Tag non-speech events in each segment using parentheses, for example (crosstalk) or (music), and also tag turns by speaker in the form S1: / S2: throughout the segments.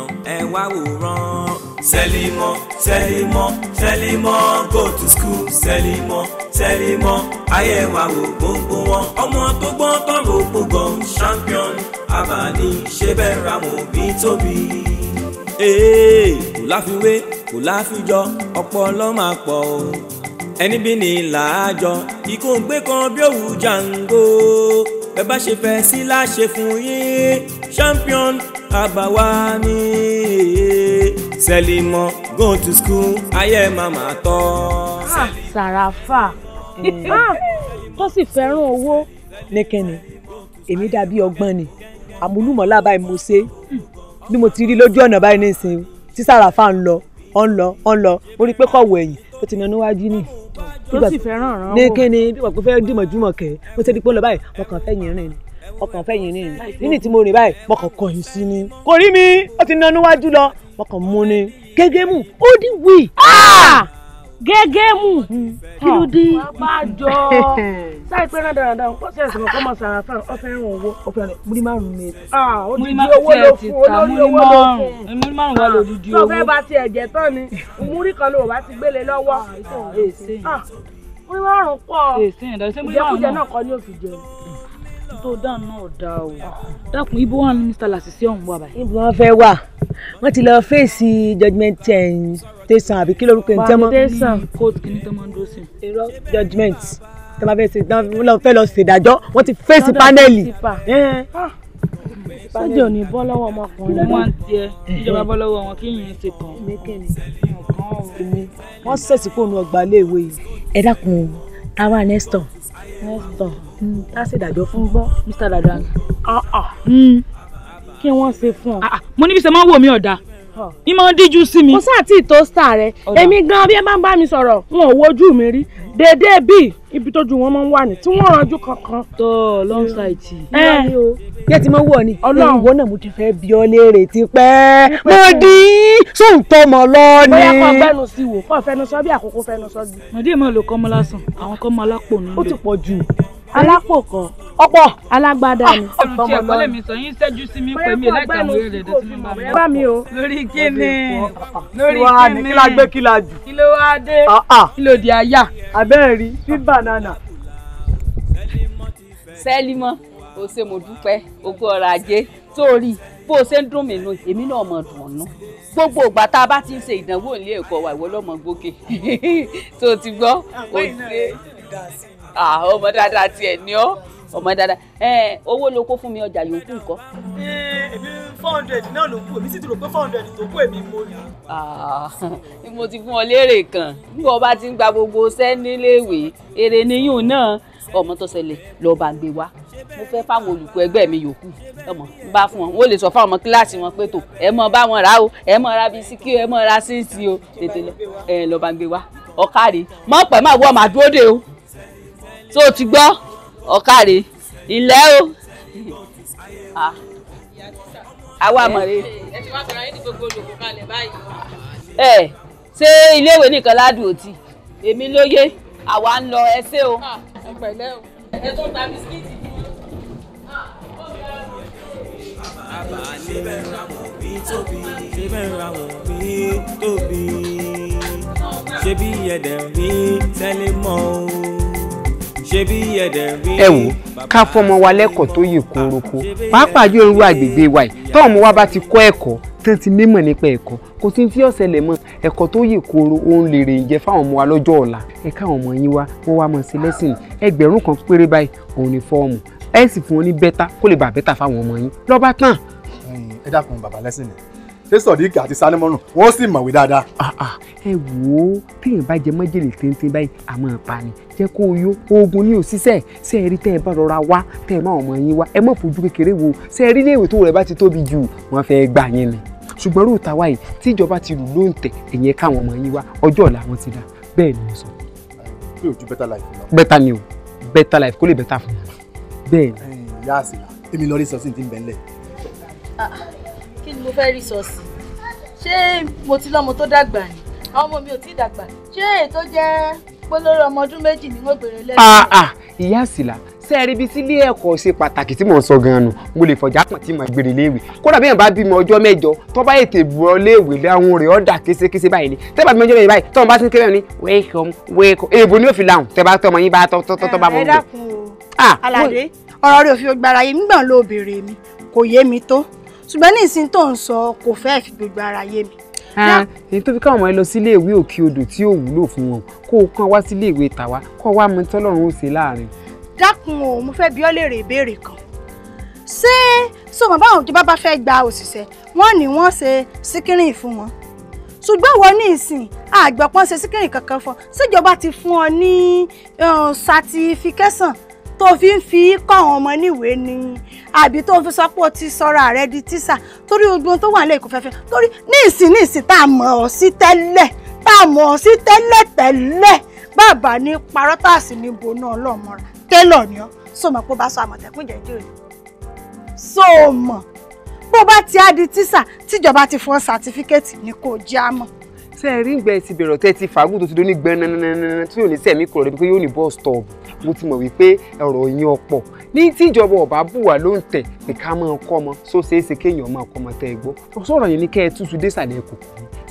S1: èèyàn ẹ wá wòran. Selimo Selimo Selimo go to school Selimo Selimo ayé wa wò gbogbo wọn. ọmọ tó gbọ́n tọrọ gbogbo champion abàní ṣe bẹ́ẹ̀ ra mọ̀ bí tóbi. ee kò láfiwé kò láfijọ ọpọlọ máa pọ̀ o ẹni bí ni làájọ ikú ń gbé kan bí òwú jàǹgó bẹ́ẹ̀ bá ṣe fẹ́ sí láṣẹ fún yín champion abawa ni Selimo go to school ayé Mama tọ́.
S2: Ah, sàràfà mm. ah, tó sì fẹ́ràn owó. nìkẹ́ni èmi dàbí ọgbọ́n ni àmúlùmọ́lá báyìí mo ṣe hmm. bí mo ti rí lójú ọ̀nà báyìí nísìnyí tí Sàràfà ń lọ ọ̀ ń lọ ọ̀ ń lọ ó rí pé kọ̀wé ẹ̀yìn ó ti nà níwájú nìyí tó sì fẹ́ràn ràn wò. ní bí wọ́n fẹ́ dìmọ̀júmọ̀ kẹ́ ó ṣe di pé ó lọ báyìí wọ́n kàn fẹ́ yẹn rìn ni ọkàn fẹ́ yìí nìyí nínú tí mo rìn báyìí mo kàn kọ yìí sí ni kò rí mi ó ti nanú wájú lọ mo kàn mú ni gẹ́gẹ́ mú ó dín wì. Ah! Ah! gẹ́gẹ́ mú kí ló dé. bàbá jọ (laughs) sáì pé náà dáadáa ń pọ́sẹ̀ ẹ̀sìn kan mọ̀ sàrà fáwọn ọ̀fẹ́ ràn owó ọ̀fẹ́ rẹ̀ múrí márùn-ún ah, ó di owó ló fún olórí owó ló fún. múrí márùn wà ló di di owó. sọfẹ́ bá tiẹ̀ jẹ́ tán ni múrí kan ló wà ti gbélé lọ́wọ́. múrí márùn-ún ìjẹkújẹ náà kọ́ ni ó fi jẹun tó dáhùn náà dá o dákun ibo wà ní Mr. Lasisi ọ̀hún wà báyìí. ibo wọn fẹ́ wà wọ́n ti lọ fèsì judgement eh, tẹ̀sán àbí kí lórúkọ ẹ̀ ń tẹ́mọ́. tẹ̀sán court kìíní tó máa ń dúró sí. irọ́ judgement tó máa fẹ́ ṣe tó máa fẹ́ lọ ṣèdájọ́ wọ́n ti fèsì pánẹ́ẹ̀lì. sọ́jọ́ ni bọ́ lọ́wọ́ ọmọkùnrin wọn tiẹ̀ ìjọba bọ́ lọ́wọ́ wọn kí yìnyín ti kàn. wọ́n ṣèṣì fóònù ọgbà iléèwé yìí. ẹ dákun táwa nestor Mm, ká ṣe ìdájọ́ fún gbọ́ Mr. Dadan ah, ah. mm. kí wọ́n ṣe fún ọ. Ah, mo ní bí ṣe máa ń wò mí ọ̀dà ní máa ń díjú sí mi. mo sáà tí ì tó star rẹ èmi gan bí ẹ bá ń bá mi sọ̀rọ̀ wọn ò wojú mi rí déédéé bíi ibi tójú wọn máa ń wà ní tí wọn rànjú kankan. tó o long sight yìí. yẹ ti máa ń wọ ni Ọlọ́run ìwọ náà mo ti fẹ́ bi ọ́ léèrè tipẹ́ mo di sóun tó mọ lọ ni. bóyá kò fẹnu sí wò kò fẹnu sọ bí àkókò fẹnu sọ bí. màdìí mọ̀ ló kọ́ mọ́ lásán àwọn kọ́ mọ́ alápò nínú. ó ti pọ̀ jù alápò kan ọ̀pọ̀ alágbádá ni. ọmọ (laughs) ọmọ lèmi sọ yín ṣẹ́jú sí mi pé mi ẹlẹ́kàá mi rèé dẹ́sí mi máa mú. bá mi o. lórí kíni lórí kíni kí la gbé kí la jù. kí ló wá dé ah, ah. kí ló di aya. abẹ́rẹ́ rí sí banana. sẹ́límọ́ o ṣe mo dúpẹ́ ogún ọ̀rọ̀ ajé torí bó o ṣe ń dùn mí nù èmi náà mọ̀ dùn nù gbogbo ìgbà tá a bá ti ń ṣe ìdánwò ilé ẹ̀kọ́ wa ìwọ lọ́mọ gbókè (laughs) tó o ti gbọ́ o ṣe ọmọ dáadáa tiẹ̀ ni ọ́ ọmọ dáadáa ẹ owó ló kó fún mi ọjà yòókù ńkọ́. èmi four hundred náà ló kù èmi sì ti rò pé four hundred tó kù èmi mo rí. mo ti fún ọ léèrè kan bí wọn bá ti ń gba gbogbo ṣẹ́ níléèwé èrè níyùn náà ọmọ tó ṣẹlẹ̀ lọ́ọ́ bá gbé wá mo fẹ́ fáwọn olùkọ́ ẹgbẹ́ mi yòókù ọmọ n bá fún wọn wọ́n lè sọ fáwọn ọmọ kíláàsì wọn pé tó ẹ mọ bá wọn rà o ẹ mọ ra bisikí ẹ mọ ra síìsì o tètè lọ bá gbé wá ọ̀kárì mọ̀ pẹ̀ máa wọ́ màdúró dé o tó o ti gbọ́ ọ̀kàrè ńlẹ́ o àwa mọ̀rẹ́. ẹ ti wá sọ̀rọ̀ yín ní gbogbo olùkọ́ kalẹ̀ báyìí. ẹ ṣé iléèwé nìkan ládùn òtí èmi lóye àwa ń lọ ẹsẹ o.
S1: ṣebí ẹ̀dẹ̀ rí tẹ́lẹ̀ mọ́ o ẹ wò
S2: ká fọmọ wa lẹ́kọ̀ọ́ tó yè kórópó pàápàá yóò rú àgbègbè wa yìí tọ́ ọmọ wa bá ti kọ́ ẹ̀kọ́ tán ti nímọ̀ nípa ẹ̀kọ́ kò sí tí ọ̀sẹ̀ lẹ̀ mọ́ ẹ̀kọ́ tó yè kóró òun lè rè jẹ́ fáwọn ọmọ wa lọ́jọ́ ọ̀la ẹ káwọn ọmọ yín wá wọ́n wá mọ̀ sí lẹ́sìn ẹgbẹ̀rún kan péré báyìí òun ni fọ́ọ̀mù ẹ sì fún wọn ní bẹ́tà kó lè bà bẹ́tà fáwọn ọmọ yín lọ́ba tán. ẹ dákun bàbá lẹ́sìn ni ṣé sọ̀díkì àti sanimọ́nù wọ́n sì mọ̀wé dáadáa. Ah, ah, ẹ wò téèyàn bá jẹ mọ́jèlè téńté báyìí àmọ́ pa jẹ́ kó o yó oògùn ni ò ṣiṣẹ́ ṣé ẹ rí tẹ́ ẹ bá rọra wá tẹ́ ẹ má ọmọ yín wá ẹ má fojú kékeré wo ṣé ẹ rí ilé ìwé tó rẹ̀ bá ti tóbi jù wọ́n fẹ́ gbà yín ni ṣùgbọ́n rú ìtawá yìí tíjọba ti lù ló ń tẹ̀ ẹ̀yìn káwọn ọmọ yín wá ọjọ́ ọ̀la wọn ti dà bẹ́ẹ̀ ni mo sọ. pé ojú bẹ́ẹ̀ kí ni mo fẹ́ rí sọ sí ṣé mo ti lọ́mọ tó dàgbà ni àwọn ọmọ mi ò tí ì dàgbà ṣé ètò jẹ́ pólóró ọmọ ọdún méjì ni wọ́n gbèrè lẹ́nu. àà ah, ah, ìyá àsìlá ṣé ẹ rí ibi tí ilé ẹ̀kọ́ ṣe pàtàkì tí mò ń sọ gan-an nù mo lè fọjá pọ̀ tí mo gbèrè léèwé kódà bí èèyàn bá bímọ ọjọ́ mẹ́jọ tó bá ètè ìbúrọ̀ léèwé láwọn rẹ̀ ọ̀dà késekése báyìí ni tẹ́ bá bímọ ọjọ́ mẹ́jọ báyìí tọ́ bá ti ń kéré ni welcome welcome èèbò ni yóò fi làwọn tẹ́ bá tọmọ yín bá tọ́ bá mọ́ ọ́n bẹ̀. ọ̀rọ̀ rẹ̀ òfin gbára yìí nígbà ló bèrè mi kò ṣùgbọ́n ní ìsìn tó ń sọ kò fẹ́ fi gbogbo ara yé mi. èyí ah, tó fi káwọn ọmọ ẹ lọ sílé ìwé òkè odò tí ò wúlò fún wọn kó o kàn wá sílé ìwé tàwa kó o wá mọ tọ́lọ́run ó ṣe láàrin. dákun o mo fẹ́ bi ọ́ léèrè ìbéèrè kan ṣé sọmọ báwọn ìjọba bá fẹ́ gba òṣìṣẹ́ wọ́n ní wọ́n ṣe síkírìn fún wọn ṣùgbọ́n wọ́n ní ìsìn àgbọ̀pọ̀ ṣe síkírìn kankan fún ṣèjọba ti fún ọ ní sátifíkẹ́sàn eh, tó fi ń fi kọ́ àwọn ọmọ níwèé ní àbí tó fi sọ pé o ti sọra rẹ di tíṣà torí ogun tó wà lẹ́ẹ̀kọ́ fẹ́fẹ́ torí ní ìsìn ní ìsìn tá a mọ̀ ọ́ sí tẹ́lẹ̀ tá a mọ̀ ọ́ sí tẹ́lẹ̀ tẹ́lẹ̀ bàbá ní parọ́ ní boná ọlọ́mọra tẹ́lọ̀ ni ọ́ sọmọ pé ó bá sọ àmọ̀tẹ́kùn jẹ́jẹ́ rẹ̀ sọmọ bó bá ti á di tíṣà tíjọba ti fún sátífíkẹ́ẹ̀tì ni kò jẹ́ àmọ́ tẹ́ ẹ rí ìgbẹ́ ti bẹ̀rọ̀ tẹ́ ti fàágùn tó ti dún ní gbẹ́nananana tí yóò ní sẹ̀mí kúrò rẹ̀ pé yóò ní bọ́ọ̀sì tọ̀ mo ti mọ̀ wípé ọ̀rọ̀ yín ọ̀pọ̀ ní tíjọba ọba bùwà ló ń tẹ̀ pé ká máa kọ́ ọmọ sóṣeéṣe kéèyàn máa kọ́ ọmọ tẹ́ ẹ gbọ́ sọ̀rọ̀ yẹn ní kẹ́ ẹ túṣu désàlẹ̀ ẹ̀kọ́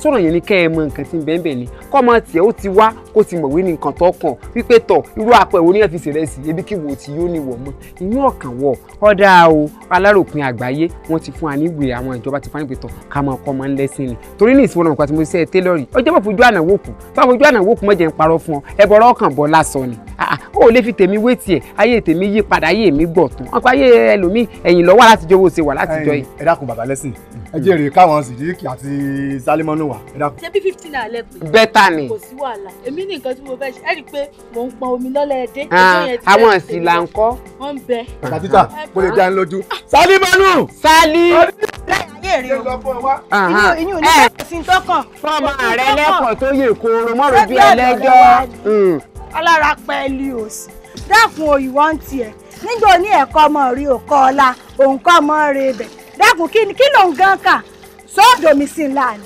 S2: sọ̀rọ̀ yẹn ni kẹ́ ẹ mọ nǹkan tí ń bẹ́ẹ̀ bẹ́ẹ̀ ni kọ́ máa tiẹ̀ ó ti wá kó ti mọ̀wé ní nǹkan tó kàn wípé tọ̀ irú àpẹ̀wò ní ẹ̀fíìsì rẹ̀ sí ebi kí wo ti yóò ní wọ̀ mọ́ inú ọ̀kàn wọ̀ ọ̀dà o aláròpin àgbáyé wọ́n ti fún wa níwè àwọn ìjọba ti fún àyìnbó tọ̀ ká máa kọ́ máa ń lẹ́sìn ni torí ní ìsìnwó nàkúta tí mo ṣe tẹ́lọ̀rì ọjọ́ bá fojú àná wòkù bá fojú lè fi tèmi wé tiẹ̀ ayé tèmi yí padà ayé mi gbọ̀ tán ọkọ̀ ayé ẹlòmíì ẹ̀yìn lọ́wọ́ látijọ́ wo ṣe wà látijọ́ yìí. ẹ dákun bàbá lẹ́sìn ẹ jẹ́ èrè káwọn sìdíkì àti sálímọ́nù mẹ́wàá ẹ fifteen náà lẹ pé. bẹ́tà ni. kò sí wàhálà èmi ní nǹkan tí mo fẹ́ ṣe ẹ rí i pé mò ń pọn omi lọ́lẹ̀ ah, ẹdẹ. àwọn ìsìn là ń kọ́. wọ́n ń bẹ. kàtítà mo lè dá ń lójú. Ah. sálí mọ́nù. sálí. inú eh. rẹ lẹ́kọ̀ọ́ tó yẹ kóró mọ́rọ̀ bí ẹlẹ́jọ́. ọlọ́ra pẹ́ẹ́lí òsì dákun òyìnbó ń tiẹ̀ níjó ní ẹ̀kọ́ ọmọ rí òkọ́ ọ̀la òǹkọ́ ọmọ rẹ̀ dákun kí ló ń gan kà sóòdòmísìn láàánú.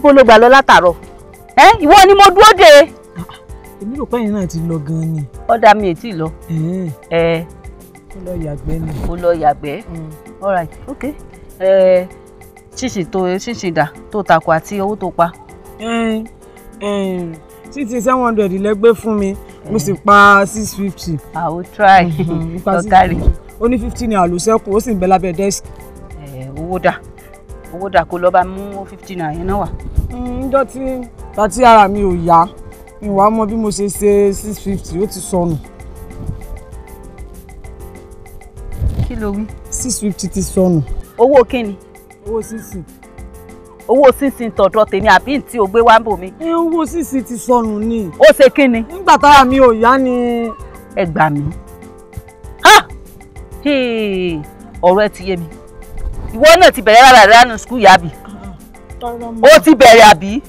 S2: ibo ló gbà lọ látàárọ̀ ẹ ìwọ ni mo dúró dè é. èmi rò pẹ́yìn náà ti lọ gan-an ni. ọ̀dà mi ò tí ì lọ. ẹ ẹ ó lọ yàgbẹ́ ni. ó lọ yàgbẹ́ mm. all right ok ṣíṣì tó ṣíṣì dà tó takò àti owó tó pa. títí seven hundred lẹ́gbẹ́ fún mi mo sì pa six fifty. i will try mm-hmm. ọ̀kadì. ó ní fifty naira ló ṣẹ́kù ó sì ń bẹ lábẹ́ dẹ́sì. owó dà owó dà kó bá mú fifty naira yẹn náà wá. ǹjọ́ mm, tí tàtí ara mi ò yá ìwà mọ bí mo ṣe ṣe six fifty ó ti sọnù. kí ló wí. six fifty ti sọnù. owó kíni. owó sísìn. owó sísìn tọ̀dọ̀ tèmi àbí tí o gbé wá ń bò mí. owó sísìn ti sọnù ni. ó ṣe kíni. nígbà tára mi ò yá ni. ẹ gbà mí. ọ̀rọ̀ ẹ ti yé mi ìwọ náà ti bẹ̀rẹ̀ rárá ránú skul yá bì ó ti bẹ̀rẹ̀ àbí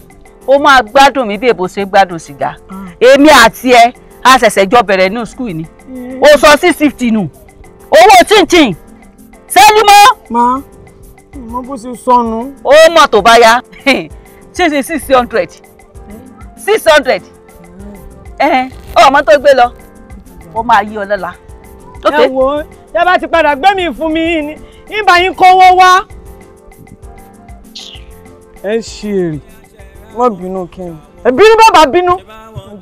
S2: ó máa gbádùn mi bí èbó ṣe gbádùn sìgá mm. èmi àti ẹ a ṣẹ̀ṣẹ̀ jọ bẹ̀rẹ̀ nù skul ni ó mm. sọ six fifty nù owó chinchin sẹ́lí mọ́. má mo bó ṣe sọnù. ó mọ̀ tó bá yá chinchin (laughs) six hundred six hundred mm. ọmọ tó gbé lọ ó máa yí ọ lọ́la. ẹ wo ẹ bá ti padà gbẹ́mìí fún mi ìbá yín kówó wá. ẹ ṣe èrè wọn bínú kẹrin ẹbínú bàbá bínú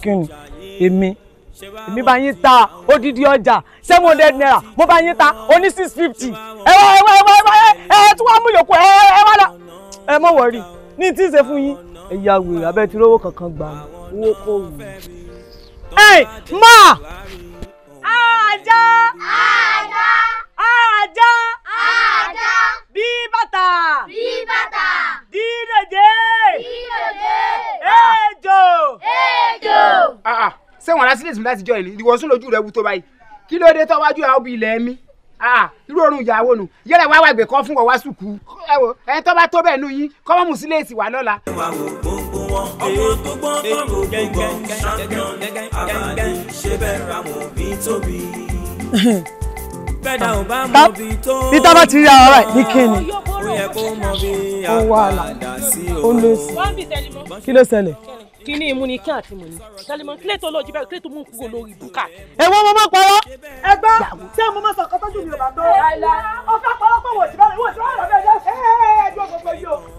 S2: kẹrin èmi èmi bá yín ta odidi ọjà seven hundred naira mo bá yín ta oní six fifty ẹ wá ẹ wá ẹ wá ẹ ẹ tí wọn mú yòókù ẹ ẹ wá lọ ẹ mọ wọrí ní tí ì ṣe fún yín ẹ ya wèrè abẹ́ tí rówó kankan gbà owó kò wù. ẹ máa àjà. àjà. àjà. àjà. bí bàtà. bí bàtà. dídèjé. dídèjé. ejò. ejò. Ah, ah. ṣé wọn lásìlè tún láti jọ ìní ìwọ̀nsùn lójú rẹ wú tó báyìí kí ló dé tọ́wájú àwọn obì ilẹ̀ mi ah, irú oorun ìyàwó nu yẹlẹ wá wàgbẹ kọ fún wọn wá sùkú ẹ wo ẹ tọ́ bá tó bẹ́ẹ̀ nu yín kọ́ mọ́ mùsílẹ̀ èsì wà lọ́la
S1: wọn. ọmọ tó gbọ́n tọrọ gbogbo champion abàdé ṣe bẹ́ẹ̀ ra mọ̀ bí tóbi. bẹ́ẹ̀dá ò bá mọ bí tó. bí tá a bá ti rí ara rẹ̀ ní kíni. ó yẹ kó mọ bí àpàdà sí o. ó lọ
S2: sí kí ló ṣẹlẹ̀ kínní imú ni kí àti mú ni tẹlifon kílẹ̀ tó lọ jí báyìí kílẹ̀ tó mú kúrò lórí bùkà. ẹ wọ́n mo máa parọ́. ẹ gbọ́ tí àwọn ọmọ sọ̀kọ́ tọ́jú mi ò bá tó. ọ̀sán parọ́ pé wò ó ti bá wò ó ti bá wà lọ́dọ̀ ẹ̀jẹ̀ ẹ̀ ẹ̀ ẹ̀ ẹ̀ ẹ̀ ẹ̀ ẹ̀ ẹ̀ ẹ̀ ẹ̀ ẹ̀ ẹ̀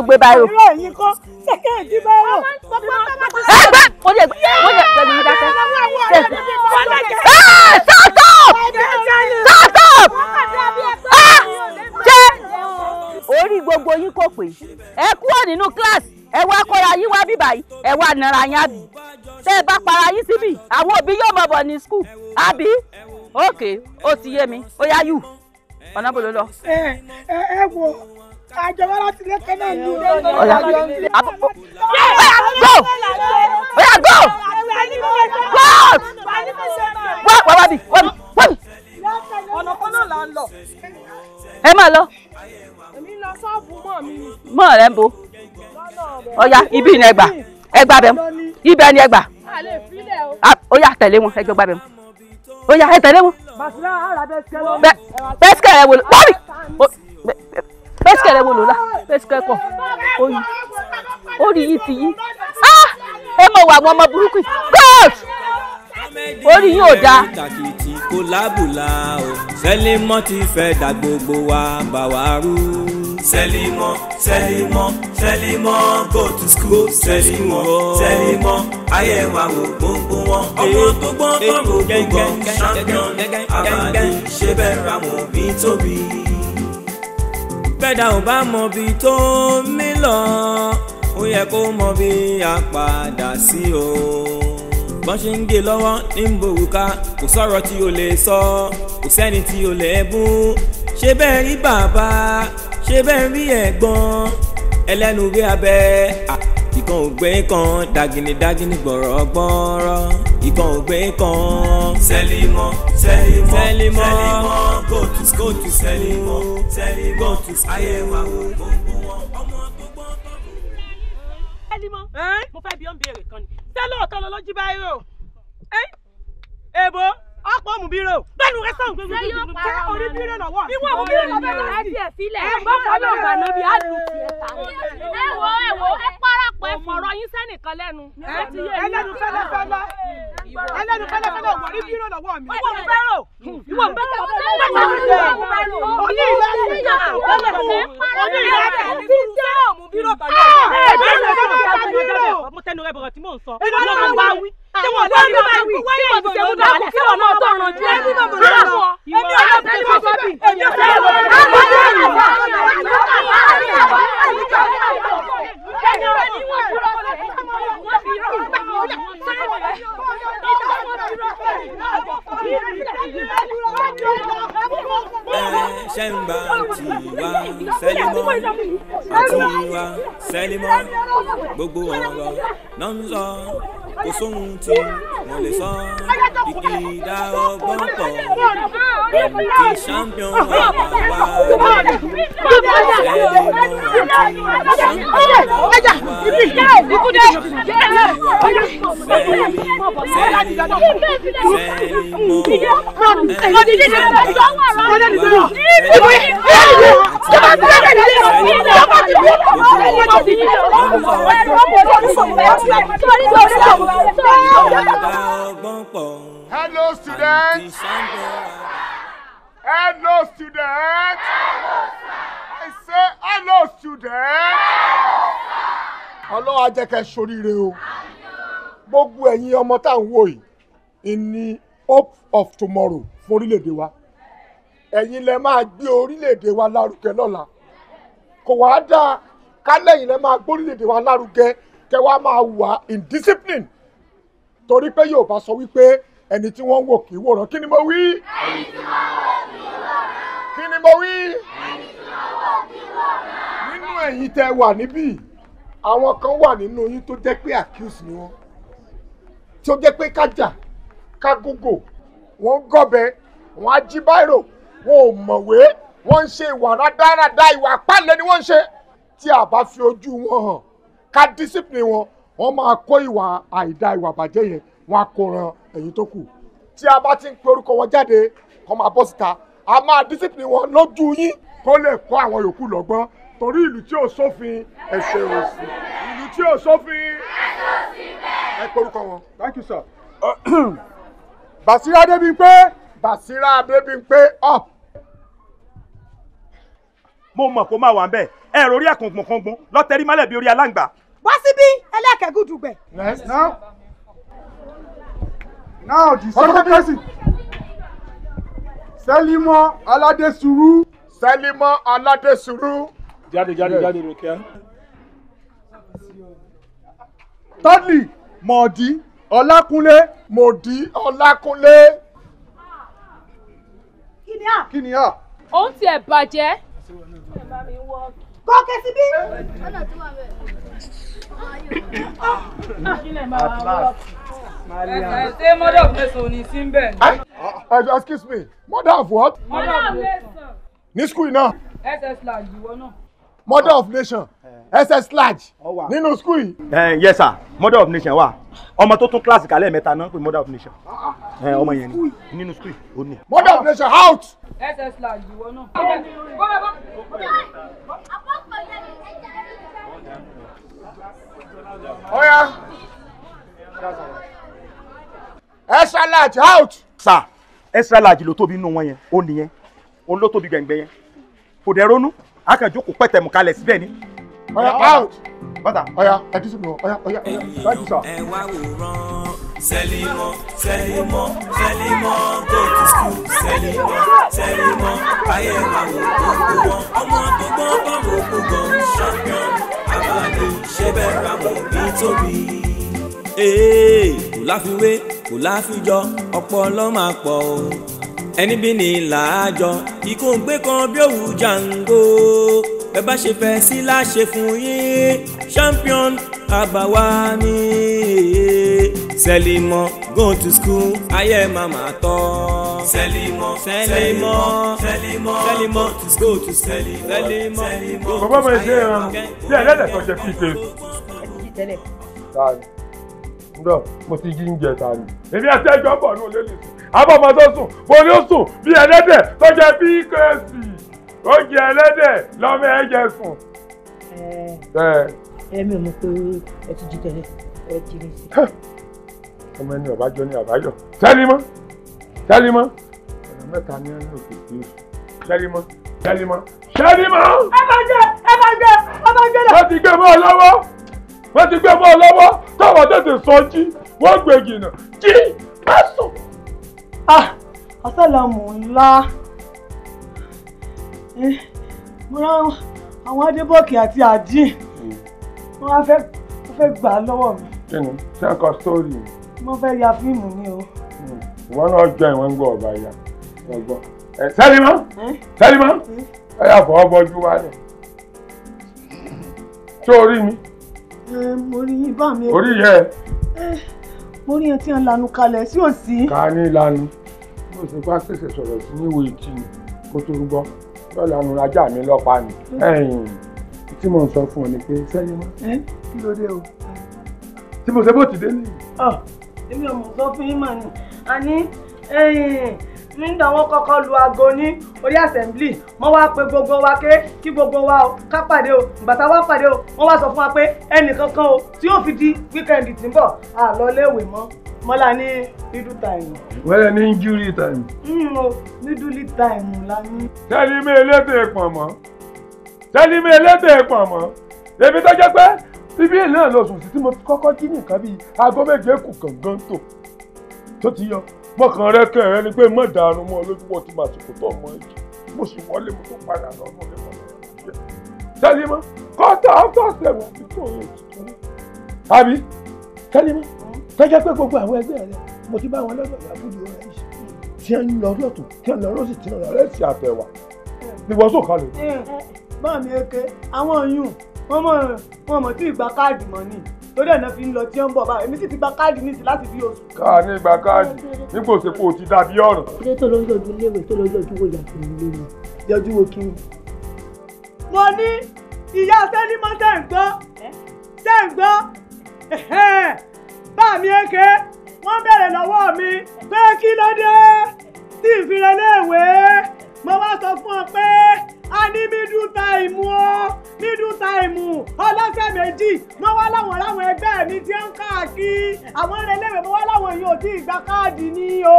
S2: ló gbé báyìí. ìrọ̀ yìí kọ́ sẹ́kẹ̀ ẹ̀dí báyìí. ẹ gbẹ́ mo jẹ mo jẹ pẹ̀lú mi dákẹ́. sọ́tọ̀ sọ́tọ̀ ṣe orí gbogbo yín kò pé ẹ kúrò nínú kíláàsì ẹ wá kọ́ra yín wá bíbà yìí ẹ wá nàrà yín àbí tẹ́ ẹ bá para yín síbì àwọn òbí yóò mọ̀ bọ̀ ní skul àbí ókè ó ti yé mi ó yá yù ọ̀nà bò lọ. ẹ ẹ wo go oya go cross wá wá wá bí ẹ máa lọ. èmi lọ ń bo ọya ibi ni ẹ gbà ẹ mu ibẹ̀ ni ẹ gbà. oya tẹ̀lé wọn ẹ jọ mu oya ẹ tẹ̀lé wọn. bẹ́sikẹ̀ rẹ wò lọ pẹ́sìkẹ̀ rẹ̀ wo lò la pẹ́sìkẹ̀ kọ̀ oyi orí yìí ti yí ah! ẹ mọ̀ wà àwọn ọmọ burúkú god orí yìí ò dáa.
S1: kò lábùlà o sẹ́límọ́ ti fẹ́ dà gbogbo wa bá wa rú. sẹ́límọ́ sẹ́límọ́ sẹ́límọ́ go to school sẹ́límọ́ sẹ́límọ́ ayé wa wò gbogbo wọn. ọgbọ́n tó gbọ́n tó gbogbo champion abali ṣe bẹ́ẹ̀ ra bí tóbi bẹ́ẹ̀dá ò bá mọbi tó ń mí lọ ó yẹ kó mọbi àpàdà sí o bọ́n ṣe ń gé lọ́wọ́ ní mbòwúká kò sọ̀rọ̀ tí o lè sọ kò sẹ́ni tí o lè bú ṣé bẹ́ẹ̀ rí bàbá ṣé bẹ́ẹ̀ rí ẹ̀gbọ́n ẹlẹ́nu bí abẹ́ ìkan ògbé kan dagini dagini gbọ̀rọ̀ gbọ́rọ̀ ìkan ògbé kan. sẹ́límọ́ sẹ́límọ́ sẹ́límọ́ go to school to sẹ́límọ́ sẹ́límọ́ go to school ayé wa gbogbo
S2: wọn ọmọ gbogbo ọmọ. sẹ́límọ́ mo fẹ́ bi ọ́ ń béèrè kan ni sẹ́lóòótọ́ lọ́lọ́jú báyìí o èèbó ọ̀pọ̀ mú bírò bẹ́ẹ̀ni wọ́n sọ̀rọ̀ gbogbo gbogbo pé orí bírò náà wọ̀. ìwọ òun yóò lọ́bẹ̀ lọ sí ẹ̀ sílẹ̀. ẹ bọ́ fọlọ́ ọ̀gbà lóbi á lù kí ẹ ta. ẹ wo ẹ wo ẹ parapọ̀ ẹ fọ̀rọ̀ yín sẹ́nìkan lẹ́nu. ẹlẹ́nu fẹ́lẹ́fẹ́lẹ́ ẹlẹ́nu fẹ́lẹ́fẹ́lẹ́ wọ̀ rí bírò lọ́wọ́ mi. ìwọ ń bẹ́rò ìwọ ń bẹ́rò oní ìlẹ́sìn oní ìlẹ́sìn àwọn ọ̀dọ́ mi máa wí wáyé ìbò ṣe múdà wálẹ̀ sí ọ̀nà ọ̀tọ̀ ọ̀ràn jù ẹni bàbá rẹ̀ lọ. èmi ọ̀dọ́ mi ti fọ́ bí èmi ọ̀dọ́ mi ti fọ́ bí ṣẹ́ǹgbà tiwa sẹ́límọ́ àtiwa sẹ́límọ́ gbogbo ọ̀rọ̀
S1: náà ń sọ kò sóhun tí wọ́n lè sọ
S2: ìkìdá
S1: ọgbọ́n
S3: pọ̀ ti champion wà wà lórí
S1: sẹ́límọ́
S2: àti champion. Hello,
S3: students.
S2: Hello, students. Hello, sir. I say hello students. Ọlọ́run á jẹ́ kẹ́ ṣoríire o. Gbogbo ẹ̀yin ọmọ tá à ń wò yìí, ìní hope of tomorrow fún orílẹ̀-èdè wa. Ẹ̀yin lẹ máa gbé orílẹ̀-èdè wa lárugẹ lọ́la. Kò wá dáa kálẹ̀yìn lẹ máa gbórílẹ̀-èdè wa lárugẹ kẹ́ wá máa wà in discipline. Torí pé Yorùbá sọ wípé ẹni tí wọ́n ń wò kì í wòran. Kí ni mo wí? Ẹni tí wọ́n wò kì í wòran. Kí ni mo wí? Ẹni tí wọ́n wò kì í wòran ẹ̀yin tẹ́ wà níbí àwọn kan wà nínú yín tó jẹ́ pé accuse ni wọ́n tó jẹ́ pé kájà kágógò wọ́n gọ́bẹ wọ́n ajíbáìrò wọn ò mọ̀wé wọ́n ń ṣe ìwà rádaràda ìwà pálẹ̀ ni wọ́n ń ṣe tí a bá fi ojú wọn hàn ká discipline wọn wọ́n máa kó ìwà àìda ìwà bàjẹ́ yẹn wọ́n á kó ran ẹ̀yin tó kù tí a bá ti ń pe orúkọ wọn jáde kó máa bọ́ síta a máa discipline wọn lójú yín kó lè kọ́ àwọn yòókù lọ́gbọ́n torí ìlú tí ò sófin ẹ̀ṣẹ̀ ò ìlú tí ò sófin ẹ korúkọ wọn. thank you sir. (clears throat) Basira Adébímpé Basira Adébímpé up. mo mọ̀ kó máa wà ń bẹ̀ ẹ rò orí àkùnkùn kangun lọ́tẹ̀rí mọ́lẹ̀ bí orí aláǹgbá. wá síbí ẹlẹ́kẹ̀gùdùgbẹ̀. now now the second person Sẹ́límọ́ Aládé Sùúrù. Sẹ́límọ́ jáde jáde jáde ròkè. tọ́lì mọ̀ọ́dí ọlákúnlé mọ̀ọ́dí ọlákúnlé. kí ni à. kí ni à. òun tiẹ̀ bàjẹ́. kọ́kẹ́ síbí. at last. Maria. Say mother of Mason is in Excuse me. Mother of what? Mother of Mason. Ní school náà. SS land ìwọ náà mother of nation ss eh. large nínú school yìí. Eh, yes sir mother of nation wà ọmọ tó tún kíláàsì kálẹ̀ mẹ́ta náà ń pè mother of nation ah, ah. Eh, ọmọ yẹn ni nínú school ó ní. mother of nation out. ss large ìwọ náà. ọ̀ya extra large out. sir SS large ló tóbi nínú wọn yẹn ó nìyẹn ó ló tóbi gbẹ̀ngbẹ̀ yẹn kò dẹ̀ ronú akẹ́jọ́ kò pẹ̀tẹ̀ mú kalẹ̀ síbẹ̀ ni. ọ̀yà bàtà ọ̀yà ẹ̀jú sí mi wọ̀ ọ̀yà ọ̀yà ọ̀yà ẹ̀jú sọ. ẹ wá
S1: Selimo Selimo Selimo go to school Selimo Selimo ayé wa wò
S2: gbogbo wọn ọmọ
S1: tó gbọ́n bá wò gbogbo champion abàdé ṣe bẹ́ẹ̀ ra wò nítorí. ee kò láfiwé kò láfijọ ọpọlọ máa pọ̀ o ẹni bí ní làájọ ikú ń gbé kan bí òwú jàǹgó bẹ́ẹ̀ bá ṣe fẹ́ sí láṣẹ fún yín champion àbáwá ni Selimo go to school ayé màmá tọ́. Selimo Selimo Selimo Selimo go to school Selimo Selimo.
S2: bàbá mi ṣe é um, bí ẹlẹ́dẹ̀ kan ṣe fi ṣe. tẹ́lẹ̀. mo ti jí ń jẹ ta èmi àti ẹjọ́ bọ̀ ní olólùfẹ́ abọ́mọ tó sùn mo ní ó sùn bí ẹlẹ́dẹ̀ tó jẹ pkc ó jẹ ẹlẹ́dẹ̀ lọ́mọ ẹ jẹ sùn. ẹ̀mí mo pé ẹ ti jí tẹ́lẹ̀ ẹ ti rí sí. ọmọ ẹni ọ̀bájọ́ ni àbáyọ̀ sẹ́límọ́ sẹ́límọ́ ọ̀nà mẹ́ta ni ẹni òkè kí o sẹ́límọ́ sẹ́límọ́ sẹ́límọ́. ẹ máa jẹ ẹ máa jẹ ẹ máa jẹ lẹ. wọ́n ti gbé mọ́ ọ lọ́wọ́ wọ́n ti gbé mọ́ ọ lọ́wọ́ táwọn tètè sọ jí wọ́n gbé jìnnà jí àsálàmù ah, ńlá eh, àwọn adébọ̀kì àti àjí hmm. wọ́n á fẹ́ gbà á lọ́wọ́ mi. kí ni sẹ́kọ sórí. mo fẹ́ ya fíìmù ni o. Hmm. ìwọ náà jọ ìwọ̀n ń gbọ́ ọ̀bà ya ọgbọ́ ẹ sẹ́límọ́ eh? sẹ́límọ́ hmm. ẹ yà fọwọ́ bọ́jú wálẹ̀ tó orí mi. Eh, mo rí yín bá mi. orí yẹ. mo rí yẹn tí wọ́n lanu kalẹ̀ sí òsì. ká ní lanu fún ìsìnkú àṣẹṣẹ sọ̀rọ̀ sí níwò ìtì kó lọ́la nu ajá mi lọ́pàá ni ẹ̀yìn tí mò ń sọ fún ọ ni pé sẹ́yìn mọ́
S3: kí ló dé o tí mo ṣe bó ti dé nìyí.
S2: èmi ò mọ̀ sọ fún yín mọ̀ ni àní nígbà wọn kọ́kọ́ lu aago ní orí assembly wọ́n wá pé gbogbo wa ké kí gbogbo wa o ká pàdé o bàtà wá pàdé o wọ́n wá sọ fún wa pé ẹnìkankan o tí yóò fi di wíkẹ́ndì tí ń bọ̀ àlọ́ léèwé mọ́ mọ́lá ní middle time. wẹ́rẹ́ ní injury time. Hmm, n o middle time la ní. sẹ́ni mi elétò ìpọ̀n mọ́ sẹ́ni mi elétò ìpọ̀n mọ́ èmi tó jẹ́ pé bíbí náà lọ sùn sí tí mo kọ́kọ́ jí nìkan bíi aago méje kù kàngán tò tó ti yọ mọ̀kàn rẹ kàn rẹ ni pé mọ̀ dànù mọ́ lójú wọ́n ti màsìkò tó mọ́ ẹ̀jẹ̀ mo sì wọlé mo tó padà lọ́nà mi mọ̀ sẹ́ni mọ́ kọ́tà after seven fi tó yẹ tuntun àbí sẹ́ni mọ́ fẹ́jẹ́ pé gbogbo àwọn ẹgbẹ́ rẹ mo ti bá wọn lọ́gbọ̀dọ̀ àbúrò rẹ tí ń lọ lọ́tún tí ń lọ lọ́sì tí ń lọ lẹ́sì àtẹ̀wà ni wọ́n sùn kalẹ̀. bá mi eke àwọn oyún wọn mọ wọn mọ tí ìgbà káàdì mọ ni lórí ẹ̀nà fi ń lọ tí ó ń bọ̀ báyìí èmi sì ti gba káàdì ní ti láti bí oṣù. ká ní gba káàdì nígbò sèpò ti dàbí ọ̀ràn. ilé tó lójú ojú léwé tó lójú ojú wo yàtọ̀ ilé mi mo ní ìyá sẹ́ni mọ́ sẹ́ ń bàbá mi èké wọ́n bẹ̀rẹ̀ lọ́wọ́ mi pé kí ló dé tí n fira léèwé mo wá sọ fún ọ pé a ní middle time o middle time ọlọ́sẹ̀ méjì mo wá láwọn láwọn ẹgbẹ́ mi tí ń káàkiri àwọn eré léèwé mo wá láwọn yìí ò tí ì gba káàdì ni o.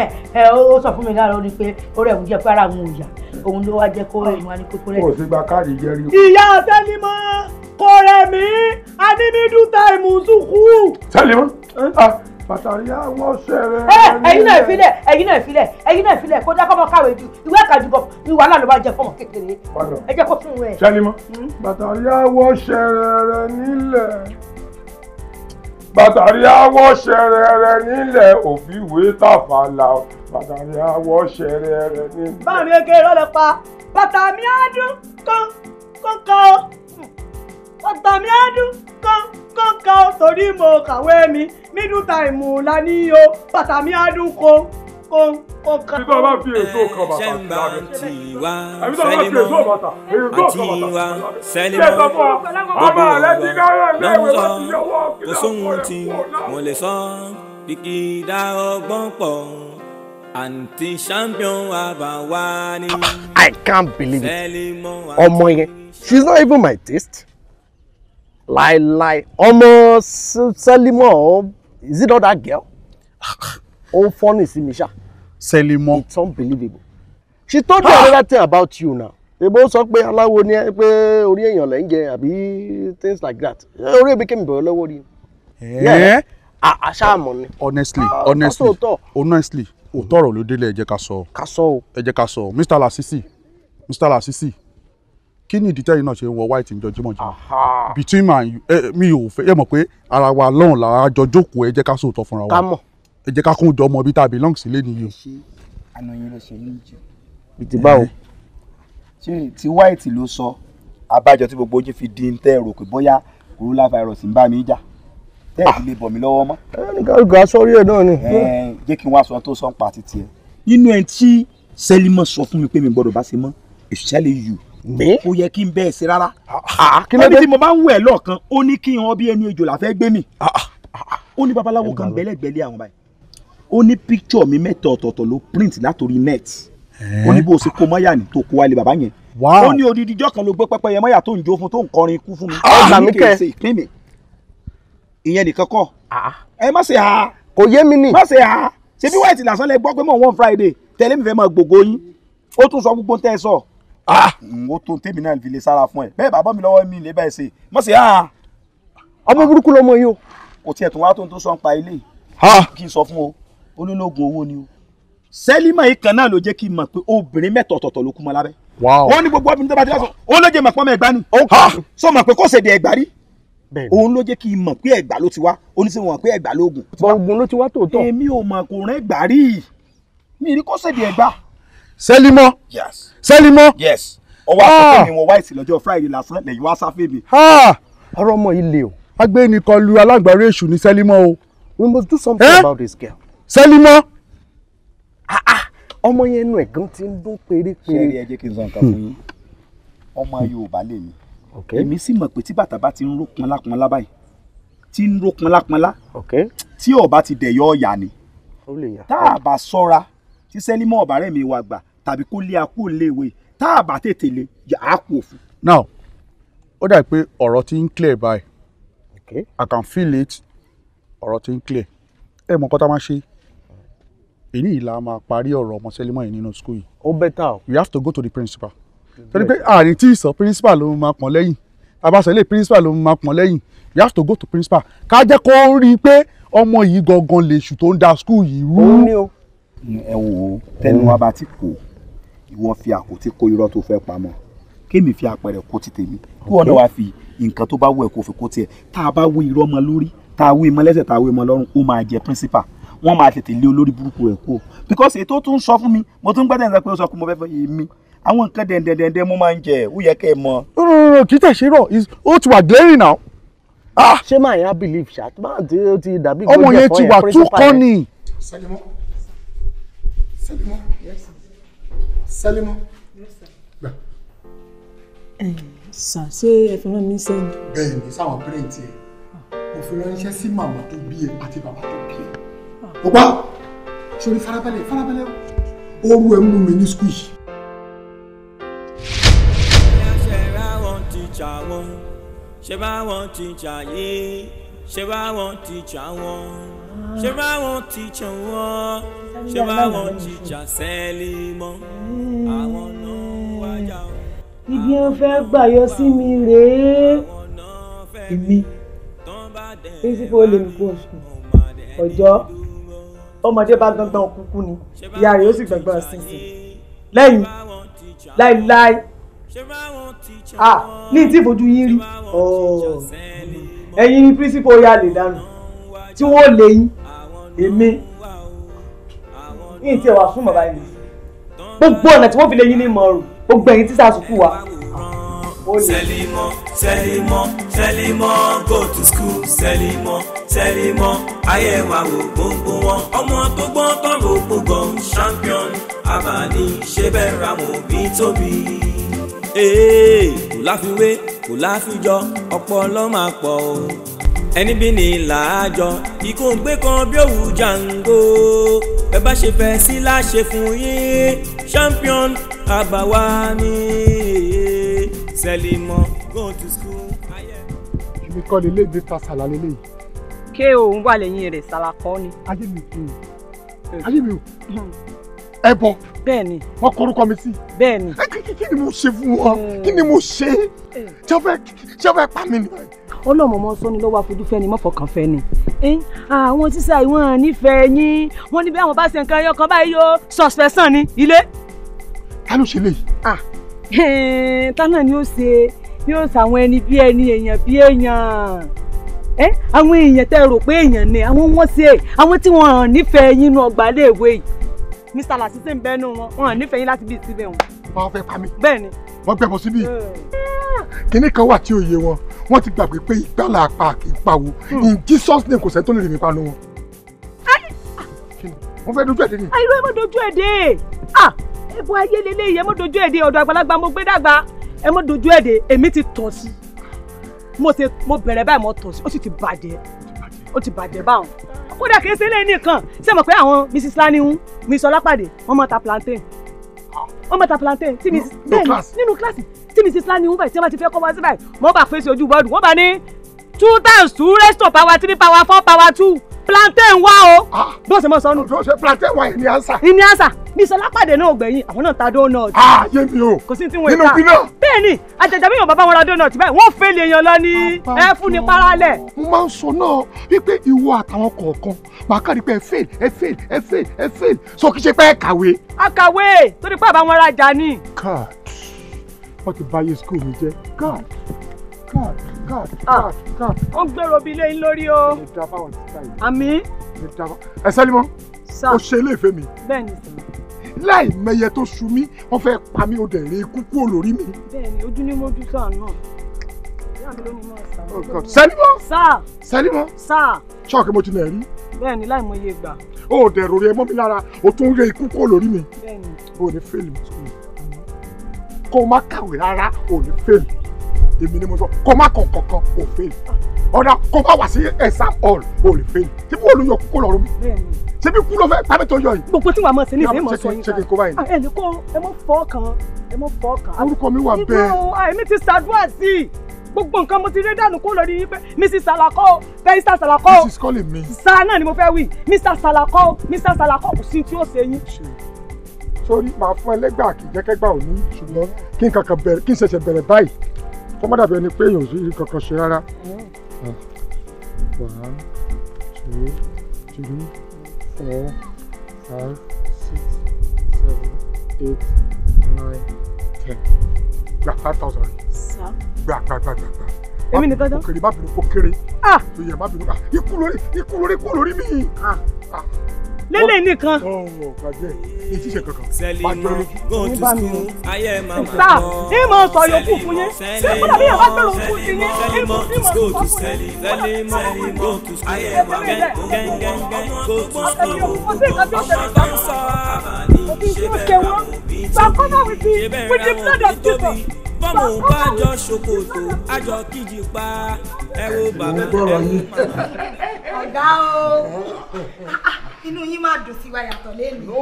S2: ẹ ẹ ó sọ fún mi lára orí pé ó rẹ̀ ń jẹ́ pé ara òun ò yá òun ló wá jẹ́ kó ẹ̀yìn wá ní kókó rẹ̀. kò sí gba káàdì jẹ́rìí. ìyá ọ̀tẹ́ ni mo kò rẹ̀ mí a ní middle time sùkú. sẹ́lẹ̀ mọ́ pàtàkì àwọn ṣẹlẹ̀. ẹ ẹyin náà ìfilẹ ẹyin náà ìfilẹ ẹyin náà ìfilẹ kó dákọ́ mọ káwé ju ìwé àkàjùbọ ní wàhálà ló bá jẹ fọmọ kékeré ẹ jẹ kó fún un ẹ. sẹ́lẹ̀
S3: mọ́ pàtàkì àwọn ṣẹlẹ̀ rẹ̀ nílẹ̀ bàtàrí àwọ̀ ṣẹrẹrẹ nílẹ̀ òbí ìwé tàfàlà
S2: bàtàrí àwọ̀ ṣẹrẹrẹ nílẹ̀. báwo ni eke rọlẹ pa bàtà mi á dún kọ́ńkọ́ ọ̀tọ̀ mi á dún mo kàwé mi middle time la ní o bàtà mi kó kó kó kan. bí bàbá fi
S1: èso kan bàtà sí lábẹ́ àbí bàbá fi èso bàtà èso kan bàtà sí lábẹ́ bàbá rẹ ti dára ilé ìwé bá ti yọwọ́ kí lóun ti mo lè sọ kìkìdá ọgbọ́n pọ̀ àǹtí champion àbáwá ni.
S2: I can't believe it ọmọ yẹn she's not even my taste. Lie, lie. ọmọ sẹlímọ is it not that girl (laughs) ó funny, sí mi ṣá. sẹlímọ it's unbelievable she told me another thing about you now ebo sọ pé aláwo ni ẹ pé orí èèyàn lẹ ń jẹ àbí things like that orí èmi kémi bẹ̀rẹ̀ lọ́wọ́ rí i
S3: àṣàmọ̀ ni. honestly ah, honestly honestly òótọ́ ọ̀rọ̀ ló délé ẹ jẹ́ ká sọ ẹ jẹ́ ká sọ Mr. Lasisi Mr. Lasisi
S2: kí ni ìdí tẹ́yìn náà ṣe ń wọ white njọ jímọ̀
S3: jímọ̀
S2: between man mi ò fẹ́ ẹ mọ̀ pé ara wa lọ́hùn là á jọ jókòó ẹ jẹ́ ká sòótọ́ fúnra wa ẹ jẹ́ ká kún jọ ọmọ bíi tàbí lọ́ǹsì lé nìyí. ìtì báwo tí white ló sọ abájọ tí gbogbo ojú fi di ń tẹ́ rò pé bóyá coronavirus ń bá mi jà tẹ́ ẹ̀ lè bọ̀ mí lọ́wọ́ mọ́. Ah, ẹnìkan gà sọ́rí ẹ̀ náà ni. jẹ́ kí n wá sọ tó sọ ń pa títí ẹ. nínú ẹ tí sẹ́límọ̀ sọ fún mi pé mi gbọ́dọ̀ bá ṣe mọ́ especially you kò yẹ kí n bẹ́ẹ̀ ṣe rárá. Ah, ah, ah, ó ní tí mo bá ń wẹ̀ lọ́ọ̀kan ó ní kí n bí ẹni ejò làfẹ́ gbé mi. ó ní babaláwo kan bẹ́lẹ́gbẹ́lẹ́ àwọn báyìí. ó ní píkítọ̀ mi mẹ́ta ọ̀tọ̀ọ̀tọ̀ ló print látòrí net. ó ní bó o ṣe kó mọ́yà ní tó kó wálé bàbá yẹn. ó ní odidi ijọ́ kan ló gbé pẹ́pẹ́yẹ mọ́yà tó ń jó fún tó ń kọrin ikú fún mi. ìyẹn nìkan kọ́ ẹ má ṣe ha. kò yé mi ni. má ṣe ha ṣe bí white lásán lẹ gbọ́ pé mò wọ́n Friday tẹ́lẹ̀ mi fẹ́ máa gbògo yín ó tún sọ gbogbo tẹ́ ẹ sọ Ah! ó tó tèmi náà fi lè sára fún ẹ bẹ́ẹ̀ bàbá mi lọ́wọ́ mi lè bá ẹ ṣe mọ̀ sí ah. ọmọ burúkú lọmọ yìí o. kò tiẹ̀ tún wá tó ń tó sọ ń pa ilé kí n sọ fún o olólógun owó ni o sẹ́límà yìí kan náà ló jẹ́ kí n mọ̀ pé obìnrin mẹ́tọ̀ ọ̀tọ̀ọ̀tọ̀ ló kú mọ́ lábẹ́. wọ́n ní gbogbo obìnrin tó bá ti lásán ó ló jẹ́ mọ̀ pọ́n mọ́ ẹ̀gbá ni. sọ ma pé kò ṣèdè ẹ̀gbá rí. òun ló jẹ́ kí n mọ̀ pé ẹ̀gbá ló ti wá oníṣègùn wọn pé ẹ̀gbá lóògùn. bọ̀ọ̀gùn ló ti wá tòótọ́. èmi ò mọ̀ kò rán ẹ̀gbá rí mi ní kò ṣèdè ẹ̀gbá. Sẹ́límọ́.
S3: Yes. Sẹ́límọ́. Yes.
S2: Ọwọ́ àkọ́kọ́ ah. mi wọ wáìsì lọ́jọ́ Friday lásán lẹ́yìn wá sáfẹ́ mi. Ọ̀rọ̀ ọmọ yìí le o. Agbẹ́ni kan lu alágbàrí èṣù ní Sẹ́límọ́ o. We must do something eh? about this girl. Ah Sẹ́límọ́. Ah. Ọmọ yẹn nu ẹ̀gán ti ń dún pérépéré. Ṣé ẹ jẹ́ kí n sọ nǹkan fún yín? Ọmọ Yorùbá lè mí. Èmi sì mọ̀ pé tí bàtà bá ti ń ró pọnlápọnlá báyìí, tí ń ró pọnlápọnlá, tí ó bá ti dẹ̀yọ́ ọ̀yà ni. Tá a bá sọ́ra tí sẹ́límọ̀ ọ̀bàrẹ́ mi wà gbà tàbí kó lé akó léwe tá a bá tètè lé yà á kú
S3: òfin. now ó dà pé ọ̀rọ̀ ti ń clear báyìí okay. i can feel it ọ̀rọ̀ ti ń clear ẹ mọ̀ kọ́tà máa ṣe èyí yìí la máa parí ọ̀rọ̀ ọmọ sẹ́límọ̀ yìí nínú school yìí. ó bẹ́tà o. you have to go to the principal. torí pé àárín tí ìsọ principal ló máa pọ̀n lẹ́yìn abáṣọ ilé principal ló máa pọ̀n lẹ́yìn you have to go to principal
S2: ká jẹ́ kó rí i pé ọmọ yìí gangan lèṣù tó ń da school yìí rú. òun ni o ẹ wò ó tẹnu wa bá ti kó ìwọ fi àkótí kó irọ́ tó fẹ́ pamọ́ kémi fi àpẹẹrẹ kó ti tèmi kí wọn náà wá fi nǹkan tó bá wù ẹ kó fi kó tiẹ̀ tá a bá wé irọ́ mọ́ lórí tá a wé mọ́ lẹ́sẹ̀ tá a wé mọ́ lọ́rùn ó máa jẹ principal wọ́n máa tètè lé olórí burúkú rẹ̀ kó because ètò tó ń sọ fún mi mo tún gbẹ́dẹ̀ nípa sọ pé mo fẹ́ fẹ́ yé mi àwọn nǹkan dẹ̀ndẹ̀ndẹ̀ mo máa ń jẹ ó yẹ kẹ́ ẹ mọ. rọrọrọ kì í tẹ̀sí rọ ó ti wà glaring now. Ah! ṣé màá yà believe ṣáà tí ó ti dàbí gbọ́dọ̀ fún yẹn principal yẹn ọmọ yẹn ti wà too cunning. Sẹ́límọ́. Sẹ́límọ́. Gbà. Sàn ṣé ẹ fi rán mi sẹ́yìn? Bẹ́ẹ̀ ni sáwọn pẹ́rẹ́ǹtì ẹ̀. Mo fi ránṣẹ́ sí màmá tó bí ẹ àti bàbá tó bí ẹ. Mo gbá. Sori farabalẹ̀ farabalẹ̀ ooru ẹ̀ mú mi ní sukù yìí.
S1: Ṣé bá wọn ti jà yé? Ṣé bá wọn ti jà wọn? ṣé máa wọn tìjà wọn ṣé máa wọn tìjà sẹ́ẹ̀lì mọ́
S2: àwọn náà wájà wọn. ibi wọn fẹ́ gbà yọ sí mi rèé èmi pínsípò lèmi kò sùn ọjọ́ ọmọdé bá gbọ̀ngbọ̀n kúkú ni ìyá rẹ̀ ó sì gbọ̀ngbọ̀n sínsìn lẹ́yìn láíláí ah ní ìtìfojú yín rí ẹ̀yin ni pírísípò yà lè dànù tí wọ́n lè yín èmi yìí tí ẹ wà fún bàbá yìí gbogbo ọ̀nà tí wọ́n fi lè yín ní ìmọ̀ràn gbogbo ẹ̀yìn tí sàṣùkú wa.
S1: Selimo, Selimo, Selimo, go to school. Selimo, Selimo, ayé wa wò gbogbo wọn. Ọmọ tó gbọ́n tọrọ gbogbo champion. Abàní ṣe bẹ́ẹ̀ ra mọ̀ bí tóbi. Ee, kò láfiwé, kò láfijọ́, ọpọlọ máa pọ̀ o ẹni bí ni làájọ ikú ń gbé kan bí òwú jàǹgó ẹ bá ṣe fẹ́ sí láṣẹ fún yín champion àbáwá ni sẹ́límọ́
S2: go to school. èmi kọ́ ni ilé ìgbé ta sàlà lélẹ́yìí. ké òun wà lẹ́yìn rẹ̀ sàlà kọ́ ni. ayé mi kù ẹbọ. bẹ́ẹ̀ni. wọn kọrúkọ mi sí. bẹ́ẹ̀ni. kí ni mo ṣe fún wọn hmm. kí ni mo ṣe eh. ṣé fẹ́ ṣé fẹ́ pa mí ni. ọlọ́mọ ọmọ sọ́ni lọ́wọ́ afojúfẹ́ ni mọ́fọ̀kàn fẹ́ ni. Eh, àwọn sísá ìwọ̀n nífẹ̀ẹ́ yín wọ́n ní bí àwọn bá ṣe nǹkan ẹyọ kan báyìí yóò sọ̀spẹ̀sán ni ilé. ta ló ṣe lè. Ah. Eh, ta náà ni ó ṣe ni ó ṣàwọn ẹni bí ẹni èèyàn bí èèyàn àwọn èèyàn tẹ rò pé èèyàn ni àwọn wọn ṣe àwọn tí wọn hàn nífẹ̀ẹ́ yín nú ọgbà léèwé yìí mr lasisi ń bẹ́nu wọn wọn ò nífẹ̀ẹ́ yín láti bí ìsíbẹ̀ wọn. wọn fẹ́ pa mí. bẹ́ẹ̀ni. wọn gbẹbọ síbí. kinní kan wà tí ò yé wọn wọn ti gbàgbé pé ìgbàlà apá kì í pawó hmm. in jesus name kò sẹ́ni tó lè rí mi panu wọn. mo fẹ́ dojú ẹ̀ dé ni. àìrò ẹ̀ mọ́ dojú ẹ̀ dé ah ẹ̀bùn ayé lélẹ́yìí ẹ̀ mọ́ dojú ẹ̀ dé ọ̀dọ̀ àgbàlagbà mo gbé dàgbà ẹ̀ mọ́ dojú ẹ̀ dé èmi ti tọ̀ sí mo bẹ̀rẹ̀ báyìí mo tọ̀ sí ó sì ti bàjẹ́ ó ti bàjẹ́ báwọn kódà kìí ṣe lẹ́yìn nìkan ṣé mọ̀ pé àwọn mrs laniun miss ọlápàdé wọ́n mọ̀ ta plantain wọ́n mọ̀ ta plantain tí mrs bẹ́ẹ̀ nínú kíláàsì tí mrs laniun báyìí tí wọ́n bá ti fẹ́ kọ́ wá sí báyìí wọ́n bá fèsì ojú bọ́ọ̀dù wọ́n bá ní two times two raised to power three power four power two plantain wá o. Ah. bó ṣe mọ sọnù. bó ṣe plantain wá ìní ansa. ìní ansa ní sọlá pàdé náà gbẹ̀yìn àwọn náà ta donut. a ah, yé mi o. kò sí tí wọn ká nínú iná. bẹ́ẹ̀ ni àjàjà bí yóò bá bá wọn ra donut báyìí wọ́n fẹ́ lè yan lọ ní ẹ fún ni paralẹ̀. mo máa ń sọ náà wípé ìwọ àtàwọn kọ̀ọ̀kan màá kàrí pé ẹ fail ẹ fail ẹ fail ẹ fail So kí ṣe pé ẹ kàwé. a kàwé torí pé àbáwọn rajà ni. God. wọ́n ti báyé school mi jẹ́ God. God ó ń gbèrò bí ilé yín lórí o. àmì. ẹ sẹ́límọ́ ó ṣe ilé ìfẹ́ mi. bẹ́ẹ̀ni sọ. láì mẹyẹ tó sú mi wọ́n fẹ́ pa mí ó dẹ̀ rí ikú kú olórí mi. bẹ́ẹ̀ni ojú ni mo dún sáà náà sẹ́límọ́. sá. Oh sẹ́límọ́. sá. ṣọ́ọ̀kì mo ti nà rí. bẹ́ẹ̀ni láì mọ iye gbà. o ò dẹ̀ rori ẹ mọ́ mi lára o tún ré ikú kó lórí mi. bẹ́ẹ̀ni. o ò ní fẹ́ẹ̀lì mi sùn kó o má kàwé rárá o ní fẹ́ẹ̀lì èmi ni mo sọ kó má kàn kankan kò fail ọ̀dà kó má wá sí exam hall o lè fail tí bí olùyọ kúkú lọ rúbi ṣé bí kú ló fẹ́ pàmì tó yọ yìí. gbogbo tí wàá mọ̀ sí ní ìfẹ́ mọ̀ sọ yín kan ẹ̀ ní kó ẹ mọ̀ fọ́ kan ẹ mọ̀ fọ́ kan. orúkọ mi wà bẹ́ẹ̀. nígbà ah, àìmí ti ṣàdúrà sí i gbogbo nǹkan mo ti rí dànù kó lórí yín pé mrs salako mr salako mrs kọ́lé mi sa náà ni mo fẹ́ wí mr salako mr salako kò sí tí ó ṣe yín sórí màá fún ẹlẹgbà kì í jẹ́kẹ́gbà òní ṣùgbọ́n kí n kankan bẹ̀rẹ̀ kí n ṣẹ̀ṣẹ̀ bẹ̀rẹ̀ báyìí kó má dàbí ẹni pé èèyàn sí kankan ṣe rárá.
S3: one two three four five six seven eight nine ten gba five thousand rẹ
S2: gba gba gba gba gba èmi nìkan dán. òkèrè má bínú kó tó ah! yẹ má bínú ah, ikú lórí ikú lórí ikú lórí mi. Ah! lélẹ̀ nìkan. sáà
S1: ní
S2: mọ̀ sọ yòókù fún yín
S1: ṣé kúrò bí yàrá gbèrò fún ti yín ní mọ̀ sọ fún yín kúrò bí yàrá gbèrò fún ti yín kúrò bí yàrá gbèrò fún ti yín bọ́mù bá jọ ṣòkòtò àjọ kìjì pa ẹ wo bàbá ẹ wo màmá.
S2: ọ̀gá o inú yín máa dùn sí wa yàtọ̀ lẹ́nu. no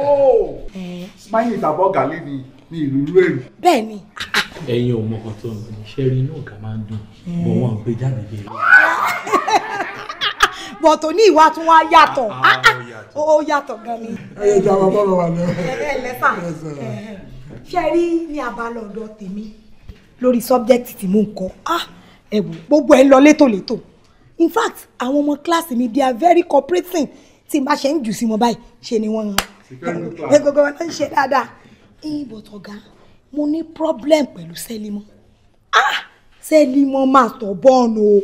S2: smiling tàbọ̀ ọ̀gá lé ni ní ìlú ìlú èrò. bẹ́ẹ̀ni. ẹ̀yin ò mọkàn tó ń bẹ iṣẹ́ rí inú ọ̀gá máa ń dùn bọ̀ wọ́n gbé jáde bí ẹ̀rọ. bọ̀ tó ní ìwà tí wọ́n yàtọ̀ ah, ah, ah, ó yàtọ̀ gan ni. ẹ yẹ jà wọn bọ́ọ̀lù wà lọ. ẹ lẹ́fà ṣe rí ní abala ọ̀dọ̀ tèmi lórí sọ́bjẹ́tì tí mò ń kọ́ ẹ gbogbo ẹ lọ létòlétò in fact àwọn ọmọ kíláàsì mi they are very cooperating tí n bá ṣe ń jù sí wọn báyìí ṣe ni wọ́n ń wọn gbogbo wọn ló ń ṣe dáadáa ẹ̀yin bọ̀tọ̀ mo ní problem pẹ̀lú sẹ́límọ́ ah sẹ́límọ́ máa tọ̀ bọ́ọ̀nù o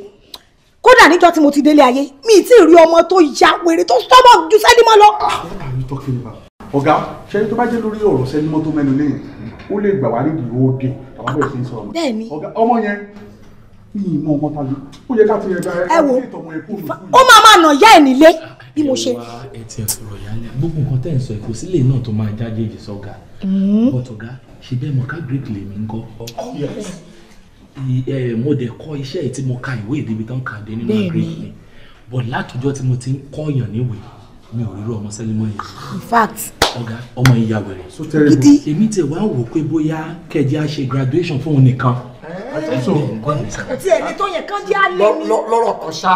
S2: kódà níjọ́ tí mo ti délé ayé mi ì tí ì rí ọmọ tó ya wèrè tó sọ́bọ̀ ju sẹ́límọ́ lọ.
S3: ọ̀gá ṣe tó bá jẹ́ lórí ọ̀rọ̀ sẹ́límọ́ tó mẹ́nu lẹ́yìn ó lè gbà wá nídìí ó dé àwọn bẹ̀rẹ̀ sí í sọ̀rọ̀
S2: bẹ́ẹ̀ni ọmọ yẹn
S3: mi ì mọ ọmọ ta
S2: ló ó yẹ bí mo ṣe. ẹ ti ẹ sọ̀rọ̀ yálẹ gbogbo nǹkan tẹ́ ẹ̀ ń sọ èkó sílé náà tó máa jáde èjì sọ́gà mm-hmm. but ọ̀gá ṣe bẹ́ẹ̀ mọ̀ ká greek lèmi ń kọ́ mo dẹ̀ kọ́ iṣẹ́ yìí tí mo ka ìwé ìdíbi tán kà dé nínú greek ni but látọjọ́ tí mo ti ń kọ́yàn níwèé mi ò rírọ ọmọ sẹ́límọ́ yẹn. in fact ọ̀gá ọmọ yìí yà wẹ̀rẹ̀. gidi èmi tẹ̀ wá wò pé bóyá kẹjá ṣe graduation fún òun nìkan tí ẹni tó yẹ kán jẹ́ alẹ́ ni. lọ́rọ̀ kan ṣá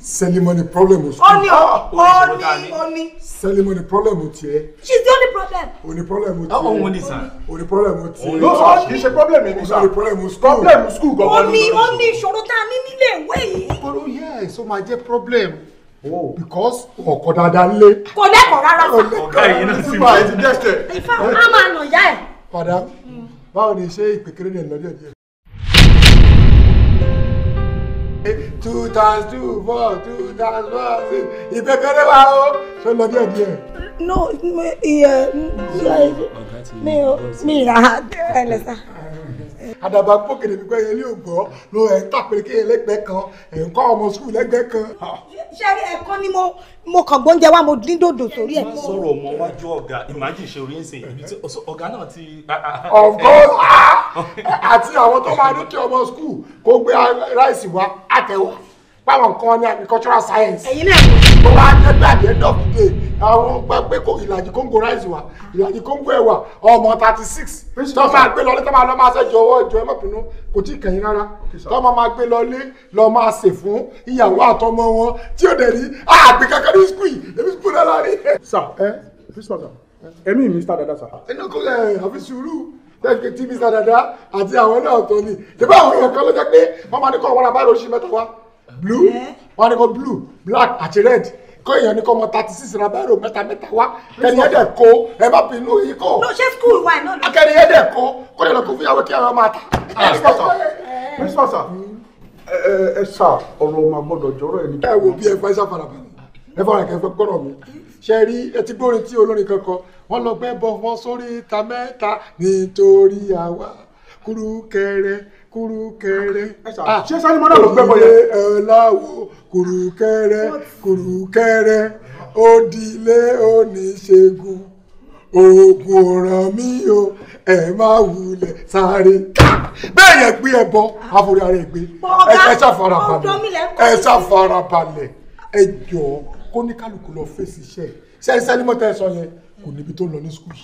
S2: sẹ́límọ́nì problem o. Ah, ó ní ó ní ó ní. sẹ́límọ́nì problem o tiẹ̀. she's the only problem. o ní problem o ah, tiẹ̀. ọmọ òun ni sàn. o ní problem o tiẹ̀. ló sọ kì í ṣe problem èmi sá. o ní problem school. problem school gbọ́dọ̀ ló ní. ó ní ìṣòro tá a ní nílé ìwé yìí. kóró yẹ èso máa jẹ́ problem. Oh. because ọkọ dada lé. kò lẹ́kọ̀ọ́ rárá. ọ̀gá yìí náà sì wá. ìfẹ́ àwọn máa nà yá ẹ̀. padà báwo ni ṣé ìpèkéré ni ẹ̀ lọ́dẹ̀ díẹ̀ two times two four two times four six ìbẹ̀kẹ̀rẹ̀ wa o ṣe lọ díẹ̀ díẹ̀. no iye mi ò mi ra ẹ lẹ sá àdàbà gbókèdè pípẹ́ yẹn ní ògbọ́ ló ẹ̀ ń tàpé kí ẹlẹ́gbẹ́ kan ẹ̀ ń kọ́ ọmọ sùkúl lẹ́gbẹ́ kan. ṣé ẹ̀kọ́ ni mo mo kàn gbóúnjẹ wa mo dín dòdò sórí ẹ̀. má sọ̀rọ̀ ọmọ wájú ọ̀gá ìmájì ṣe orí ẹ̀sìn ibi tí ọ̀gá náà ti. ọ̀gọ́ ah, àti àwọn tó máa dúkìá ọmọ sùkúl kó gbé ráìsì wá àtẹ̀wá páwọn kan ní agricultural science. ẹ̀yin náà ni. mo wá dẹ́gbẹ́ àdéhùn dé àwọn pẹ́pẹ́ kò ìlàjì kóńgò rice wa ìlàjì kóńgò ẹ̀wà ọmọ thirty six tó máa gbé lọ lé máa lọ máa ṣẹ́jọ ìjọ ẹ̀mọ́ kò tí ì kẹ̀yìn rárá tó máa máa gbé lọ máa ṣe fún ìyàwó àtọmọ wọn tí ó dẹ̀ rí àgbẹ̀ kankan ní skul èmi skul náà lárí. sà ẹ bísí ọ̀sán ẹ̀mí mi sá dáadáa sà. ẹnu kò ẹ àfi sùúrù tẹ́ẹ̀kì mi sá dáadáa àti àwọn náà tó ní. ìbá àwọn èèyàn kan ló pé blue wọn ní ko blue black àti red kó èèyàn ní kó mọ thirty six ra bẹ́ẹ̀rù mẹ́ta mẹ́ta wá kẹ́ni ẹ̀dẹ̀ kó ẹ bá bínú yìí kó. no ṣe school wa iná lọ. kẹ́ni
S3: ẹ̀dẹ̀ kó kó lè lọ kó fúyàwó kí ẹran máa ta. principal ah, sir ẹ sà ọ̀rọ̀ ọmọ gbọ́dọ̀ jọ̀rọ̀ ẹni. ẹ wo bí ẹ fẹ́
S2: sáfarabalẹ̀ ẹ fọ́nrán kẹfẹ́ gbọ́dọ̀ mi ṣe rí etí gbórin tí olórin kankan wọ́n lọ gbẹ́ bọ́ wọn sórí ta mẹ́ta nítorí àwa kúrú kẹrẹ
S3: kùrùkẹrẹ. Ah, ṣé sani mọ́nà ló gbẹ́ bọ́yẹ. ilé
S2: ẹ̀láwọ̀ kùrùkẹrẹ kùrùkẹrẹ òdìlé oníṣègùn oògùn ọ̀ràn mi o ẹ̀ máa wulẹ̀ sáré. bẹ́ẹ̀ yẹn gbé ẹ bọ́ àforí ara ẹ gbé ẹ ṣàfarabalẹ̀ ẹ ṣàfarabalẹ̀ ẹ jọ kó ní kálukú lọ fèsì iṣẹ́ ṣe ẹ sẹ́ni mọ́tẹ́ sọ yẹn kò níbi tó lọ ní skul.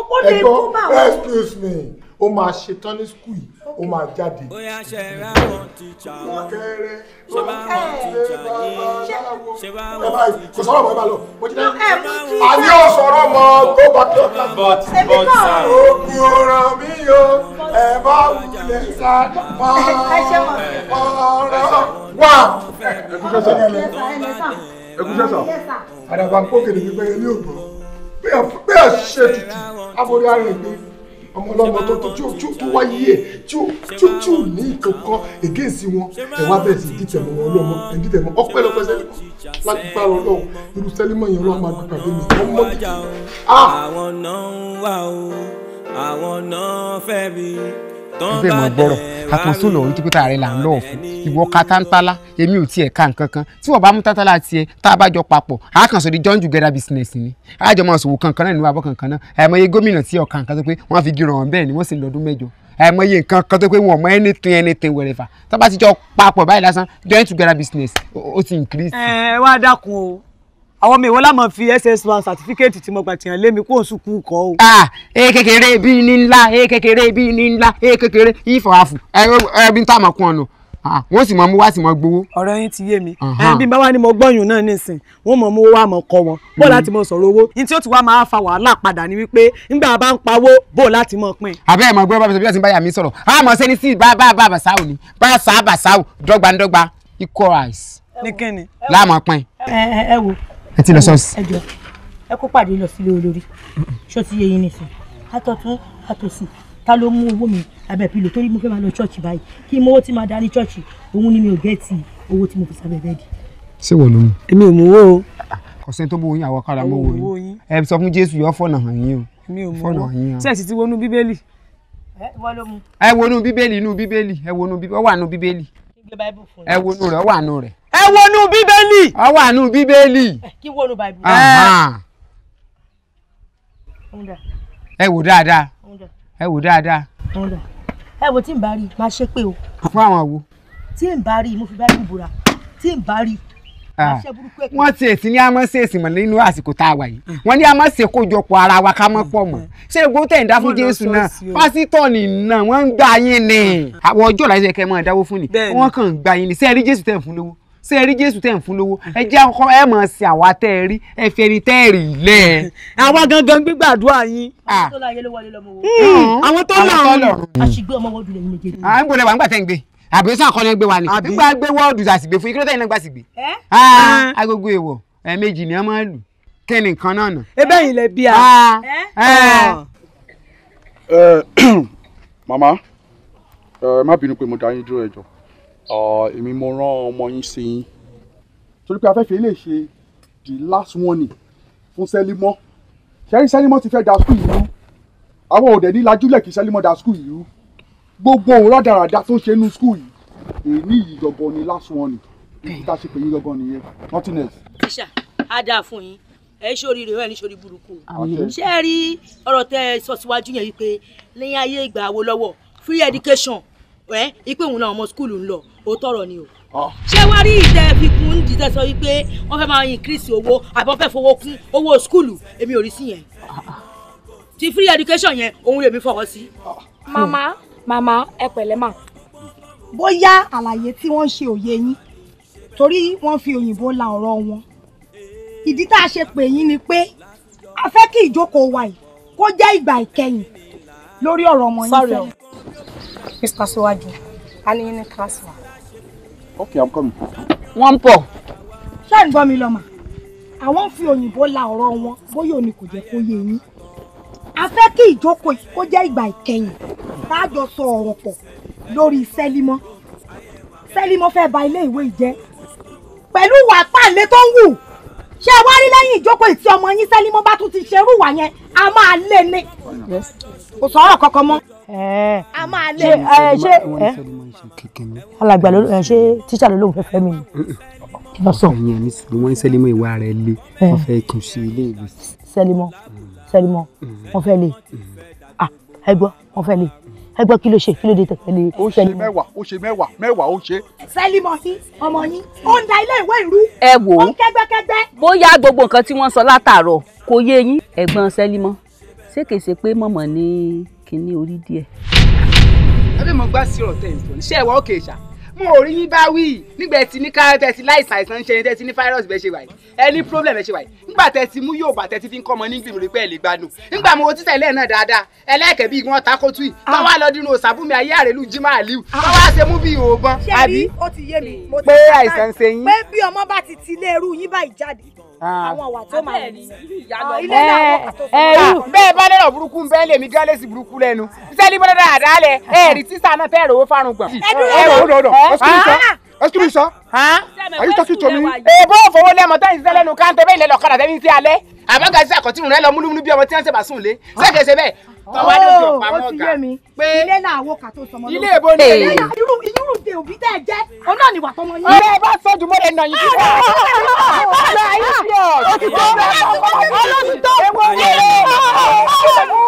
S2: ọ̀pọ̀ lè kó bá wọn. excuse me ó máa ṣetán ní skul yìí ó máa jáde. bóyá
S1: ṣe ra wọn ti jà wọn ṣe bá wọn ti jà yín
S3: ṣe bá
S2: wọn ti jà yín.
S1: kò sọ̀rọ̀ mọ́ ẹ bá lọ. àní ò sọ̀rọ̀ mọ́ tó bá tó
S2: bá. but but sir. okun ràn ẹ bá wulẹ̀ sá mọ́ wà. ẹ kú sẹ́sà ẹ kú sẹ́sà àdàbà ń kókè ní pípẹ́ ilé ògbọ́n bí ẹ ṣe tutù aborí ara ẹ̀ ọmọ ọlọ́mọ tó tó tí ó tí ó tó wáyé tí ó tí ó tí ó ní ìkọ̀kọ̀ against wọn ẹ̀ wá bẹ̀rẹ̀ sí dìtẹ̀ mọ́ wọn lọ́mọ ẹ̀ dìtẹ̀ mọ́ ọpẹ́lọpẹ́ sẹ́lẹ̀mọ́ lágbára ọlọ́run irú sẹ́lẹ̀mọ́ yẹn ọlọ́run máa dúpàdé mi ọmọ dìtẹ̀ ah! àwọn náà ń wá o àwọn náà fẹ́ mi ẹgbẹ́ mọ̀ gbọ́rọ̀ àkànṣó lọ orí dókítà rẹ̀ là ń lọ́ọ̀ fún ìwọ ka tántálá èmi ò tiẹ̀ ká nǹkan kan tí wọ́n bá mú tántálá tiẹ̀ tá a bá jọ papọ̀ àkànṣó di join together business ni àjọ máa ṣòwò kankan náà nínú abọ́ kankan náà àìmọye gómìnà tí ọ̀ka nǹkan tó pé wọ́n fi gíràn wọn bẹ́ẹ̀ ni wọ́n sì lọ́dún mẹ́jọ àìmọye nǹkan kan tó pé wọn mọ anything anything wẹ̀rẹ̀fà tó bá ti jọ papọ̀ báyìí lásán join together business ó ti increase. ẹ wá dákun o àwọn ọmọ ìwọ lámọ̀ fi ss1 certificate tí mo gbà tìyàn lé mi kó n sùkú kọ o. ee kékeré bíi ní ńlá ee kékeré bíi ní ńlá ee kékeré ifọ̀ àfù ẹbí ń tààmù kún ọ̀nà wọ́n sì mọ̀ mú wá sì mọ̀ gbowó. ọ̀rọ̀ yín ti yé mi bí bá wà ní mo gbọ́yùn náà nísìn wọ́n mọ̀ mú wá mọ̀ kọ́ wọn bó láti mọ̀ sọ̀rọ̀ owó ní tí ó ti wá máa fa wàhálà padà ni wípé nígbà bá ń pawó bó láti mọ̀ pín. àbẹ́ ẹ̀ mọ̀ gbọ́dọ̀ bá mi sọ bí wọ́n ti ń bá yà mí sọ̀rọ̀ a mọ̀ sẹ́ni sí bá bá bá bàṣáwò ni bá sá bàṣáwò dọ́gbandọ́gba equal rights. ní kíni. láàmọ̀ pín. ẹ ẹ wo ẹ ti lọ ṣọ́ọ̀ṣì. ẹ jọ ẹ kó pàdé lọ sílé olórí ṣó ti yẹ yín nìsín àtọ̀tún àtòsì ta ló mú owó mi abẹ́ pílò torí mo fẹ́ máa lọ ṣọ́ọ̀ṣì báyìí kí n mọ owó tí máa dá ní ṣọ́ọ̀ṣì òun ni mi ò gẹ́ẹ̀tì owó tí mo fi sábẹ́ bẹ́ẹ̀ di. ṣé wọ́n ló mú. èmi ò mú owó o. kọ̀sẹ́ tó bóyin àwọn kára mọ́ owó yín ẹ sọ fún jésù yọ fọ̀nà hàn yín o. èmi ò mú owó sẹ́ẹ̀sì ti wọnú bíbélì. ẹ wọnú bíbélì inú bíbélì ẹ wọnú bíbélì ó wà nú bíbélì ẹ wo inú rẹ ó wà nù rẹ. ẹ wo inú bíbélì. ó wà nù bíbélì. kí wo inú báìbù. ẹ wò dáadáa ẹ wò dáadáa. ẹ wo tí n bá rí i máa ṣépè o. fún àwọn wo. tí n bá rí i mo fi báìbù búra tí n bá rí i Ah. wọ́n ti èsì ní amọ́sẹ̀sì mọ̀ nínú àsìkò tá a wà yìí ah. wọ́n ní amọ́sẹ̀ kójọpọ̀ ara wa ká mọ́ pọ̀ mọ́ ah. ṣé egbò tẹ̀ ń dá fún jésù náà pásítọ̀ nìna wọ́n ń gba yín ni àwọn ọjọ́ ìlàjọ ẹ̀kẹ́ máa dáwó fún ni wọ́n kàn ń gba yín ni ṣé ẹ rí jésù tẹ̀ ń fún lówó ṣé ẹ rí jésù tẹ̀ ń fún lówó ẹ jẹ́ ọkọ ẹ mọ̀ sí àwa tẹ́ ẹ rí ẹ fi ẹni tẹ́ ẹ rí lẹ̀. (laughs) àwa gangan gbígbàdúrà yín. àwọn tó láyé ló wọlé lọ́mọ wo. àwọn tó lọ́rùn. àṣìgbé ọmọ wọ́dù àbí sàn kọ́ni gbé wa ni nígbà gbé wọ́ọ̀dù àsìgbè fún ikúrẹ́tẹ̀ iná gbàsìgbè ah, ah. agogo èèwọ̀ ẹ̀ẹ̀mejì ni wọ́n máa lù kí ni náà nà. ebe yìí lè bí a. Ah.
S3: Eh. Eh, (clears throat) màmá eh, má bínú pé mo dá yín dúró ẹjọ́ èmi mo rán ọmọ yín sí yín torí pé afẹ́fẹ́ lè ṣe the last warning fún sẹ́límọ́ ṣẹ́rí sẹ́límọ́ ti fẹ́ da
S2: skul yìí rú àwọn òde ní lajúlẹ̀ kí sẹ́límọ́ da skul yìí rú gbogbo òun rádaràda tó ń ṣe inú skul yìí èmi yìí gangan ni last one ibi tá a ṣe pè yín gangan nìyẹn nothing else. tíṣà á dáa fún yín ẹ ṣórí rẹ ẹ ní ṣórí burúkú ṣé ẹ rí ọ̀rọ̀ tẹ ẹ sọ síwájú yẹn wípé lẹ́yìn ayé ìgbà wo lọ́wọ́ free education ẹ ipe òun làwọn ọmọ skul ń lọ òótọ́ ọ̀rọ̀ ni o ah. ṣé wá rí ìtẹ́ fi kún ìtẹ́ sọ wípé wọ́n fẹ́ máa increase owó àbí wọ́n fẹ́ fowó kún owó skulu èmi ò rí sí yẹn ah. ti free education yẹn òun lèmi fọwọ́ sí. Ah. màmá màmá ẹ pẹ̀lẹ́ mà bóyá àlàyé tí wọ́n ṣe òye yín torí wọ́n fi òyìnbó la ọ̀rọ̀ wọn ìdí tá a ṣe pè yín ni pé a fẹ́ kí ìjókòó wa yìí kó jẹ́ ìgbà ìkẹyìn lórí ọ̀rọ̀ ọmọ yín fẹ́. Mr. Siwaju a ní yín ní kíláàsì wa. ok i'm coming. wọ́n ń pọ̀. ṣé ẹ̀ ń gbọ́ mi lọ́mọ àwọn fi òyìnbó la ọ̀rọ̀ wọn bóyá òní kò jẹ́ kó yé yín a fẹ́ kí ìjókòó yìí kó jẹ́ ìgbà ìkẹyìn tá a jọ sọ ọ̀rọ̀ pọ̀ lórí sẹ́límọ́ sẹ́límọ́ fẹ́ ba ilé ìwé ìjẹ́ pẹ̀lú ìwà pàlẹ́ tó ń wù ṣé wá rí lẹ́yìn ìjókòó ìtí ọmọ yín sẹ́límọ́ bá tún ti ṣerú ìwà yẹn a máa lé ní kò sọ̀rọ̀ kankan mọ́ a máa lé ní. ṣé alàgbà ló ṣe tíṣà ló lóun fẹ́ fẹ́ mi ni. ìyẹn mi sì ni wọ́n ń sẹ́límọ́ ìwà rẹ̀ lé wọ́n fẹ́ kí n ṣe ilé ìwé. sẹ́límọ́ mm sẹ́rìmọ́ mhm. wọ́n fẹ́ lè mhm. Ah, gbọ́ wọ́n fẹ́ lè ẹ gbọ́ kí ló ṣe kí ló dé tẹ̀lé. ó ṣe mẹ́wàá ó ṣe mẹ́wàá mẹ́wàá ó ṣe. sẹ́límọ́sí ọmọ yín ó ń da ilé ìwé ìlú. ẹ wò ó kẹ́gbẹ́kẹ́gbẹ́. bóyá gbogbo nǹkan tí wọ́n sọ látàárọ̀ kò yé yín. ẹ̀gbọ́n sẹ́límọ́ ṣé kìí ṣe pé mọ̀mọ́ ní kinní orí díẹ̀. ẹ bí mo gbá sí ọ̀rọ̀ tẹ̀ mo ò rí yín bá wí nígbà tí ní ká tẹ̀sí láìsàn àìsàn ń ṣe ní tẹ̀sí ní fáírọ́ọ̀sì bẹ́ẹ̀ ṣe wà ẹni problem ẹ̀ ṣe wà yìí nígbà tẹ̀sí mú yóò bá tẹ̀sí fi ń kọ́mọ ní gbìmọ̀ rí pé ẹ̀ lè gbádùn nígbà mo ti tẹ̀lé náà dáadáa ẹlẹ́ẹ̀kẹ́ bíi wọn ta kótó yìí tó wá lọ dínú òsàbùnmi ayé àrèlú jimá aliu tó wá ṣe mú bíi òògbọ́n. ṣé bí ó ti yé mi. pé àìsàn ń ṣe yín. pé bí ọmọ bá ti Ah. àwọn ọ̀wà tí ó máa rí ìyàlọ́ ah, ilé náà eh, wọ́n kàtó fún un. Eh, bẹ́ẹ̀ bá lọ́rọ̀ burúkú ń bẹ́ẹ̀ lè mi gálẹ́sì burúkú lẹ́nu sẹ́ni bọ́dọ̀ dáadáa lẹ̀ ah. ẹ̀ẹ́rì tísà náà fẹ́ẹ́ rò ó fárùn gbọ̀n. ẹ dúró eh, lọ ẹ wò ó lọ ọ are you talking to me. Eh, èèbó òfowó lẹ́mọ tẹ́yìn sísẹ́ lẹ́nu káńtẹ́ bẹ́ẹ̀ lẹ́lọ́ kọ́ra tẹ́yìn sí alẹ́ àbága sí àkọ́tìmù rẹ lọ múlùmúlù bí ọmọ tí wọ́n ń ṣe bàṣún lé
S3: ṣẹ́kẹ̀ṣẹ̀ bẹ́ẹ̀ tọ́wọ́ ní ojú ọ̀pá mọ́
S2: ọ̀gá pé ilé náà wò ká tó sọmọ lórí ilé èbó ni èyí. irú irú de òbí tẹ́ ẹ jẹ́ òun náà ni wà tọmọ yín. ọ̀rẹ́ bá sọ́jú mọ́rẹ̀ nà yín kíkọ́. ọ̀rẹ́ ayé fi ọ̀ òtítọ́ olóòtítọ́ ewo wọlé.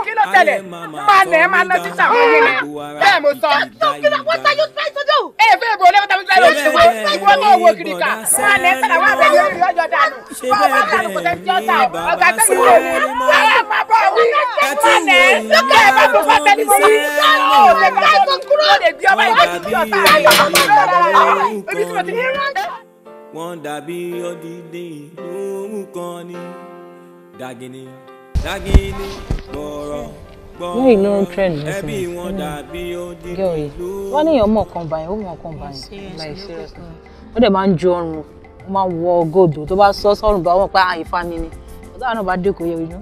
S2: kí ló tẹ̀lé máa nà ẹ́ máa ná títà wọlé rẹ̀ bẹ́ẹ̀ mo sọ. wọ́n sọ yóò fẹ́ sọ́jọ́. ẹ fẹ́ bo olóòtítọ́ mi sáré òṣèwé ìwọ mọ owó kìrìkà wà ní ẹsẹ̀lẹ̀ wà bẹ̀rẹ̀ orí ọjọ́ dànù ọba dànù kò tẹ̀sí ọ̀tà ọ̀gá tẹ̀sí owó ẹ̀yà máa bọ̀ wí wà ní lókè ẹ̀ bá tó fọ́ tẹ̀lé sí ọ̀ọ́ lè ká ẹ̀kọ́ kúrò lè bí ọba ìwé ti di ọ̀tà ayọ̀
S1: wọ́n dàbí ọdídé ìlú kan ní dàgìní dàgìní gbọ̀rọ̀ ní ìlú hundred gẹ́ọ̀ yìí
S2: wọ́n ní èèyàn mọ̀ọ́kan báyìí ó mọ̀ọ́kan báyìí láì ṣe wọ́n dẹ̀ máa ń ju ọrùn wọ́n máa ń wọ góòdù tó bá sọ sọ́rùn bá wọ́n pa ah, àyífá mi ni ọ̀tá àwọn náà bá dẹ́kun yẹ inú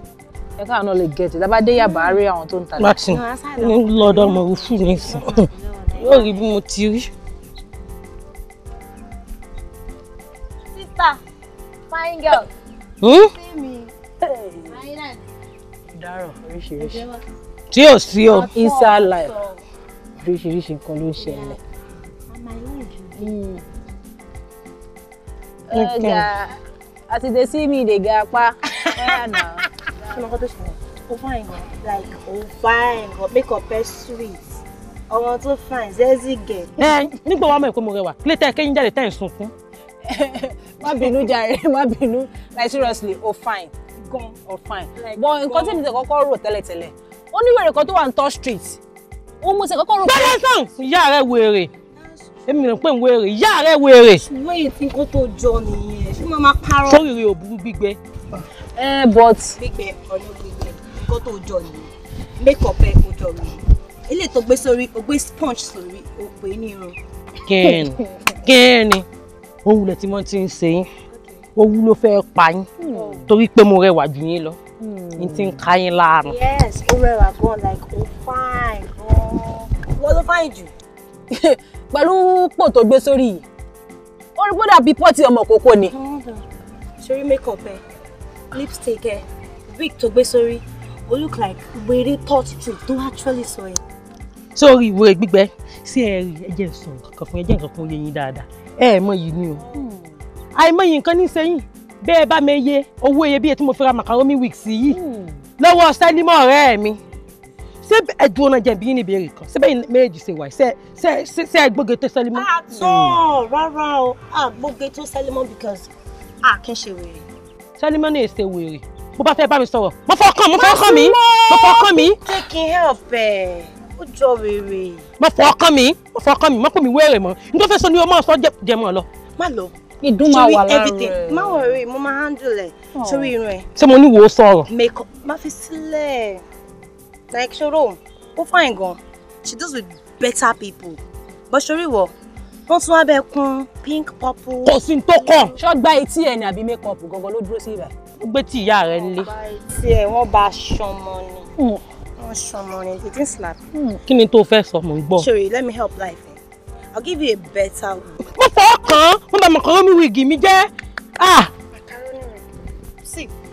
S2: ẹ káwọn náà lè gẹ̀ẹ́tì tá a bá dé yàbá á rí àwọn tó ń talẹ̀. martin ní lọ́dọ̀ mo fún mi sùn yóò rí bí mo ti rí. sísá hmm? fine girl. dárò oríṣiríṣi tí ò sí o inside life oríṣiríṣi nǹkan ló ń ṣẹlẹ̀ ga as they see me they dey ga pa oya na. ọmọkọ tó ṣẹlẹ̀ o fine like oh, fine gan make up ẹ sweet ọmọ tó fine zẹ́zì gẹ̀. ẹ nígbà wàá mọ̀ ẹ̀ pé mo rẹwà kílẹ̀ tẹ́ ẹ kéyìn jáde tẹ́ ẹ̀ ń sunkún. má bínú jàre má like seriously oh, fine gan oh, fine Like, but nǹkan tí mi ti kọ́kọ́ rò tẹ́lẹ̀tẹ́lẹ̀ ó ní wèrè kan tó wà ní third street ó mú ti kọ́kọ́ rò. bẹ́ẹ̀ sàn ìyá rẹ̀ wèrè èmi rò pé ń wéèrè ìyá rẹ wéèrè. ṣùgbọ́n èyí tí kò tó jọ nìyẹn ṣé mo máa parọ́. sóríire ò burú gbígbẹ. ẹ but. gbígbẹ ọdún gbígbẹ kò tó jọ nìyẹn make up ẹ kò jọ mi ilé tó gbé sórí o gbé sponge sórí o pè é ní irun. kẹ́ẹ̀ni kẹ́ẹ̀ni òun lè tí wọ́n ti ń ṣe yín owú ló fẹ́ pa yín hmm. torí pé mo rẹwà jù yín lọ hmm. n ti ń ka yín láàrùn. yes ó rẹwà gan like ó fine gan wọ́n ló fine jù. (laughs) pẹ̀lú pò tó gbé sórí yìí ó rí gbọ́dọ̀ bíi pọ́ọ̀tì ọmọ kókó ni. sori makeup ẹ lipstick ẹ wig tó gbé sórí o look like wèrè thought trip tó actually sọ ẹ. sórí ìwé gbígbẹ sí ẹrí ẹjẹ sùn kankan fún ẹjẹ nǹkan fún oyè yín dáadáa ẹ ẹ mọ yìí ni o àìmọye nǹkan ní sẹ́yìn bẹ́ẹ̀ bá mi yé owó iyebíye tí mo fi ra macaroni wig sí yìí hmm. lọ́wọ́ sẹ́límọ̀ ọ̀rẹ́ mi. Hmm ṣé ẹdùn ọ̀nà jẹ̀bi yín ní ìbéèrè kan ṣé bẹ́ẹ̀ méjì ṣe wà ṣe ṣe ṣe gbóge tó sẹ́lẹ̀ mọ́. àtọ̀ rárá o àgbóge ah, tó sẹ́lẹ̀ mọ́ because a ah, kì í ṣe wèrè. sẹ́lẹ̀ mọ́ ni èsè wèrè bó bá fẹ́ bá mi sọ̀rọ̀ mo fọkàn mo fọkàn mi mo fọkàn mi. taking help ẹ ó jọ wèrè. mo fọkàn mi mo fọkàn mi mo kò mi wéèrè mọ n tó fẹ́ sọ ni o máa sọ jẹ mọ́ lọ. má lọ ìdún máa wà lára rẹ má wọrí mo máa handle ẹ sórí irun ẹ. ṣé mo ní wo sọ̀rọ̀. make up má fi sílẹ̀ like ṣòro who fine gan she deals with better people but Shori wọ wọ́n tún wá bẹ́ẹ̀ pink purple. kò sí tó kàn. ṣọ́gbà it here and be make up gangan ló dúró sí ibà. ó gbé tí ìyá rẹ̀ nílé. ọba etí ẹ̀ wọ́n bá ṣọmọ ni. Hmm. wọ́n ṣọmọ ni they didn't slap. kí ni tó fẹ́ sọ mò boy? Shori, let me help life i'll give you a better What for? fọwọ́ What about mo bá mọ̀kànlómi wíìgì mi jẹ́ ah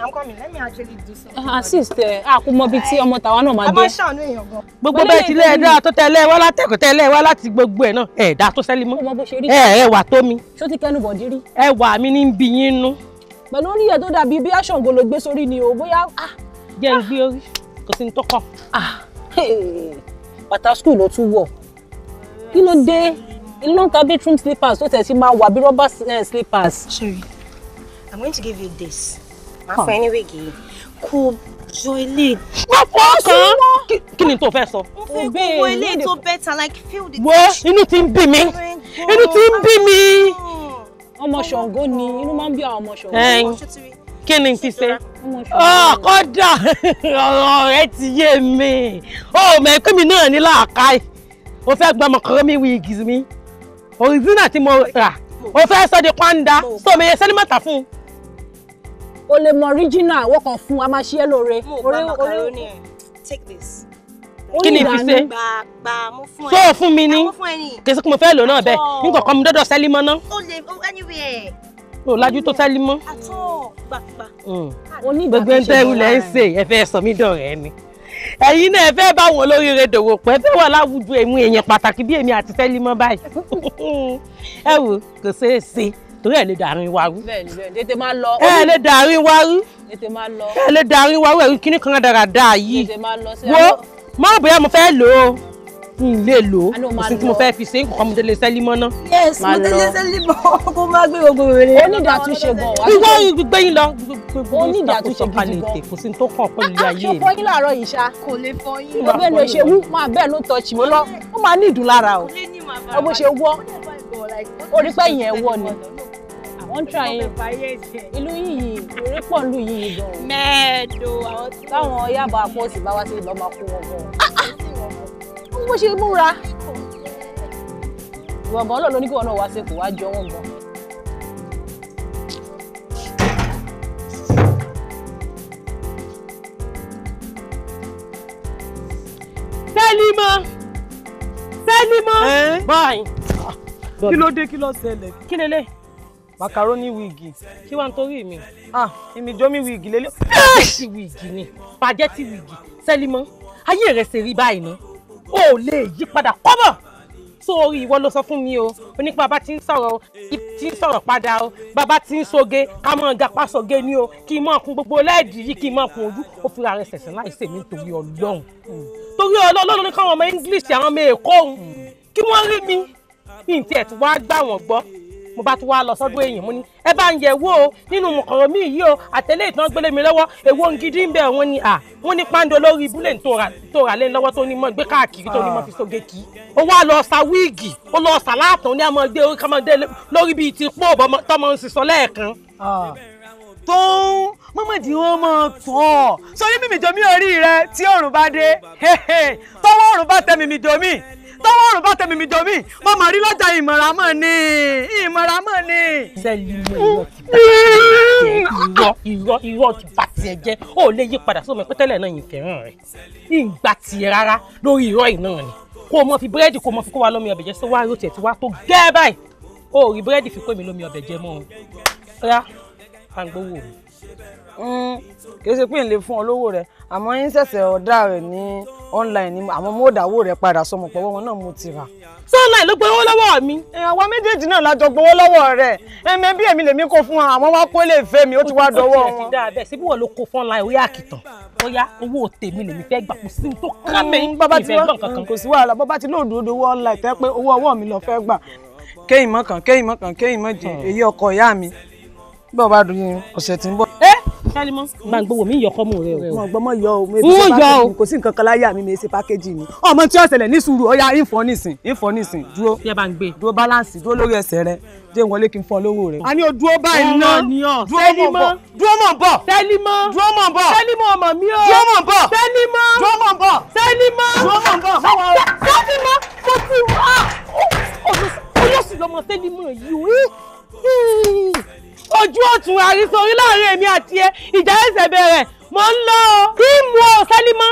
S2: I'm coming. Let me actually do something. Ah, sister, eh. a kò mọ ibi tí ọmọ tàwa náà máa dé. A máa ṣàánú èèyàn gan. Gbogbo bẹ́ẹ̀ ti lẹ́ẹ̀dá tó tẹ́lẹ̀ wá látẹ̀kọ̀ tẹ́lẹ̀ wá láti gbogbo ẹ̀ náà. Ẹ̀dá tó sẹ́lí mọ́. Ọmọ bó ṣe rí. Ẹ ẹ wà tó mi. Ṣó ti kẹnu bọ̀ dírí? Ẹwà mi ní bí yín nú. Pẹ̀lú But ẹ̀ tó dàbí bí aṣọ̀ǹgò ló gbé sórí ni o, bóyá. Ah. Jẹ́ n gbé orí, kò sí but tó kàn. Ah, Bàtà skul ló tún wọ̀. Kí ló dé? Ilọ́ǹkà bedroom slippers tó tẹ̀ sí máa wà bí rọ́bà eh, slippers. Sorry, I'm going to give you this máa fún ẹ ní wíìgì yìí kò yọ ilé. wọ́n fọ́ sí wọn. kí ni tó fẹ́ sọ. mo fẹ́ kó ilé tó better like feel the tension. wo inú ti ń bí mi oh inú ti ń bí mi. Oh ọmọ ṣàngó ni inú máa ń bí àwọn ọmọ ṣàngó. kí ni ti ṣe. Ah, kódà ọ̀rọ̀ rẹ ti yé mi ó mẹ́kún mi náà ní làákàyè o fẹ́ gba ọmọkùnrin mi wíìgì mi òrìṣínà tí mo rà o fẹ́ sọ di pàǹdà sọ mi yẹ sẹ́ni mọ́ta fún un o lè mọ original wọ́n kàn fun, wa máa ṣe é lóore. mo take this kí ni ìfisẹ́ So fun fún mi ní kì í sí pé mo fẹ́ lò náà bẹ́ẹ̀ nígbà kan mi dọ́dọ̀ sẹ́límọ́ ná. o lè anywhere. o lajú tó sẹ́límọ́. àtọ́ gbàgbà. gbogbo ń tẹ́rù lẹ́ ń sè ẹ fẹ́ sọ mí dọ̀rẹ́ ni ẹ̀yin náà ẹ fẹ́ bá wọn lórí rẹ dòwò pẹ́ fẹ́ láwùjọ èmi èèyàn pàtàkì bí èmi àti sẹ́límọ́ báyìí (laughs) ẹ wò kò ṣeé ṣe torí ẹ lè dàrin wa rú. bẹ́ẹ̀ni bẹ́ẹ̀ni tètè máa lọ. ẹ lè dàrin wa rú. tètè máa lọ. ẹ lè dàrin wa rú ẹrú kíní kan dára dáa yìí. tètè máa lọ sílẹ̀. wo má bóyá mo fẹ́ lò ó n lè lò ó kò sí tí mo fẹ́ fi ṣe nǹkan mo tẹ́lẹ̀ sẹ́lí mọ́ náà. yes mo tẹ́lẹ̀ sẹ́lí mọ́ (laughs) kó má gbé gbogbo rẹ̀. ó ní ìdàtúnṣe gan wa. wíwọ́ gbẹ́yìn lọ. ó ní ìdàtúnṣe gidi gan. kò sí tó kàn pẹ̀lú ilé ah, ayé mi. aṣọ fọyín làárọ̀ yìí ṣá. kò lè fọyín. ó bẹ́ẹ̀ ló ṣe wú máa bẹ́ẹ̀ ló tọ́ tì mí lọ ó máa ní ìdùn o. ó bó ṣe wọ́n tra yín ìlú yìí eré pọ̀ lù yìí gan. mẹ́ẹ̀ẹ́dọ̀ àwọn tí. táwọn yàbá àpọ̀sì bá wá sí ìlú ọmọ kó wọn gan. Ah, ah. bó ṣe múra. ìwọ̀n gan náà ló ní kí wọn náà wá sí kò wá jọ wọn gan. Sẹ́límọ̀ Sẹ́límọ̀ báyìí. kí ló dé kí ló ṣẹlẹ̀. kí lélẹ̀ macaroni wíìgì kí wàá nítorí mi ah èmi jọmí wíìgì lélẹ́ pẹ́ẹ́sì wíìgì ni spaghetti wíìgì sẹ́límọ́ ayé rẹ̀ ṣe rí báyìí ná o ò lè yí padà kọ́bọ̀ sórí ìwọ ló sọ fún mi o onípa bá ti ń sọ̀rọ̀ ti ń sọ̀rọ̀ padà o bàbá ti ń soge ká mọ̀ gapá soge ni o kí n mọ̀ kun gbogbo lẹ́ẹ̀dì yìí kí n mọ̀ kun ojú ó fira rẹ̀ ṣẹ̀ṣẹ̀ láì sèmi nítorí ọlọ́run hmm. torí ọlọ́run ní káwọn ọmọ english àwọn ọmọ èkó òun hmm, kí wọ́n rí mi ní ìtì ẹ̀ tí wọ́n á gbà wọ́n gbọ́ mo bá tún wá lọ sọ́dún èèyàn mo ní ẹ bá ń yẹ̀ wò ó nínú mọ̀kọ̀rọ̀ mi yìí o àtẹ̀lé ìtàn gbélé mi lọ́wọ́ èwo ń gidi ń bẹ̀ wọ́n ni à wọ́n ní pàǹdé olórí ibúlẹ̀ tó rà lẹ́nu lọ́wọ́ tó ní mọ́ gbé káàkiri tó ní mọ́ fi sóge kì í ó wá lọ sa wíìgì ó lọ sà látàn ní àmọ́ gbé orí kọ́mọdé lórí bíi ti pọ́ tọmọ ń sísọ lẹ́ẹ̀kan tó ń mọ́mọ́dì wọn mọ̀ tán sórí mímìjọ́mí orí rẹ tí ọ̀run bá dé tọ́wọ́ ọ̀run bá tẹ mímìjọ́mí tọ́wọ́ ọ̀rùn bá tẹ̀mí mi jọ mí mo mà rí lọ́jà ìmọ̀ràn mọ̀ ni ìmọ̀ràn mọ̀ ni. sẹ́ẹ̀lì ìwọ ìwọ ìwọ ti bá tiẹ̀ jẹ́ ó lè yí padà sómi pé tẹ́lẹ̀ náà yìí fẹ́ràn rẹ̀ ìgbà tiẹ̀ rárá lórí ìrọ̀ ìná ni kó o mọ fi búrẹ́dì kó o mọ fi kó wa lómi ọbẹ̀ jẹ́ sọ wá yóò tiẹ̀ ti wá tó gẹ́ẹ́ báyìí ó rí búrẹ́dì fi kó mi lómi ọbẹ̀ jẹ́ mọ́ o rárá mi. Hmm, kì í ṣe pé n lè fún ọ lówó rẹ àmọ́ yín ṣẹ̀ṣẹ̀ ọ̀dà rẹ̀ ní online ni àmọ́ mo dàwó rẹ̀ padà sọmọ pọ̀wọ́ wọn náà mo ti rà. ṣé online ló gbowó lọ́wọ́ mi. Eh, àwa méjèèjì náà la jọ gbowó lọ́wọ́ rẹ̀ ẹ̀mí bí èmi lèmi kò fún wa àmọ́ wá kó lè fẹ́ mi ó ti wá dọwọ́ wọn. síbí wọn ló kó fún online ó yà kìtàn bóyá owó tèmi lèmi fẹ́ gbà kó sí tó kán hmm, mi ìbẹ̀ gbọ̀ǹkankan. kò sí wàhálà bàbá ti lóòdù odò owó online tẹ́ pé owó ọwọ́ mi lọ fẹ́ gbà kéyìn mọ́ kéyìn mọ́ kéyìn mọ́ hmm gbàngbowó mi yọkọ mu rẹ o. wọn gbọ́ mọ yọ o mi ṣe pákéjì kò sí nǹkan kan láyé àmì mi ṣe pákéjì mi. ọmọ tí ó ṣẹlẹ̀ ní sùúrù ó yá ìfọ́ nìsín ìfọ́ nìsín dúró dúró balance dúró lórí ẹsẹ̀ rẹ jẹ́ wọlé kí n fún ọ lówó rẹ. a ní o dúró báyìí ná dúró mọ̀ bọ̀ dúró mọ̀ bọ̀ dúró mọ̀ bọ̀ ọmọ mi o dúró mọ̀ bọ̀ dúró mọ̀ bọ̀ dúró mọ̀ bọ̀ sẹ́límọ̀ mo ti wá olóṣèlú ọmọ sẹ́límọ̀ yìí ojú ọ̀tún àrísorí láàrin èmi àti ẹ ìjà ẹsẹ̀ bẹ̀rẹ̀ mò ń lọ kí mu ọ sẹ́ni mọ́.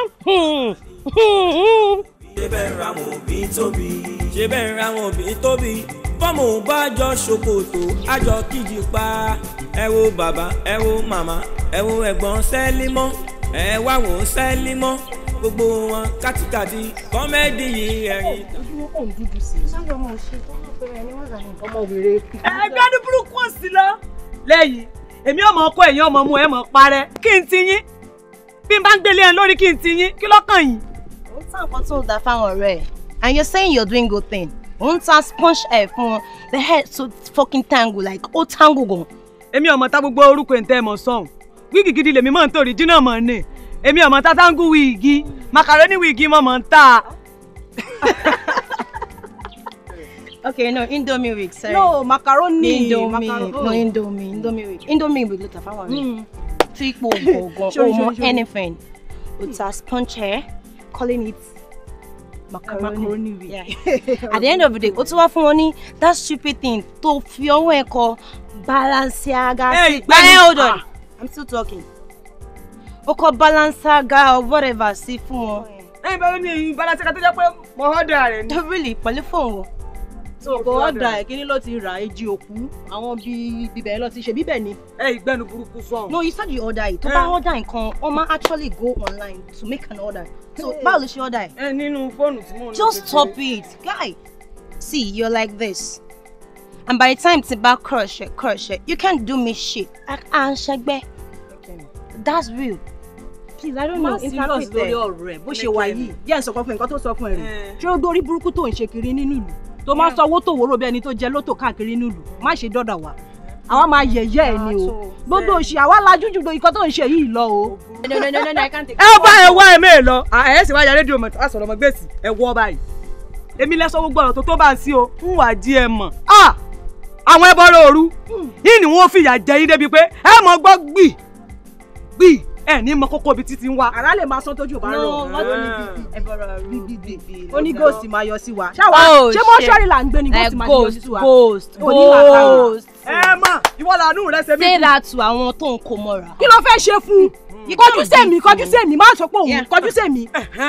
S1: ṣé bẹ́ẹ̀ ra wọn òbí tóbi ṣé bẹ́ẹ̀ ra wọn òbí tóbi fọ́ọ̀mù bá jọ ṣòkòtò àjọ kìjì pa ẹ wo bàbá ẹ wo màmá ẹ wo ẹ̀gbọ́n sẹ́límọ́ ẹ wá wò ó sẹ́límọ́ gbogbo wọn kátikàti kọ́mẹ́dì yìí ẹ̀yìn.
S2: ọmọ òdúdú sí ni wọ́n rà ní ọmọ obìnrin. ẹgbẹ́ ní burúkú òsì lọ lẹ́yìn èmi ọmọ ọkọ ẹ̀yìn ọmọ mu ẹ̀ mọ̀ parẹ́ kí n ti yín bí n bá ń gbélé ẹ lórí kí n ti yín kí lọ́kàn yín. ó ń tàn kan tó dà fáwọn ọ̀rẹ́ ẹ̀ and you're saying you're doing good thing ó ń tàn sponge ẹ̀ fún wọn the head so fucking tango like ó tango gan. èmi ọmọ tá gbogbo orúkọ ẹ̀ ń tẹ́ ẹ mọ̀ sọ̀hún wíìgì gidi lèmi máa ń torí dínà mọ̀ ni èmi ọmọ tá tango wíìgì macaroni wíìgì mọ̀ mọ̀ ń tà. (laughs) Okay, no, Indomie week, sorry. No, macaroni. Indomie. No, Indomie. Indomie week. Indomie week ló tà fáwọn mi. Tí ipò ògùn ọmọ anything. It's hmm. a sponge hair, calling it macaroni. macaroni week. Yeah. (laughs) At the end of the day, ó tún wá fún that stupid thing To fi ko ẹ̀ kọ Balenciaga. Hey, hold on. Ah. I'm still talking. Oko kọ Balenciaga or whatever sí fún Hey, Ẹyin bá ní ẹyin Balenciaga tó Really, pẹ̀lú fóònù so ọkọ ọdà ẹ kíní ló ti ra èjì òkú àwọn bíi bíbẹ ló ti ṣe bíbẹ ni. ẹ ìgbẹ́nu burúkú sọ. no you said you order it tó bá order nǹkan o máa actually go online to make an order so báwo ló ṣe order ẹ. ẹ nínú fóònù tí mò ń lò just stop it guy see you're like this and by the time tí bá crush ẹ crush you can't do me shit à ń ṣẹgbẹ́ that's real please i don't know interpret there. má serious lórí ọ̀rọ̀ ẹ bó ṣe wà yìí jẹ́ ǹsọ̀kan fún nǹkan tó sọ fún ẹ rè eh. ṣé ó gbórí burúkú tó ń ṣe kiri nínú ìlú tó máa ń sanwó tòwòrò bí ẹni tó jẹ lótò káàkiri nílùú má ṣe dọ́dà wa àwa máa yẹ̀yẹ́ ẹ̀ ni o gbogbo òṣì àwa lajú jùlọ ikọ́ tó ń ṣe yìí lọ o. ẹ bá ẹ wá ẹ̀mí ẹ̀ lọ ẹ̀ sì wá ya rédíò mọ̀ àsọ̀rọ̀ mọ̀ gbèsè ẹ̀ wọ́ báyìí èmi lẹ́sọ̀ gbogbo ọ̀rọ̀ tó tó bá ń sí o ń wà di ẹ mọ̀ àwọn ẹbọ rẹ òru yìí ni wọ́n fìyà jẹ yín débi pé ẹ mọ̀ gbọ́ gbì gbì ẹ ní mọ kókó ibi títí ń wá. àrà lè máa sọ tójú bá rò. wọ́n tó ní ah. bíbí ẹ̀bọ̀rọ̀ rí bíbí. ó ní gòsì máa yọ sí wa. ṣáwa ṣé oh, mọ́ṣúárì là ń gbé ní gòsì eh, máa yọ sí wa. ghost ghost ẹ mọ ìwọ làánú rẹ ṣe mí. ṣé ra tu àwọn tó ń kó mọ́ra. kí ló fẹ́ ṣe fún un. Hmm. kọjú sẹ́mi kọjú sẹ́mi má sọ pé òun kọjú sẹ́mi.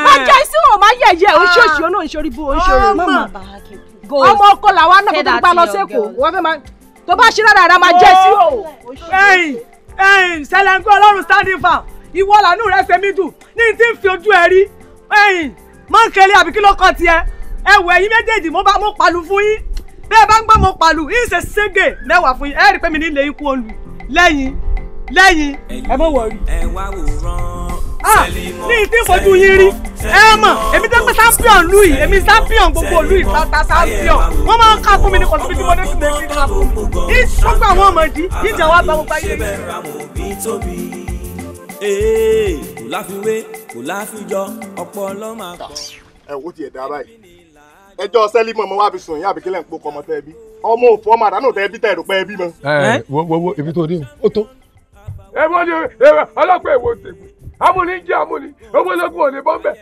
S2: má jẹ́ síwọ̀n má yẹ̀yẹ́ oṣooṣì ó náà ń ṣorí bó ń ṣorí. ọmọ ọkọ làwa náà kó tó gbá lọ sẹ́kọ̀ọ́ wọ́n fẹ́ máa tó bá ṣe rárá máa jẹ́ sí ṣẹlẹ̀ ń gbé ọlọ́run standing farm ìwọ làánú rẹ ṣe mí dùn ní tí ń fi ojú ẹ rí mọ́ńkẹ́lẹ́ àbí kí ló kọ́ tiẹ̀ ẹ wọ ẹ̀yin méjèèjì mo pàlù fún yín bẹ́ẹ̀ bá ń gbọ́ mo pàlù yín ṣe ségè mẹ́wàá fún yín ẹ rí i pé mi ní ilé ikú olù lẹ́yìn lẹ́yìn ẹ mọ̀ wọ̀ rí. Ah, ní ìtí ìfojú yín rí ẹ mọ̀ èmi tẹ́ champion lu yìí èmi champion gbogbo lu pátá champion wọ́n máa ń fún mi ní kọ̀tún bíi mọ́tò tún lè fi ká fún mi ìṣọ́gbà àwọn ọmọ ìdí ìjà wa gba gbogbo ayé mi.
S1: kò láfiwé kò láfijọ
S2: ọ̀pọ̀ ọlọ́mọ àpọ̀.
S3: ẹ wo tiẹ̀ dá báyìí
S2: ẹjọ́ sẹ́lí mọ̀ mọ́ wá fi sùn yín àbí kílẹ̀ ń po kọmọ tẹ́ bí ọmọ òfò ọmọ àdánù tẹ́ bí tẹ́ ẹ̀rù pẹ́ bí mọ́. ẹ wo wo wo ibi tó dé o tó. ẹ mọ ni ọlọpàá èwo tèmi amúni jẹ amúni owó lókun ò ní bọ́ńbẹ́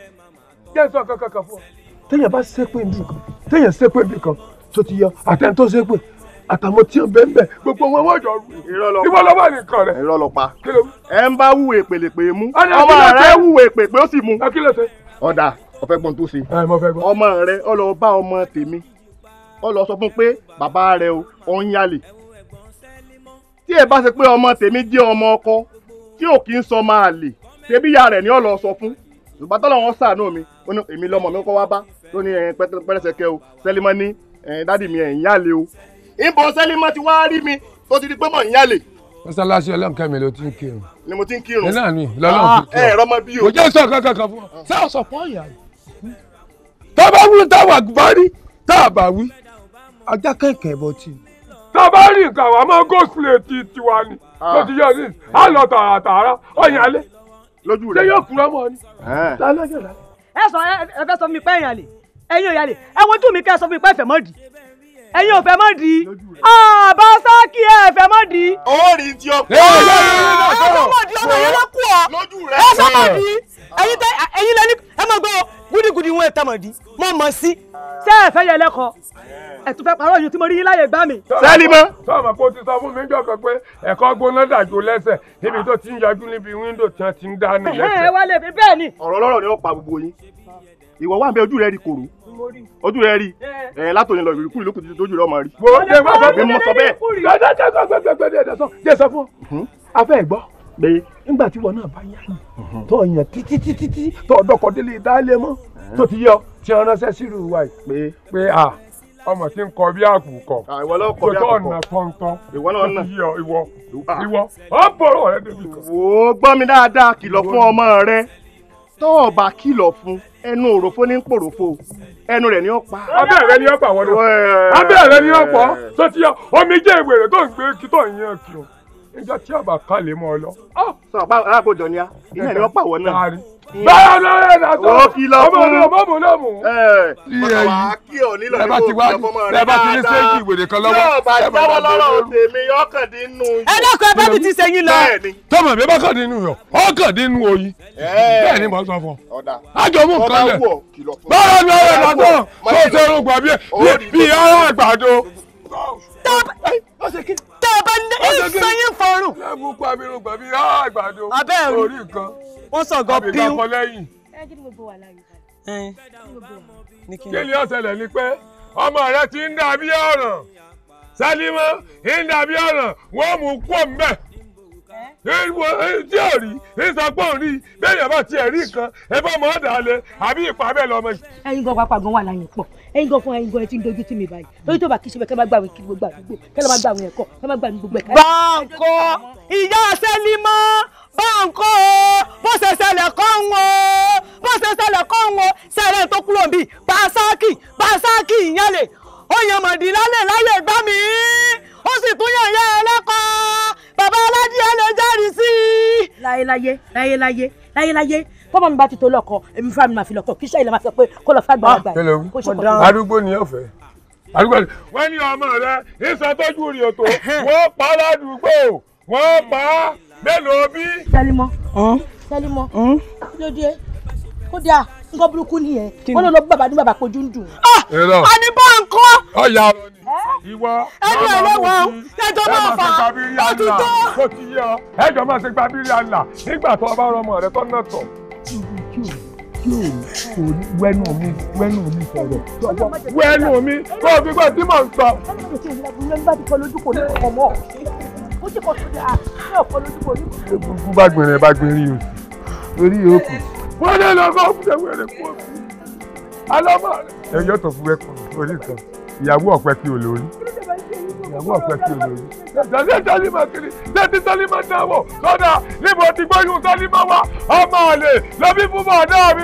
S2: jẹ́ n sọ kankan kan fún ọ. téèyàn bá ṣépè bí kan téèyàn ṣépè bí kan tó ti yọ àtẹn tó ṣépè àtàwọn tí ń bẹ ń bẹ gbogbo wọn wọ́n jọ rú ìwọ lọ́wọ́ nìkan rẹ̀. irọ́ ló pa ẹ ń bá wúwe pèlèpè mú ọmọ rẹ wúwe pèpè ó sì mú. ọ̀dà ọ̀fẹ́ gbọ́n tó ṣe ọmọ rẹ ó bá ọmọ tèmi ó sọ fún pé bàbá rẹ ò ń yálè tí ẹ bá ṣe pé ọmọ tèmi jẹ́ ọmọ ọkọ tí ò kí ń sọ máa lè tẹbíyà rẹ̀ ni ó sọ fún ìgbà tọ́lọ̀ wọn ṣàánú mi ó ní èmi lọ́mọ mi kọ́ wá bá tó ní ẹ̀yìn pẹ́rẹsẹ̀kẹ́ o sẹ́límọ́ ní ẹ̀yìn dádì mi ẹ̀yìn yálé o ìbò sẹ́límọ́ ti wá rí mi tó ti di pé mọ̀ ń yálé. mọ́sálásí ọlọ́nkẹ́ mi ló ti ń kírun. ni mo ti ń kírun. nínú àná lọ́lọ́run ti ah, kírun. ẹ ẹ̀rọ mọ bí o. kò jẹ́ sọ kankan kan fún ọ. sá ah. ọ̀sọ̀ fún ọ̀yà rẹ̀. tá a bá wí tá a wà bá rí tá a bá wí ajá kẹ̀kẹ́ bọ́ tì í. tá a bá rí nǹkan àwọn ọmọ gòsìlè lójú rẹ. ṣé yóò kúrò mọ ni. ẹ sọ ẹ fẹ́ sọ mi pé ẹ̀yàn lè ẹ̀yin ò lè ẹ wojú mi kẹ́ sọ mi pé ẹ̀fẹ̀ mọ́ ò fẹ́ àbá sákì ẹ̀ fẹ́ mọ́ ti ọkọ. ẹ sọ mọ̀ ọmọ yẹn lọ́kù
S3: ọ ẹ sọ mọ̀
S2: ẹ̀yin tẹ ẹ̀yin lẹni ẹ máa gbọ́ gúdígúdí wọn ẹ̀ta mọ̀dí mọ̀ mọ̀ sí. ṣé ẹ fẹ́ yẹ lẹ́kọ̀ọ́ ẹ tún fẹ́ parọ́ yìí tí mo rí yín láyè gbá mi. sẹ́ẹ̀lì mọ́. sọ́ọ̀mù kó ti sọ fún mi jọ̀kọ̀ pé ẹ̀kọ́ gbóná dàjò lẹ́sẹ̀ níbi tó ti ń yọjú níbi wíńdò tí wọ́n ti ń dáná lẹ́sẹ̀. ẹ wá lè fi bẹ́ẹ̀ ni. ọ̀rọ̀ lọ́rọ̀ ni ó pa gbogbo yín ìwọ wà ń bẹ ojú rẹ rí kòrò ojú rẹ rí ẹ látòní lọ ìrìkúrì lókùn títí tójú rẹ ọmọ rí. mo jẹ́ mọ́ sọ bẹ́ẹ̀. gbẹ́dẹ́ jẹ́ sọ fún ọ. Hmm? Hmm? afẹ́ gbọ́ pé nígbà tí wọn náà bá yá yìí mhm. tó yàn títí títí tí tó ọdọkọ délé dálé mọ eh? tó ti yọ tí wọn ránṣẹ́ sírù wa yìí pé pé à ọmọ tí ń kọ bí àkùkọ tó tó ọ̀nà pọ́ńtọ́ tó ti yọ ìwọ ìwọ ọ bọ̀rọ̀ rẹ débi kan. wò ó gbọ́ mi dáadáa kìlọ̀ fún ọmọ rẹ tọ́wọ́ bá kìlọ̀ fún ẹnu òròfó ní pòròfó ẹnu rẹ̀ ni ó pa. abẹ́ rẹ ni ó pa wọlé abẹ́ rẹ ni ó pọ̀ tó ti yọ omi jẹ́ ìwèrè tó ń gbé kí tó ń yan kìlọ̀ níjọ́ tí ọba kálẹ̀ mọ́ ọ lọ. sọ pa alákòjọ ni a iná ni wọn pàwọ náà. báyọ̀ lọ́rẹ́ náà tó ọmọ mi ò mọ̀mọ́ náà mú.
S3: iye yìí ẹ bá ti wá ẹ bá ti ní sẹ́yìn ìwèrè kan lọ́wọ́. yóò bá jáwọ́
S2: lọ́rọ̀ tèmi ọkàndínlù. ẹ dákun ẹ bá mi ti sẹ́yìn lọ. tọ́mọ̀ mi bá kàndínlù yọ ọkàndínlù oyin bẹ́ẹ̀ ni mo sọ fún ọ. àjọ mú nǹkan lẹ̀ báyọ̀ lọ́rẹ́ náà tó tá a bá ní sẹ́yìn fọrùn. lẹ́mú pàmìrún gbàmí àgbàdo orí nǹkan wọ́n sọ̀gọ́ píú. àbíkà kan lẹ́yìn. ẹ kí ni gbogbo wà láyé. kí ni ọ̀sẹ̀lẹ̀ ni pé ọmọ rẹ ti ń dàbí ọ̀ràn sálímọ́ ń dàbí ọ̀ràn wọ́n mú kó mbẹ́ tí ò rí ìsàpọ̀ rí bẹ́ẹ̀ yàrá tiẹ̀ rí nǹkan ẹ bá mọ̀ ọ́ dà á lẹ àbí ìpàbẹ́ lọ́mọ. ẹyin gan pápá gan wà láyé pọ̀ ẹ̀yin gan fún ẹ̀yin gan ẹ ti ń dojú tì mí báyìí lórí tó bá kí ṣe bẹ́ẹ̀ kẹ́ máa gbàwé kí gbogbo àdúgbò kẹ́ lọ́ máa gbàwé ẹ̀kọ́ kẹ́ máa gbàwé gbogbo ẹ̀ka. báńkọ ìyá sẹ́ni mọ́ báńkọ bó ṣe ṣẹlẹ̀ kọ́ ń wo bó ṣe ṣẹlẹ̀ kọ́ ń wo ṣẹlẹ̀ tó kúrò bíi pàṣákì pàṣákì ìyẹn lè ó mọ̀dí lálẹ́ lálẹ́ gbá mi ó sì tún yàn yẹ ẹlẹ́kọ̀ọ́ bàbá aládìẹ lè jẹ́rìí sí i. láyéláyé láyéláyé láyéláyé tọ́mọ mi bá ti tó lọ́kọ èmi fúnra mi máa fi lọ́kọ kí sẹ́yìn lè máa sọ pé kó lọ́ọ́ fàgbà àgbà yìí kó ṣe kọ́ arúgbó
S3: ni yóò fẹ́ arúgbó ni
S2: wọ́n ní ọmọ rẹ ìsọtọ́jú rí o tó wọ́n pa ládùúgbò wọ́n pa mélòó bí. sẹ́límọ́ sẹ́límọ́ lóde kódà nǹkan burúkú nìyẹn wọ́n lọ lọ bàbá ní bàbá kojú ń dùn. a ah! ní bá ń kọ́. ọ̀yà ìwọ ẹni ẹlẹ́wọ̀n ẹjọ́ máa fa òtítọ́. ẹjọ́ máa ṣe gbàbírí àlà nígbà tó o rọmọ rẹ tó ń tọ̀ wẹ́nu mi wẹ́nu mi sọ̀rọ̀ wẹ́nu mi kó o fi gbọ́ tí mò ń sọ. egungun bá gbẹ̀rẹ̀ bá gbẹ̀rẹ̀ o lórí yòókù. wọ́n lè lọ bá òkúta wẹ̀rẹ̀ fún mi. alámọ̀. ẹ yọ̀tọ̀ fún ẹkùn orí ìtàn ìyàwó ọ̀pẹ kí o lórí ìyàwó ọ̀fẹ́ sí olórí. ṣèṣe sálí máa kiri ṣèṣe sálí máa dáwọ̀ sọ́dà níbo ti gbóyún sálí máa wà ọmọ àlè lọ́bí fún bàdá mi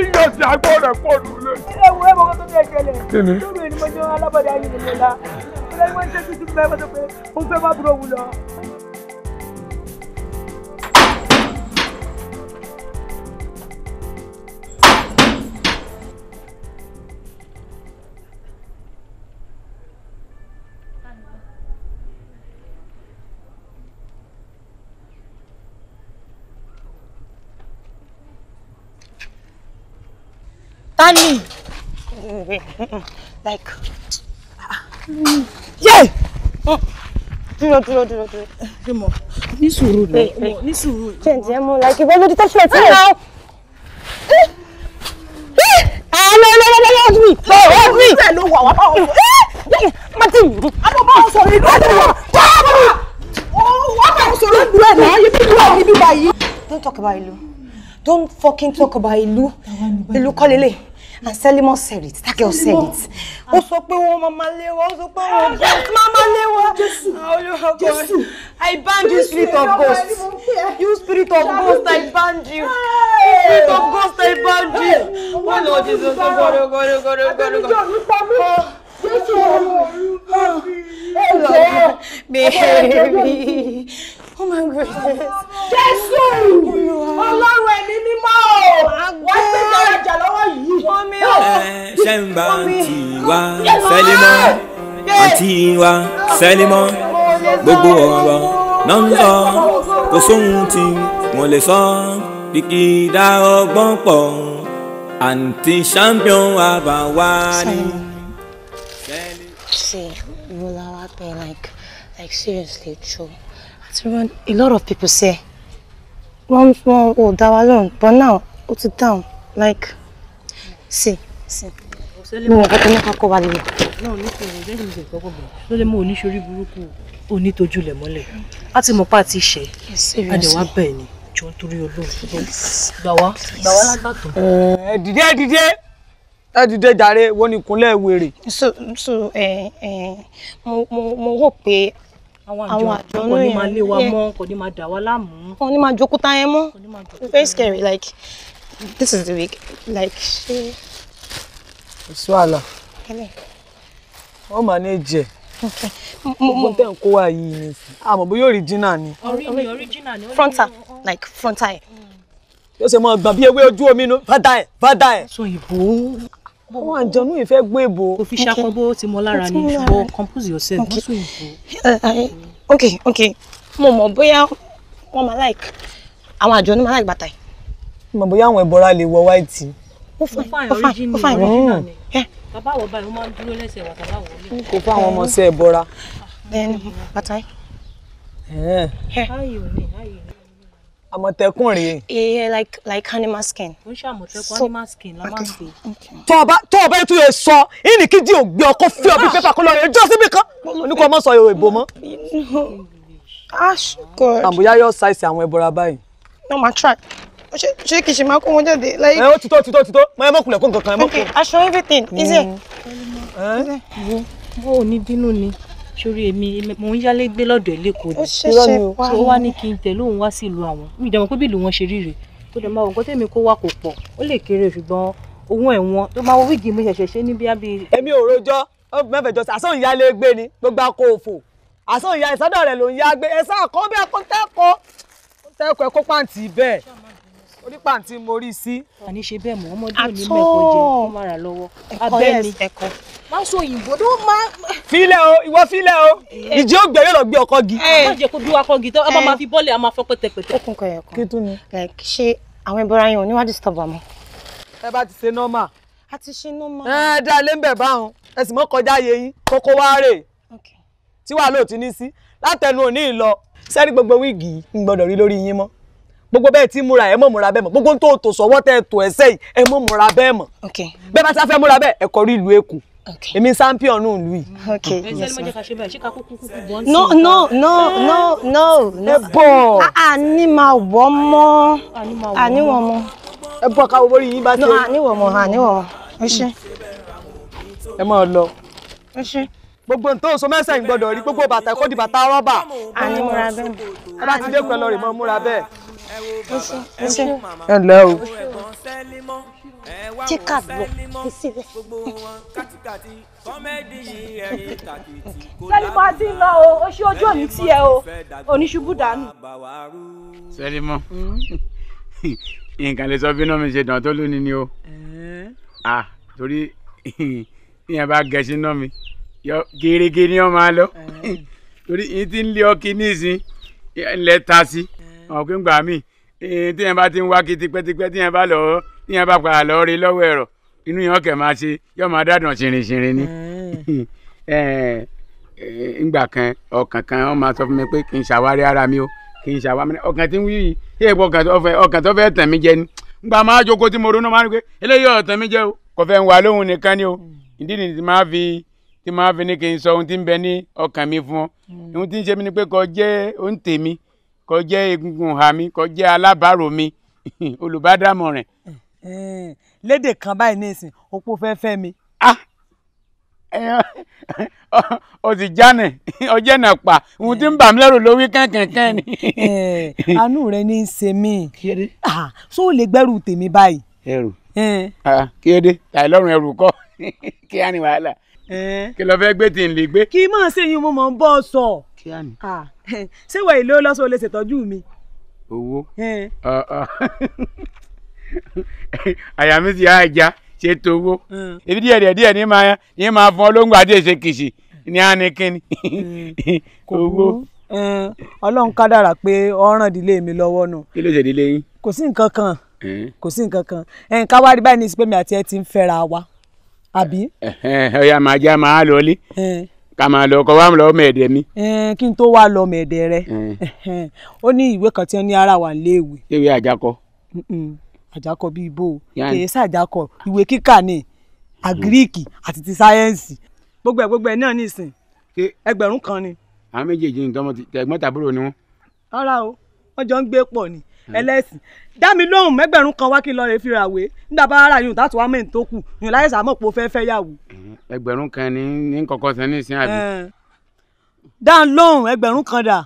S2: yíyọ sí àgbo rẹ̀ pọ̀ nulẹ̀. ẹ wo ẹ mọ kó tó bẹ jẹlẹ. kí ni. lórí ni mo jẹun alábọ̀dé ayélujára. ṣé ẹ Tani. (laughs) Like. Yay! Oh, dúró dúró dúró dúró. Ṣé mo ní sùúrù ni? Ní sùúrù. Ṣèǹtì ẹ mú like ìbọn lójú tẹ́sí ẹ̀tí náà. Àlọ́ ẹ̀rọ ẹ̀rọ ẹ̀rọ mi. Bẹ́ẹ̀ wọ́n mi. Bẹ́ẹ̀ ló wà wá bá wọn. Mati. Àlọ́ bá wọn sọ̀rọ̀ ìlú ẹ̀dùn wọn. Tọ́ọ̀bù. Wọ́n bá wọn sọ̀rọ̀ ìlú ẹ̀ náà. Ibi ìlú ẹ̀ níbí báyìí. Don't talk about ìlú. Don't fucking talk about ìlú. Ìlú kọ́ lélẹ̀ and sell Selimo said it that girl sell it ah. ó sọ pé wọ́n máa máa léwọ́ ó sọ pé wọ́n máa máa léwọ́ ah, olùwà god i banned you spirit of ghost you spirit of ghost i banned you spirit of ghost i banned you wọ́n lọ jí sọ sọ gbọdọ
S3: gbọdọ gbọdọ
S2: gbọdọ. Jésù
S3: ọ̀rọ̀ ọ̀rọ̀ mi. Ẹ jẹ́ bẹ́ẹ̀ rí.
S2: Oh my goodness. Jésù! Ọlọ́run ẹ̀mí mímọ́ o! Wọ́n ti dára jà lọ́wọ́ yìí. Ah.
S1: Ṣé ń bá àǹtí wa Sẹ́límọ́? Àǹtí wa Sẹ́límọ́? Gbogbo ọ̀rọ̀ náà ń lọ. Kò sóhun tí wọ́n lè sọ. Bìkìdá ọgbọ́n pọ̀. Àǹtí champion àbá wa ni.
S2: See, Bolawa pay like, like seriously true to a lot of people say one small oh that was long but now it's down like see see No, no, no. No, no, no. No, no, no. No, no, no. No, no, no. No, no, no. No, no, no. No, no, no. No, no, no. No, no, no. No, no, no. No, no, no. No, no, no. No, no, no. No, no, no. No, no, ẹ dìde jàre wo ni ìkúnlẹ̀ wèrè. so so ẹ ẹ mo mo mo hope pé àwọn àjọ náà yẹn kò ní máa lé wa mọ́ kò ní máa dà wá láàmú. kò ní máa jókúta yẹn mọ́ very scary like this is the week like ṣe. èso àlà wọ́n máa ní jẹ mo tẹ́ ń kó wa yìí ni àmọ́ bóyá original ni. original ni. frontal like frontal. yóò ṣe mọ gbọ̀n bí ewé ojú omi nu fada ẹ̀ fada ẹ̀. sọ ìbò ó wà jọnú ìfẹ́ gbé bò. o fi ṣakọ bó ti mọ lára ni ṣùgbọ́n compose yourself wọ́n sún ìbò. ok ok mo mọ̀ bóyá wọ́n máa like àwọn àjọ ní máa like bàtà yìí. mo mọ̀ bóyá àwọn ìbọra lè wọ white. ó fine ó fine ó fine ó fine. Mm. bàbá wọ báyìí ó máa ń dúró lẹ́sẹ̀ wà bàbá wọ lé. kò fún àwọn ọmọ sí ẹ̀bọra. bàtà yìí. ayò ni ayò ni àmọ̀tẹ́kùn rèé. yeah like like animal skin. ó ṣe àmọ̀tẹ́kùn animal skin la máa ń pè. tó o bá tó o bá tún yẹ sọ ìní kí di ògbé ọkọ fí ọbí pépà kó lọ rẹ jọ síbi kan oníkó ọmọ sọ Yorùbá mọ́. ash god. àbúyá yóò ṣàìsí àwọn ẹbọra báyìí. no ma try ṣé ṣé kì í ṣe máa kó wọn jáde. ẹ ó ti tó ti tó ti tó mọ ẹ mọkùnrin kó nǹkan kan ẹ ok aṣọ everything Is it? ẹ wo ò ní bínú ni sórí èmi mò ń yálé gbé lọ́dọ̀ ẹ̀ lẹ́kọ̀ọ́ ni ó ṣẹ̀ṣẹ̀ wá ní kí n tẹ̀lé òun wá sí ìlú àwọn mi ìdààmú pé bí ìlú wọn ṣe rí rèé tó dẹ̀ máa wọ̀ nǹkan tẹ̀mí kó wà kò pọ̀ ó lè kéré ṣùgbọ́n owó ẹ̀wọ̀n tó máa wọ wíìgì mi ṣẹ̀ṣẹ̀ ṣe ní bí ábí. èmi ò rojọ́ ó mẹ́fẹ̀ẹ́jọ àsán ìyálé gbé ni gbogbo akọ òfò àsán ìyá ìsádọ̀ rẹ̀ ló ń yá gbé ẹ̀sán àkọ́ onípàǹtí mo rí sí. àní ṣe bẹ́ẹ̀ mọ́ ọmọdé ò ní jẹ kó má ra lọ́wọ́ abẹ́ ẹ̀kọ́. má sọ òyìnbó tó máa. filẹ o ìwọ filẹ o eh. ìjẹ ò gbẹ yóò lọ gbé ọkọ gi. Eh. má jẹ kó bí wàá kọ gi tó ọba máa eh. fi bọ́ọ̀lì àmọ́ afọ pẹ́tẹpẹ́tẹ. ó kún kọ ẹ̀kọ́ kí tún ni. ṣé àwọn ìbọra yẹn ò ní wá disturb àmọ́. ẹ bá ti ṣe nọ́mà. a ti ṣe nọ́mà. ẹ dá ilé ń bẹ̀ báwọn ẹ sì mọ́ kọjá gbogbo bẹ́ẹ̀ tí múra ẹ mọ̀ múra bẹ́ẹ̀ mọ̀ gbogbo tó tò sọ́wọ́ tẹ́ tò ẹsẹ̀ yìí ẹ mọ̀ múra bẹ́ẹ̀ mọ̀ bẹ́ẹ̀ bá ti fẹ́ múra bẹ́ẹ̀ ẹ kọrí ìlú èkó èmi champion nù ìlú yìí. no no no no no ẹ bọ̀ àní máa wọ̀ mọ́ àní wọ̀ mọ́. ẹ bọ̀ ká wọ́n yín bá tẹ. àní wọ̀ mọ́ àní wọ̀ mọ́ ẹ ṣe. ẹ máa lọ. gbogbo nǹkan oṣù mẹ́sàn-án gbọ́dọ̀ rí gbogbo bàtà kó di bàtà rọ́bà. àní múra bẹ́ẹ̀. ẹ bá ti dé pẹ̀lú rẹ̀ mọ́ múra bẹ́ẹ̀ ẹ ṣe ẹ ǹlẹ́ o. jẹ́ ká lọ fi sílẹ̀. sẹ́límọ́ a ti ń lọ o ó ṣe ojú òní tí ẹ o oníṣubú dànù.
S3: sẹ́límọ́ hmm? nǹkan lè sọ bínú mi ṣe dàn tó lónìí ni o torí ìyẹn bá gẹ̀ẹ́sì náà mi ni ọ máa lọ torí ìyẹn ti ń lé ọkì nísìn ilẹ̀ ta sí. ọ̀pẹ́ ń gbà mí tí yẹn bá ti ń wá kí tipẹ́tipẹ́ bá lọ tí yẹn bá padà lọ rí lọ́wọ́ ẹ̀rọ inú yẹn kẹ̀ máa ṣe yọ máa dàdàn ṣìrìnṣìrìn ni ngbà kan ọkàn kan wọn máa sọ fún mi pé kì í ara mi o ọkàn tí ń wí yìí ọkàn tó tàn mí jẹ ni ngbà máa tí o kò fẹ́ ń wà o ìdí fi fi ní kí n bẹ ní mi fún ọ ohun tí ń pé kò jẹ́ ohun kó jẹ́ egungun ha mi kó jẹ́ alábàárò mi (laughs) olùbádámọ̀ràn. lédè kan báyìí ní opó fẹ́ fẹ́ mi. Ah! (laughs) o sì jáne (laughs) ọjẹ́ náà pa ohun tí ń bà mí lẹ́rù ló wí kẹ́kẹ́kẹ́ ni. àánú
S2: rẹ ní í ṣe mí ṣó ah! o lè gbẹ́rù tèmi báyìí.
S3: ẹrù ah! kí ló dé tàí lọ́rùn ẹrù kọ́ kí á ní wàhálà kí lọ fẹ́ gbé tí n lè
S2: gbé. kí máa ṣe yín mo mọ̀ ń bọ́ ọ sọ. kí
S3: á ní. (laughs)
S2: ṣé ìwọ ìlú lọ́sọ̀ o lè ṣètọ́jú mi.
S3: owó ah, ah. (laughs) àyà mi ti yára já ṣètò owó ebi díẹ̀ díẹ̀ díẹ̀ ní máa ní máa fún olóńgbò àti èsè kìsì ní ànikínni (laughs) owó.
S2: ọlọ́run kádàrà pé ọ̀ràn ìdílé mi lọ́wọ́ nù. kí ló ṣe ìdílé yín. kò sí nǹkan kan kò sí nǹkan kan ẹ̀ǹká wá rí báyìí ní ìsìnkú mi àti ẹ ti ń fẹ́ra wa àbí.
S3: ọ̀ya màá já màá lọ lé. ká máa lọ kọ wá lọ ọmọ ẹdẹ mi. Eh, kí n tó wá lọ ọmọ ẹdẹ rẹ eh. ó ní
S2: ìwé kan tí wọn ní ara wà léèwé. léèwé àjákọ. àjákọ bíi ibo kèé sàjákọ ìwé kíkà ni àgíríkì mm. àti ti sáyẹ́ǹsì gbogbo ẹ̀ gbogbo ẹ̀ náà nìsín ẹgbẹrún kan ni. àwọn méjèèjì ní tọmọ tẹ̀gbọ́n tàbúrò ni wọn. rárá o wọn jọ ń gbé pọ̀ ni. Hmm. ẹlẹ́sìn dá mi lóhùn mẹ́gbẹ̀rún kan wá kí n lọ rè fi ra wé nígbà bá ara yòǹtà tó wá mẹ́rin tó kù yòǹtà láyé sàmọ́ pé o fẹ́ fẹ́ yàwó.
S3: Hmm. ẹgbẹ̀rún kan ní ní kọ̀kọ́ sẹ́ni sí àbí. dá n lóhùn
S2: ẹgbẹ̀rún kan dà.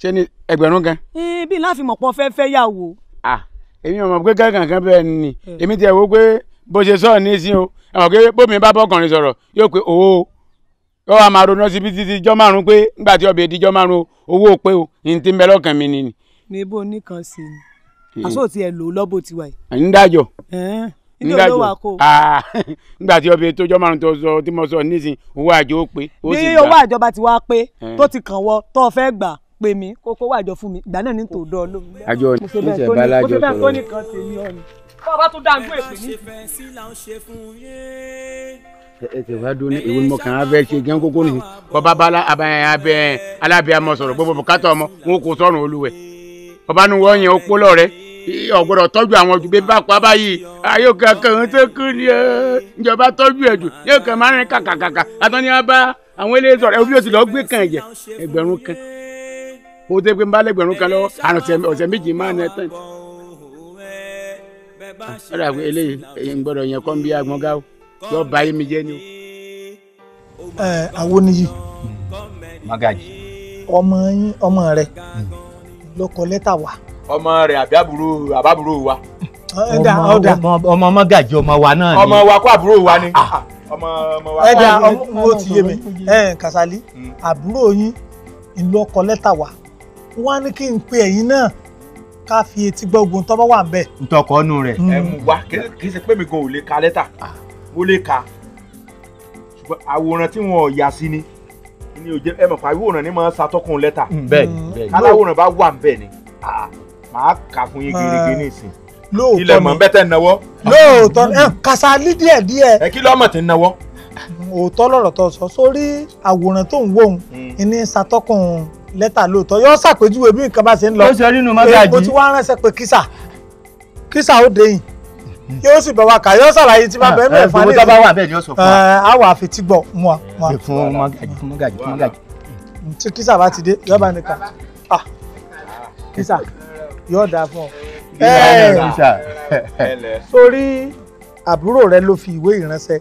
S3: ṣé ni ẹgbẹ̀rún kan.
S2: bí láàfin mọ̀pọ̀ fẹ́ fẹ́ yàwó.
S3: èmi ò mọ̀ pé kankan kan bẹ́ẹ̀ ni hmm. èmi tiẹ̀ wo pé bó ṣe sọ̀rọ̀ ní sí o ẹ̀wọ̀n pé bómi bá bọ́kùnrin sọ̀rọ̀ yóò pé òwò yóò wá máa ronú síbi títí jọ́ márùn-ún pé ńgbà tí di jọ́ márùn-ún o ní ti ń bẹ
S2: ní ibo nìkan sí ni aṣọ ti ẹ lò lọ́bù ti wà yìí.
S3: ń dájọ ń dájọ ah, (laughs) nígbà tí ọbẹ̀ tó jọ márùn tó sọ tí mo sọ nísìn owó àjọ ó pé ó sì gbà. bí owó
S2: àjọba ti wá pé tó ti kàn wọ tó fẹ́ gbà pé mi kókó wàjọ fún mi ìgbà náà ní tò dọ́ lóhùn. àjọ ní sẹ bá lájọ tó lọ. mo ṣe bẹ́ẹ̀ tó nìkan sí ni ọ̀nà bá bá tún dáńgbó èpè ní.
S3: ẹ tẹ wá dún ní ìwé ni mo kàn án fẹ́ ṣe jẹun kókó nìyí bọ́ bá bá alábẹ́ amọ̀ sọ̀rọ̀ gbogbo bùkátà ọmọ wọn kò sọ̀rùn olúwẹ̀ bàbá nu wọ́n yẹn ó pọ́ lọ́rẹ́ ọ̀gbọ́dọ̀ tọ́jú àwọn ojú bíbá pa báyìí ayé kankan tó kú ni ẹ ìjọba tọ́jú ẹ̀ jù yóò kàn máa rìn kàkàkàkà àtọ́ni abá àwọn eléyìí sọ̀rọ̀ ẹ̀fọ́ sì lọ́ọ́ gbé kàn jẹ ẹgbẹ̀rún kan ó dé pé ń bá lẹ́gbẹ̀rún kan lọ́wọ́ àrùn ọ̀sẹ̀ méjì máa ń tán. ọ̀rọ̀ àwọn eléyìí ń gbọ́dọ̀ yẹn kọ́ ń bí agbọ̀n gá yóò bá yín mi jẹ́ ni. ẹ àwọn
S2: oníyì. Hmm. magaji. ọmọ yín ọmọ rẹ. Mm lọkọ
S3: lẹ́tà wa. ọmọ rẹ̀ àbí àbúrò àbábúrò wa. ọmọ
S2: ọmọ gàjọ ọmọ wa náà ni. ọmọ wa
S3: kó àbúrò wa ni. Ah. ọmọ ọmọ wa kó àbúrò wa ni. mo ti yé mi
S2: Kasali hmm. àbúrò yín ìlọkọ lẹ́tà wa wọ́n á ní kí n pe ẹ̀yin náà ká fi etí gbọ́ ogun tó bá wà bẹ́ẹ̀.
S3: ntọkọ nu rẹ. Hmm. ẹ mú wa kì í ṣe pé
S2: mi gan ò lè ka lẹ́tà ah. mo lè ka
S3: ṣùgbọ́n àwòrán tí wọn ò yà sí ni ni o jẹ ẹ mọ̀ pé àwòrán ni máa ń ṣàtọ́kùn lẹ́tà. Mm, bẹ́ẹ̀ mm. bẹ́ẹ̀ aláwòrán bá wà bẹ́ẹ̀ ni màá kà fún yín gerege ní ìsìn. lóòótọ́ ni ilẹ̀ mọ̀ bẹ́tẹ̀ náwó. lóòótọ́
S2: ni kàṣálí díẹ̀ díẹ̀. ẹ kí lọ́mọ̀ ti náwó. òótọ́ lọ̀rọ̀ tó sọ sórí àwòrán tó ń wò ó mm. ní ṣàtọ́kùn lẹ́tà lóòótọ́ yóò ṣàpèjúwe bí nǹkan bá ṣe ń lọ. ó ṣe nínú mọ́gàjì. èèpo tí wọ́n á ránṣẹ́ pé kísà kísà ó dé yìí yóò sì bọ̀ wá kà yóò ṣàlàyé tí bàbá ah, ẹ̀mẹ̀ fún alẹ́ ìfún ẹ̀ ẹ̀ àwọn àfetí gbọ̀ mu a. fún mọ́gàjì fún mọ́gàjì fún mọ́gàjì. tí kísà bá ti dé yóò bá nìkan ah, kísà yóò dáa fún ọ. Eh, sórí àbúrò rẹ ló fi ìwé ìránṣẹ́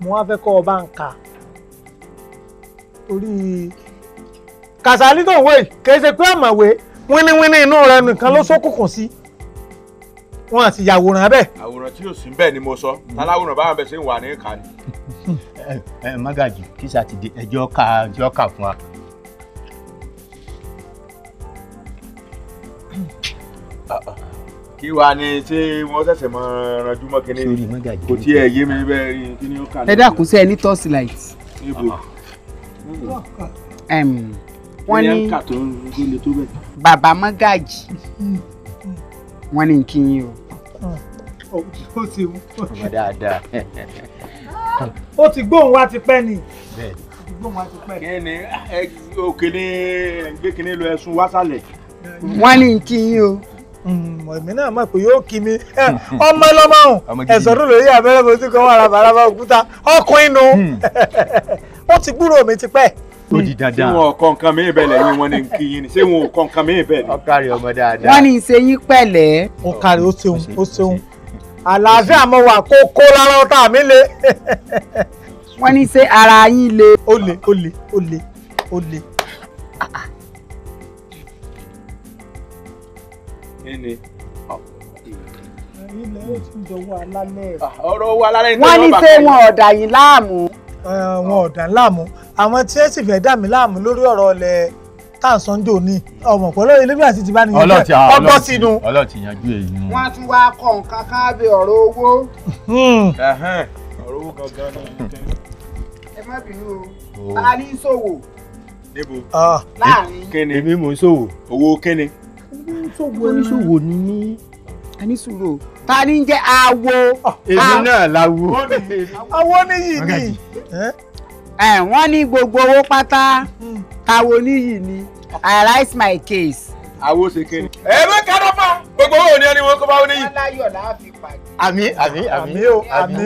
S2: mo wá fẹ́ kọ́ ọ bá ń kà
S3: torí kàsálí tó wé kì í ṣe pé àmọ̀wé wíníwíní inú rẹ nìkan ló ṣókùnkùn sí. Si wọn sì yàwòrán bẹ́ẹ̀. àwòrán tí yóò sí bẹ́ẹ̀ ni mo sọ aláwòrán báwọn bẹ ṣe ń wà ní ìka ni. (laughs) ẹ ẹ magaji kí sátidé ẹjọ ká ẹjọ ká fún wa. kí wàá ní ṣé wọn ṣẹ̀ṣẹ̀ mọ ranjú mọ́ kínní kò tí ẹ yé mi bẹ́ẹ̀ rí kínní ó kà ẹ dákun
S2: sí ẹ ní torch light. wọ́n ní bàbá magaji wọ́n ní kí n yín o ó ti wú. ọmọ dáadáa. ó ti gbóhùn wá ti pẹ́ ni.
S3: bẹ́ẹ̀ni. ó ti gbóhùn wá ti pẹ́. kí ni òkèlè gbẹ́kẹ̀lé lọ ẹ̀sùn wásálẹ̀.
S2: wọ́n ní kí yín o èmi náà mọ̀ pé yóò kí mi ọmọ ẹlọ́mọ ọ̀hún ẹ̀sọ́ ló lórí abẹ́rẹ́ mo ti kọ́ wọn àràbàràbà òkúta ọkùnrin nù hmm. ó
S3: ti gbúrò mi ti pẹ́ ó di dandan. ṣé wọn kọ nǹkan mìíràn bẹ́ẹ̀ lẹ́yìn wọn ni kí yín ni ṣé wọn ò kọ nǹkan mìíràn bẹ́ẹ̀ ni. ọkàrí ọmọ dáadáa. wọ́n ní
S2: ìṣe yín pẹ̀lẹ́. ọkàrí ó ṣeun ó ṣeun àlàáfíà mo wà kó kó
S3: lára ọ̀tá mi le.
S2: wọ́n ní ṣe ara yín le. ó le ó le ó le ó le.
S3: ẹni ah, ọ̀rọ̀ wa lálẹ́. wọ́n ní ṣe wọn ọ̀dà
S2: yìí láàmú. Eh, wọn ọ̀dà láàmú àwọn tí ẹ sì fẹ́ dà mí láàmú lórí ọ̀rọ̀ ọ̀lẹ̀ tàǹsán jò ọmọ pẹ̀lú ilébí àti ti bá ní yanjú ọgbọ́n sínú. ọlọ́ọ̀tì yanjú èyí. wọ́n tún wá kọ nǹkan kan bí ọ̀rọ̀ owó. Hmm.
S3: ọ̀rọ̀ owó gangan ni.
S2: ẹ má bínú o ta ní ṣòwò. níbo ah. láàrin. kíni èmi mò ń ṣòwò. owó kíni. ṣòwò oníṣòwò ni mí. a ní sùúrù ta ni jẹ́ awo. èmi náà láwo. awo níyì ni. Eh, wọ́n ní gbogbo owó pátá hmm. táwo níyì ni i rise my case.
S3: àwo ṣe kéde. ẹ bá kára pa gbogbo owó ni ẹni wọn kó bá wọn níyì. aláyọ̀ la fi pàdé. àmì àmì àmì o àmì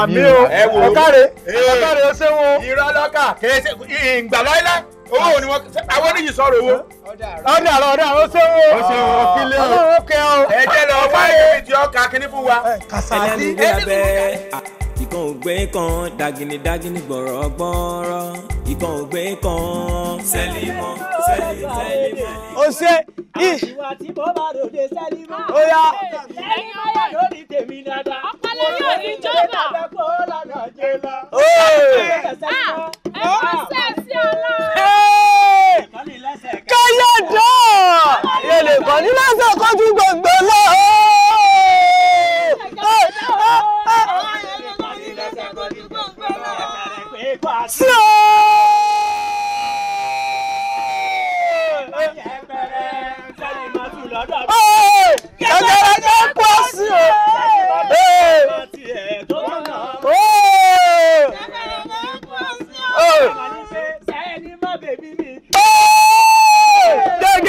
S3: àmì o ẹ wo ẹ káre ẹ eh. káre ó ṣe wo. ìrọ̀lọ́kà kèé ṣe ìgbàláyìlá owó ni wọn àwọn oníyì sọ̀rọ̀ owó. ọ̀dà àrọ̀ ọ̀dà ó ṣe wo ó fi lé o ó kẹ́ o. ẹ̀jẹ̀ lọ wá ibi tí ọkà kínní fún wa. kàṣàlì
S2: ẹ̀bẹ̀
S1: ìkan ògbé kan dagini dagini gbọ̀rọ̀ gbọ́rọ̀ ìkan ògbé kan sẹ́límọ̀
S2: sẹ́límọ̀. o ṣe i. ìwà tí mo bá ròde sẹ́límọ̀. ó yá. sẹ́límọ̀ yà lórí tèmi dáadáa. ọpọlọ yóò ní jọba. ó ṣe é. ẹ kọ́ sẹ́ẹ̀sì ọlọ́run káyọ̀dọ̀ ìrèlè kan ní lẹ́sẹ̀ kọjú gbogbo lọ. Sí o. dáàlẹ́ bí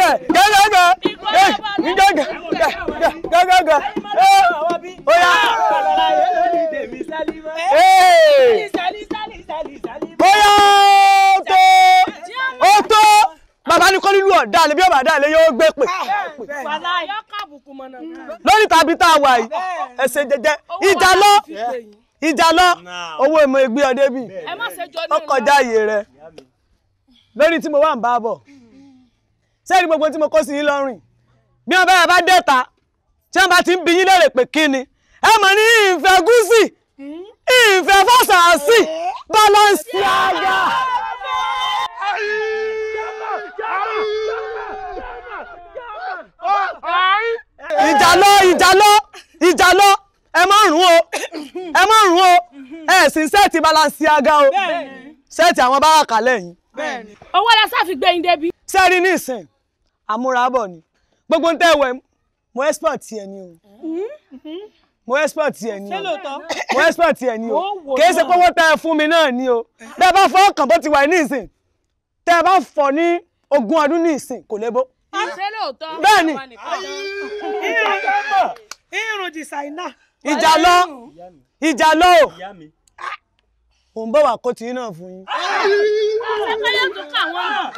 S2: ọ̀bà dáàlẹ́ yóò gbé pè. lórí tàbí tá wà yìí ẹsẹ̀ jẹjẹ ìjà lọ ìjà lọ owó ìmọ̀ ẹgbẹ́ ọdẹ ọkọ̀ jáyé rẹ lórí tí mo wà ń bá sẹ́ẹ̀rí gbogbo tí mo kó sí yín lọ́rùn bí wọ́n bá bá dẹ́ta tí wọ́n bá ti ń bi yín lérè pé kí ni ẹ mọ̀ ní ìfẹ́ gúúsì ìfẹ́ fọ́sàásì bọ́lọ́síágà. ìjà lọ ìjà lọ ìjà lọ ẹ má rún o ẹ má rún o ẹ sì sẹ́ẹ̀tì balanciaga o sẹ́ẹ̀tì àwọn báràkà lẹ́yìn. owó la sáfi gbẹ̀yìn débi. sẹ́ẹ̀rì ní ìsìn amúrabọ̀ ni gbogbo ń tẹ́ wẹ̀ mo expert tiẹ̀ ni o mo expert tiẹ̀ ni o mo expert tiẹ̀ ni o kìí ṣe pé wọ́n tẹ́ ẹ fún mi náà ni o bẹ́ẹ̀ bá fọ́ ọkàn bó ti wà ní ìsìn tẹ́ ẹ bá fọ́ ní ogún ọdún ní ìsìn kò lébó. bẹ́ẹ̀ ni irun dìsáínà. ìjà lọ ìjà lọ o òun bọ̀ wà kó tì í náà fún yín.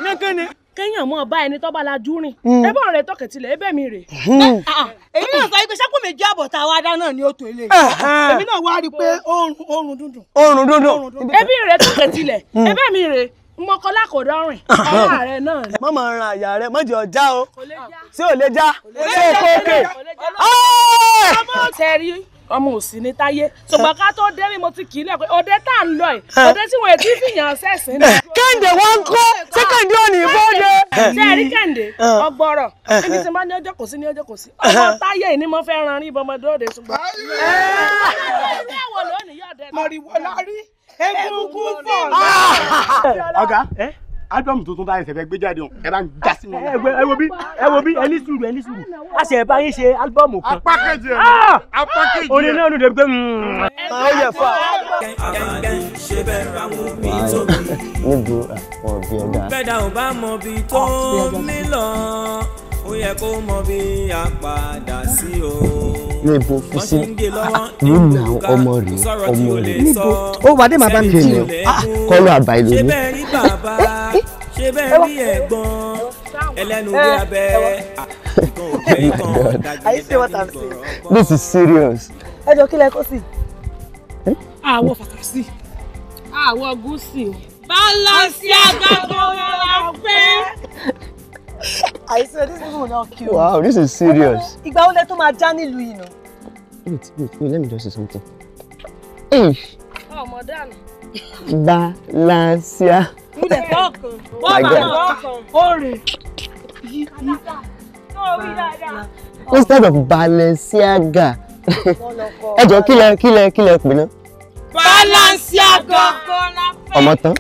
S2: ní kí ni kéèyàn mọ bá ẹni tó lajú rìn hmm. ẹbọ rẹ tọkẹ ẹbẹ mi rè. Hmm. Ah, ah. èmi náà sọ pé sẹ́kù méjì àbọ̀ tá a wá dá náà ni ó tó ilé ah, èmi náà wá rí i pé oorun dundun. oorun dundun. ẹbí rẹ tọkẹ tilẹ hmm. ẹbẹ mi rè mọkànlá kò dọrin ọlá rẹ náà ni. mọ́mọ́ ran àyà rẹ mọ́jì ọjà o ṣé ò lè já ṣé kókè. ọmọ tẹ̀rí ọmọ òsì ní táyé ṣùgbọ́n ká tó dé ni mo ti kì í lẹ̀ pé òde tá à ń lọ ẹ̀ òde tí wọ́n ti fìyàn sẹ́sìn ní. kẹ́hìndé wọn kọ́ ṣé kẹ́hìndé ò ní bóde. ṣé ẹ rí kẹ́hìndé ọgbọ́rọ̀ níbi tí wọ́n ní ọjọ́ kò sí ní ọjọ́ kò sí ọmọ táyé ni mo fẹ́ ran rí ìbọmọ dóde ṣùgbọ́n. mọ̀rìwọ̀ lọ rí egungun fọ̀.
S3: ọ̀gá album tuntun tá a ṣẹ̀fẹ̀ gbé jáde hàn mm. ẹ bá ń já sí wọn. ẹ wo bí ẹ wo bí
S2: ẹni sùúrù ẹni sùúrù a ṣe bá yín ṣe album kan. apá kejì ẹ ah! apá kejì ẹ. orin náà ló dé pé. Mm. Ah, ó yẹ fà.
S1: níbo
S3: ọ̀rọ̀ bí ẹ̀dá. bẹ́ẹ̀dá
S1: ò bá mọ ibi tó mí lọ ó yẹ kó mọ bí a padà sí o.
S3: níbo fisi ní
S1: na
S2: ọmọ rẹ ọmọ rẹ níbo ó wà dé màbá mi kí ni ah, kọ́lọ́ àbá ìlú ni bẹ́ẹ̀ rí ẹ̀gbọ́n ẹlẹ́nu bí abẹ́ ah,
S1: ìkan I ìkan
S2: dájú dájú gbọ̀rọ̀.
S1: This is serious.
S2: ẹ jọ kí lẹ kó sí. àwọn ah, fàkàsí àwọn ah, gúúsì bálánsì àgbàgbọ́ la fẹ́. I swear this people will not kill me. Wow, this is serious. Ìgbà wo lẹ tó máa já nílùú yìí nà? Wait, wait, wait, let me just say something. Ọmọ dànù. Balancia. You the welcome. Welcome. Orange. Instead of Balenciaga. Ẹ jọ kílẹ̀ kílẹ̀ kílẹ̀ pè ná. Balenciaga. Ọmọ tán.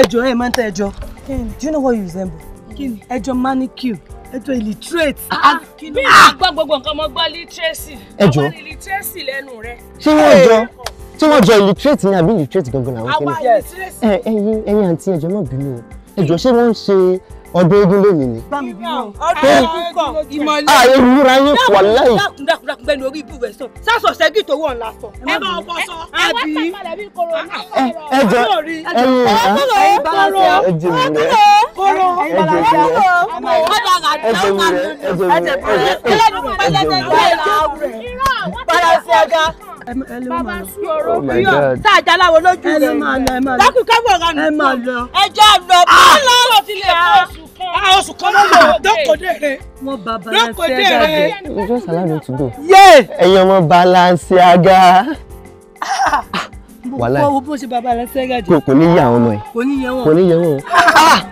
S2: Ẹjọ ẹ máa ń tẹ ẹjọ. Do you know what you resemble? Kíni? Ẹjọ manicure ẹjọ illiterate. Bí ah, ah, ah! àgbọ̀ gbogbo nǹkan ọmọ gbọ́ literacy. Ẹjọ. Ọmọ ni literacy lẹ́nu rẹ. Ṣé wọ́n jọ? So wọ́n jẹ́ illiterate ni àbí illiterate gangan làwọn tẹ́lẹ̀ ẹ ẹyin ẹyin àǹtí ẹjọ́ náà bínú o ẹjọ́ ṣé wọ́n ń ṣe ọdún eégún lónìí ni. ààyè wúra yín wà láì. dákúndákúndákún bẹ́ẹ̀ ni orí ibú rẹ̀ sàn sásọ ṣẹ́gi tó wọ̀ ńlá sọ. ẹ bá ọkọ sọ. àbí ẹ jẹ ẹyin ẹ kọlọ ẹ jẹ mi rẹ kọlọ ẹ jẹ mi rẹ ẹ jẹ mi rẹ ẹ jẹ
S3: mi
S2: rẹ ẹ jẹ mi rẹ bàbá sí oró oh yọ sáàjà aláwo lójú wàhálà ẹ kò ní yẹ àwọn ọmọ ẹ. kò ní yẹ wọn. kò ah!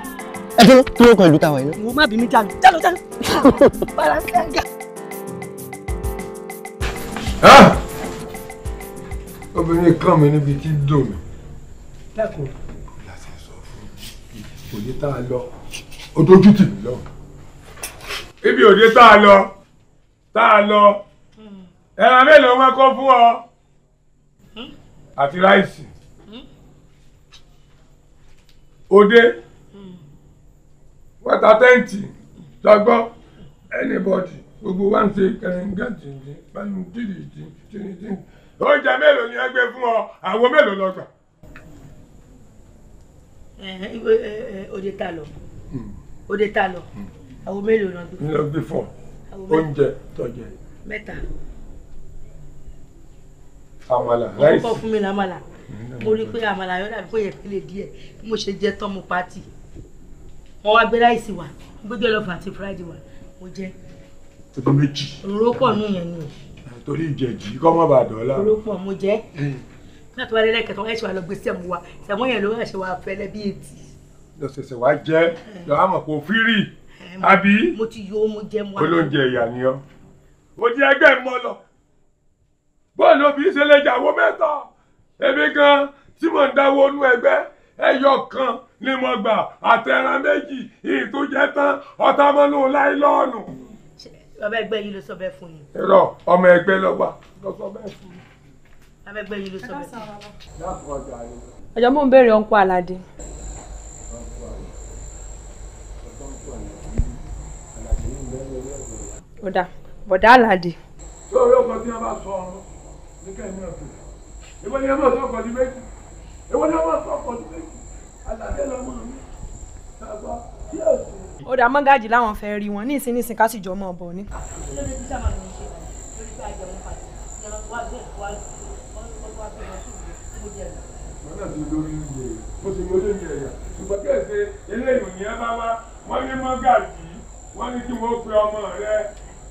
S2: ní yẹ wọn. ẹ tó tó ló kan ìlú táwa yìí. mo má bínú jáde jáde jáde. bàbá rẹ sẹ́gà obìnrin kàn mí níbi tí dò mí. dákun. láti sọ fún òde tá a lọ ó dojú tì mí lọ. ibi òde tá a lọ tá a lọ hmm. ẹran mélòó wọn kó fún ọ
S1: hmm?
S3: àti ráìsì òde hmm? wọ́tà tẹ́ǹtì dọ́gbọ́ anybody gbogbo wa ń ṣe kẹrin gàdìndín bá ń dìrì
S2: oúnjẹ mélòó ni ẹ gbé fún ọ àwo mélòó lọ gbà. òde ta lọ hmm. òde ta lọ hmm. àwo mélòó lọ gbé. lọ gbé fún
S3: ọ oúnjẹ tọjẹ. mẹ́ta. àmàlà láìsí. ọkọ fún mi làmàlà hmm. mo rí i pé
S2: àmàlà yọ̀ọ́ dàbí pé yẹ lè díẹ̀ bí mo ṣe jẹ́ tọ́mù pátì wọ́n wá gbé láìsí wa gbé jọlọ́fù àti fúráìdì wa mo jẹ. ọdún méjì. òróró pọ̀ nù yẹn ni o torí ìjẹ̀jì kọ́ mọ́ bàá dọ́là. olókùn ọmọ jẹ́ náà tó wà lẹ́lẹ́ kẹtọ́ ẹ̀ ṣe wà lọ gbé sẹ́mu wa sẹ́mu yẹn ló wà ṣe wà fẹ́lẹ́ bí etí. lọ́sẹ̀sẹ̀ wá jẹ́ lọ́ àmọ̀ kò fírì àbí. mo ti yọ ọmọ jẹ mu. olóúnjẹ ìyá ni ọ. o jẹ ẹgbẹ́ mọ́ lọ. bọ́ọ̀lù òbí ṣe lè jàwó mẹ́ta. èmi gan tí mò ń dáwọ́ nú ẹgbẹ́ ẹyọ kan ni mo gbà àtẹ̀ràn méjì ìtújẹ tán ọ̀tá mọ́nú láìlọ́ọ̀nù ọmọ ẹgbẹ́ yìí ló sọ bẹ́ẹ̀ fún yín. irọ́ ọmọ ẹgbẹ́ lọ́gbà ló sọ bẹ́ẹ̀ fún mi.
S3: ọmọ ẹgbẹ́ yìí ló sọ bẹ́ẹ̀ fún mi.
S2: ọjọ́ mò ń béèrè ọ̀npọ̀ aládé. ọ̀dà bọ̀dá aládé. sórí ọkọ tí wọn bá sọ ọrùn ní kẹ́hìn ọ̀tún ìwọ ni wọn bá sọ ọkọ ní méjì ìwọ ni wọn bá sọ ọkọ ní méjì aládé lọmọ mi ṣàgbọ́ tí yóò sùn ó dá mọ́gàjì láwọn fẹ́ rí wọn nísìn nísìn ká sì jọ mọ́ ọ̀bọ̀ ni. wọ́n ní mọ́gàjì wọ́n ní kí wọ́n pe ọmọ rẹ̀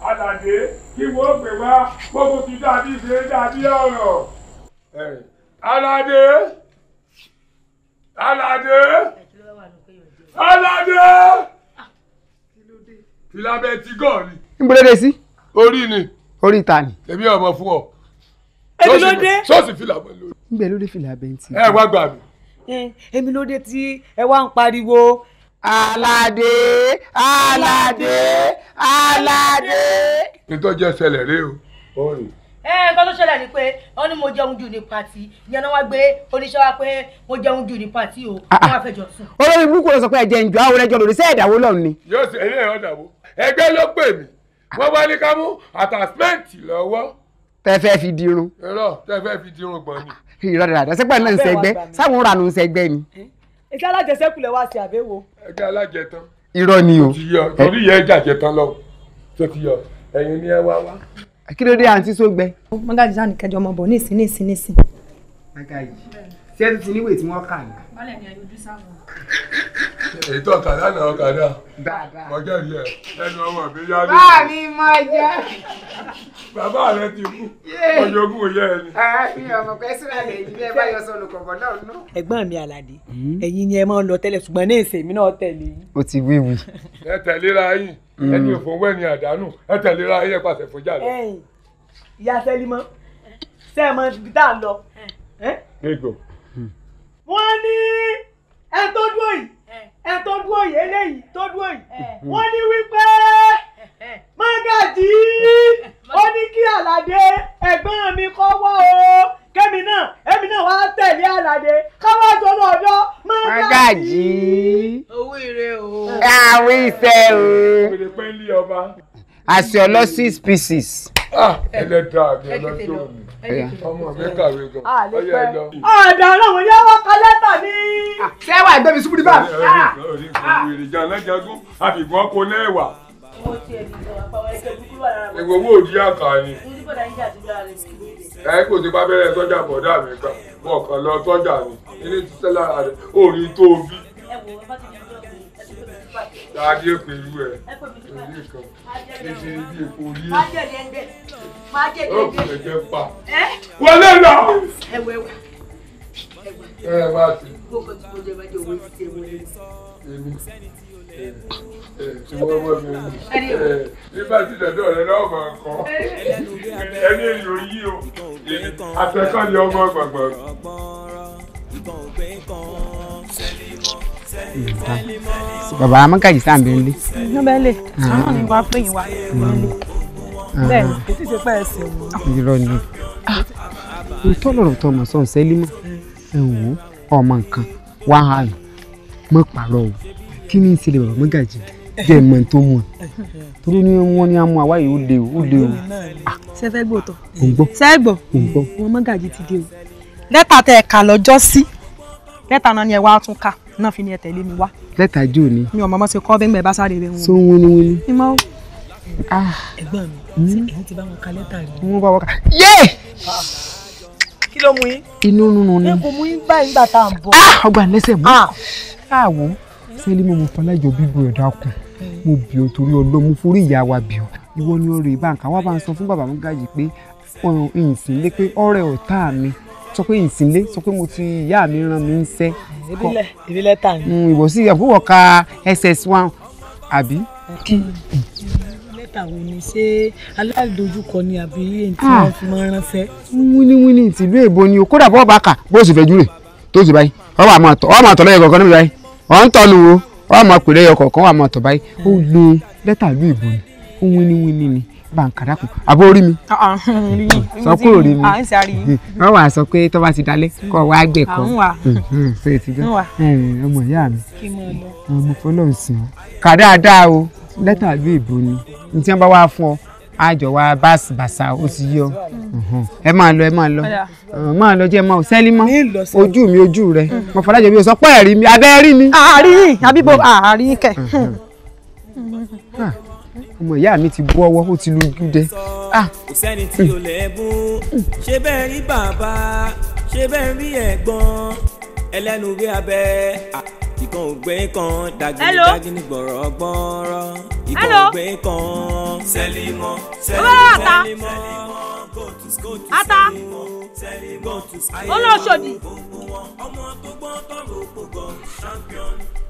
S2: alàdé kí wọ́n pè wá gbogbo ti dàbí ṣe dàbí ọ̀rọ̀ alàdé alàdé. Alade! fìlà bẹ́ẹ̀ ti gọ̀ ni. níbo ló dé sí. orí ni. orí ta ni. èmi ọmọ fún ọ. èmi ló dé. sọ́ọ̀sì fìlà bẹ́ẹ̀ lórí. níbẹ̀ ló dé fìlà bẹ́ẹ̀ ti. ẹ wá gbà mí. èmi ló dé tí ẹ wá ń pariwo. aládé aládé aládé. nítọ́jú ẹsẹ̀ lẹ̀ rí o. ọ̀rìn ẹ nǹkan ṣẹlẹ̀ ni pé wọ́n ní mo jẹun jù ní pàtì ìyẹn náà wá gbé oníṣẹ́ wa pé mo jẹun jù ní pàtì o ah, ah. wọ́n wá sùn. olórí burúkú sọ pé ẹ̀jẹ̀ ń jọ àwọn lòdì sí ẹ̀dáwó lọ́run ni. yóò ṣe eré ẹ̀rọ dàbò ẹgbẹ́ ló pè mí wọ́n wá ní ká mú àtàsímẹ́ǹtì lọ́wọ́. tẹ fẹ́ fi dirun. irọ́ tẹ fẹ́ fi dirun gbọ̀n ni. irọ́ dàda àdá sẹ́pẹ̀ náà ń sẹ́gbẹ́ sáwọn ranù ń sẹ́gbẹ́ ni. ẹgbẹ́ alájẹsẹ́kulẹ̀ wá sí àbẹ̀wò. ẹgbẹ́ alájẹtán. irọ́ ni o. torí yẹn jàjẹtán lọ tó ti yọ ẹ̀yin ni ẹ wá wá. kí ló dé àǹtí sógbẹ. mọ́gàjì sáà ní kẹjọ ọmọ bọ̀ nísìn nísìn nísìn. mọ́gàjì ní. bálẹ̀ ẹ ètò ọ̀kadà náà ọ̀kadà mọ̀jẹ́ rí ẹ ẹnu ọwọ́ mi yá lé. báà ní mọ̀jẹ́. bàbá rẹ ti kú ọjọ́gùn òye ẹni. mi ò mọ̀ pé sílẹ̀ yìí bí ẹ bá yọ sọ olùkọ̀bọ̀ náà nù. ẹ̀gbọ́n mi Àlàdé hmm? ẹ̀yin ni ẹ máa ń lọ tẹ́lẹ̀ ṣùgbọ́n ní èsè mi náà tẹ̀lé. o ti wíwì. ẹ tẹ̀léra yín hmm. ẹni òfòwò ẹni àdánù ẹ tẹ̀léra yín ẹ pàṣẹ fún jáde. ẹ̀yin ìyá wọ́n ní ẹ tó dúró yìí ẹ tó dúró yìí eléyìí tó dúró yìí wọ́n ní wípé mágàjì ó ní kí àlàdé ẹ̀gbọ́n mi kọ́ wá o kẹ́mi náà èmi náà wá tẹ̀lé àlàdé káwá tó lọ́dọ̀ mágàjì. owó ire o. àwọn ìfẹ́ o.
S3: àṣẹ ọlọ́sìn species
S2: ẹlẹ́dàá mi ọlọ́jọ́ òní ọmọ mi kàwé gan ọyẹ ẹ lọ. ọ̀dọ̀ ọlọ́run yóò wọ́n kọ́ lẹ́tọ̀ ni. ṣé wàá gbé mi súbúrú bá. ìjà lẹ́jàgún àbígbọ́n kò ní ẹ̀wà. ìwọ owó òdi àkà ni. ẹ kò sí bá bẹ̀rẹ̀ sọ́jà bọ̀dá mi kan bọ̀ kan lọ sọ́jà ni ilé ti sẹ́lá rẹ̀ òòrì tóbi. ẹ wò ó bá ti jẹ́ Tàbí òpè irú ẹ̀. Èmi kan. Èsì ibi èpo yìí. Má jẹ̀lẹ̀ ẹgbẹ́. Má jẹ̀lẹ̀ ẹgbẹ́. Ó kò jẹ́ pa. Wọlé lọ. Ẹ̀wẹ̀ wà. Ẹ̀wẹ̀ wà bá ti Èmi tí wọ́n wọ́n mi ẹ̀ nígbà tí dẹ̀dọ̀ rẹ náà máa kọ́ ẹni èlò yí o àtẹ̀kọ́ ni ọmọ gbàgbọ́. bàbá amákàjì tá à ń bẹ nílé. níbẹ̀ lè ah. àwọn ni wàá péyìn wá nílé ah. bẹ́ẹ̀ ni kò tí ì ṣe pẹ́ ẹsẹ̀ wọn. irọ́ ni ìtọ́ lọ̀rọ̀ tó ọmọ sọ̀n sẹ́límọ̀ ẹ̀ wò ó ọmọ nǹkan wàhálà mọ̀ pàrọ̀ o kí ni ìṣẹ̀lẹ̀ bàbá amákàjì jẹ́ ìmọ̀ tó mọ̀ torí ni wọ́n ní amú àwáyé ó lé o ó lé o. Ah. ṣe fẹ́ gbọ́ tọ̀ ṣe é gbọ́ wọn mọ́gàjì ti dé o lẹ́tà tẹ ẹ̀ka lọ́jọ́ sí lẹ́tà náà ni ẹ wá tún ká náà fi ni ẹ tẹ̀lé mi wá. lẹ́tà jò ni. mi ò mọ̀ mọ́ ṣe kọ́ bẹ́ẹ̀ bá sáré rẹ wọn. so wíní wíní. mi mọ. ẹ̀gbọ́n mi èyí hmm? ti bá wọn ka lẹ́tà rẹ. wọn bá wọn ka yé. kí ló mú yín. inú nínú ni. kò mú yín báyìí nígbà tá à ń bọ̀. Ah! ọgbà lẹ́sẹ̀ mú. káàwọ́ ah! ah, sẹ́lí mo mọ̀ fọlájọ bíbu ẹ̀ dákun mo bì ọ́ torí ọlọ́mú forí ìyá wa bì ọ́
S3: ìwọ ni ọ̀rẹ́ ìbáǹkà wá bá ń sọ fún bàbá mi gàjì pé ìsìnlé pé ọ̀rẹ́ ọ̀tá
S2: mi sọ pé ìsìnlé sọ pé mo ti ìyá mi rán mi ń sẹ́ ìbílẹ̀ ìbílẹ̀ tà ní. ìwọ sí ìyàwó ka ss1 àbí. lẹ́tà wo ni ṣé aládojúkọ ni àbí èyí tí ah. wọ́n fi máa ránṣẹ́. wíníwíní tìlú èbó ni o kódà bọ́ọ̀ bá kà bó o sì fẹ́ júre tó o sì báyìí ọmọ àtọ̀ lẹ́yìn kọ̀ọ̀kan níbi báyìí ọ̀ ń tọ́lu wo ọmọ àpèrè ẹyọ kọ̀ọ̀kan wà máa tọ̀ báyìí ó lo lẹ́tà ìlú èbó ni ó wíníwíní ni bàǹkàrà kù àbó orí mi
S3: sọ ah, pé ah, orí mi wọ́n hmm.
S2: ah, hmm. wàá sọ pé tó bá ti dalẹ̀ kọ́ wá gbẹ̀ kọ́ ṣe ti gbẹ́ eh, ọmọ ìyá mi ọmọ fọlọ́run sìn ọ́ kà dáadáa o lẹ́tà àbí ìbò ni ní tí wọ́n bá wá fún ọ àjọ wa báàsì bàṣà ó ti yọ hmm. ẹ máa lọ ẹ máa lọ eh, máa lọ jẹ ẹ máa ò sẹ́lí mọ́ ojú mi ojú rẹ mo fọlájọ bí o sọ pé ẹ̀rí mi abẹ́ rí mi. àárín àbíbo àárín kẹ ọmọ ìyá mi ti bọ́ ọwọ́ ó ti lu gúdẹ.
S1: kò sẹ́ni tí o lè bún ṣé bẹ́ẹ̀ rí bàbá ṣé bẹ́ẹ̀ rí ẹ̀gbọ́n ẹlẹ́nu bí abẹ́ ìkan ògbé kan dagini dagini gbọ̀rọ̀ gbọ́rọ̀ ìkan ògbé kan sẹ́límọ́
S2: sẹ́límọ́ ata olóṣòdì.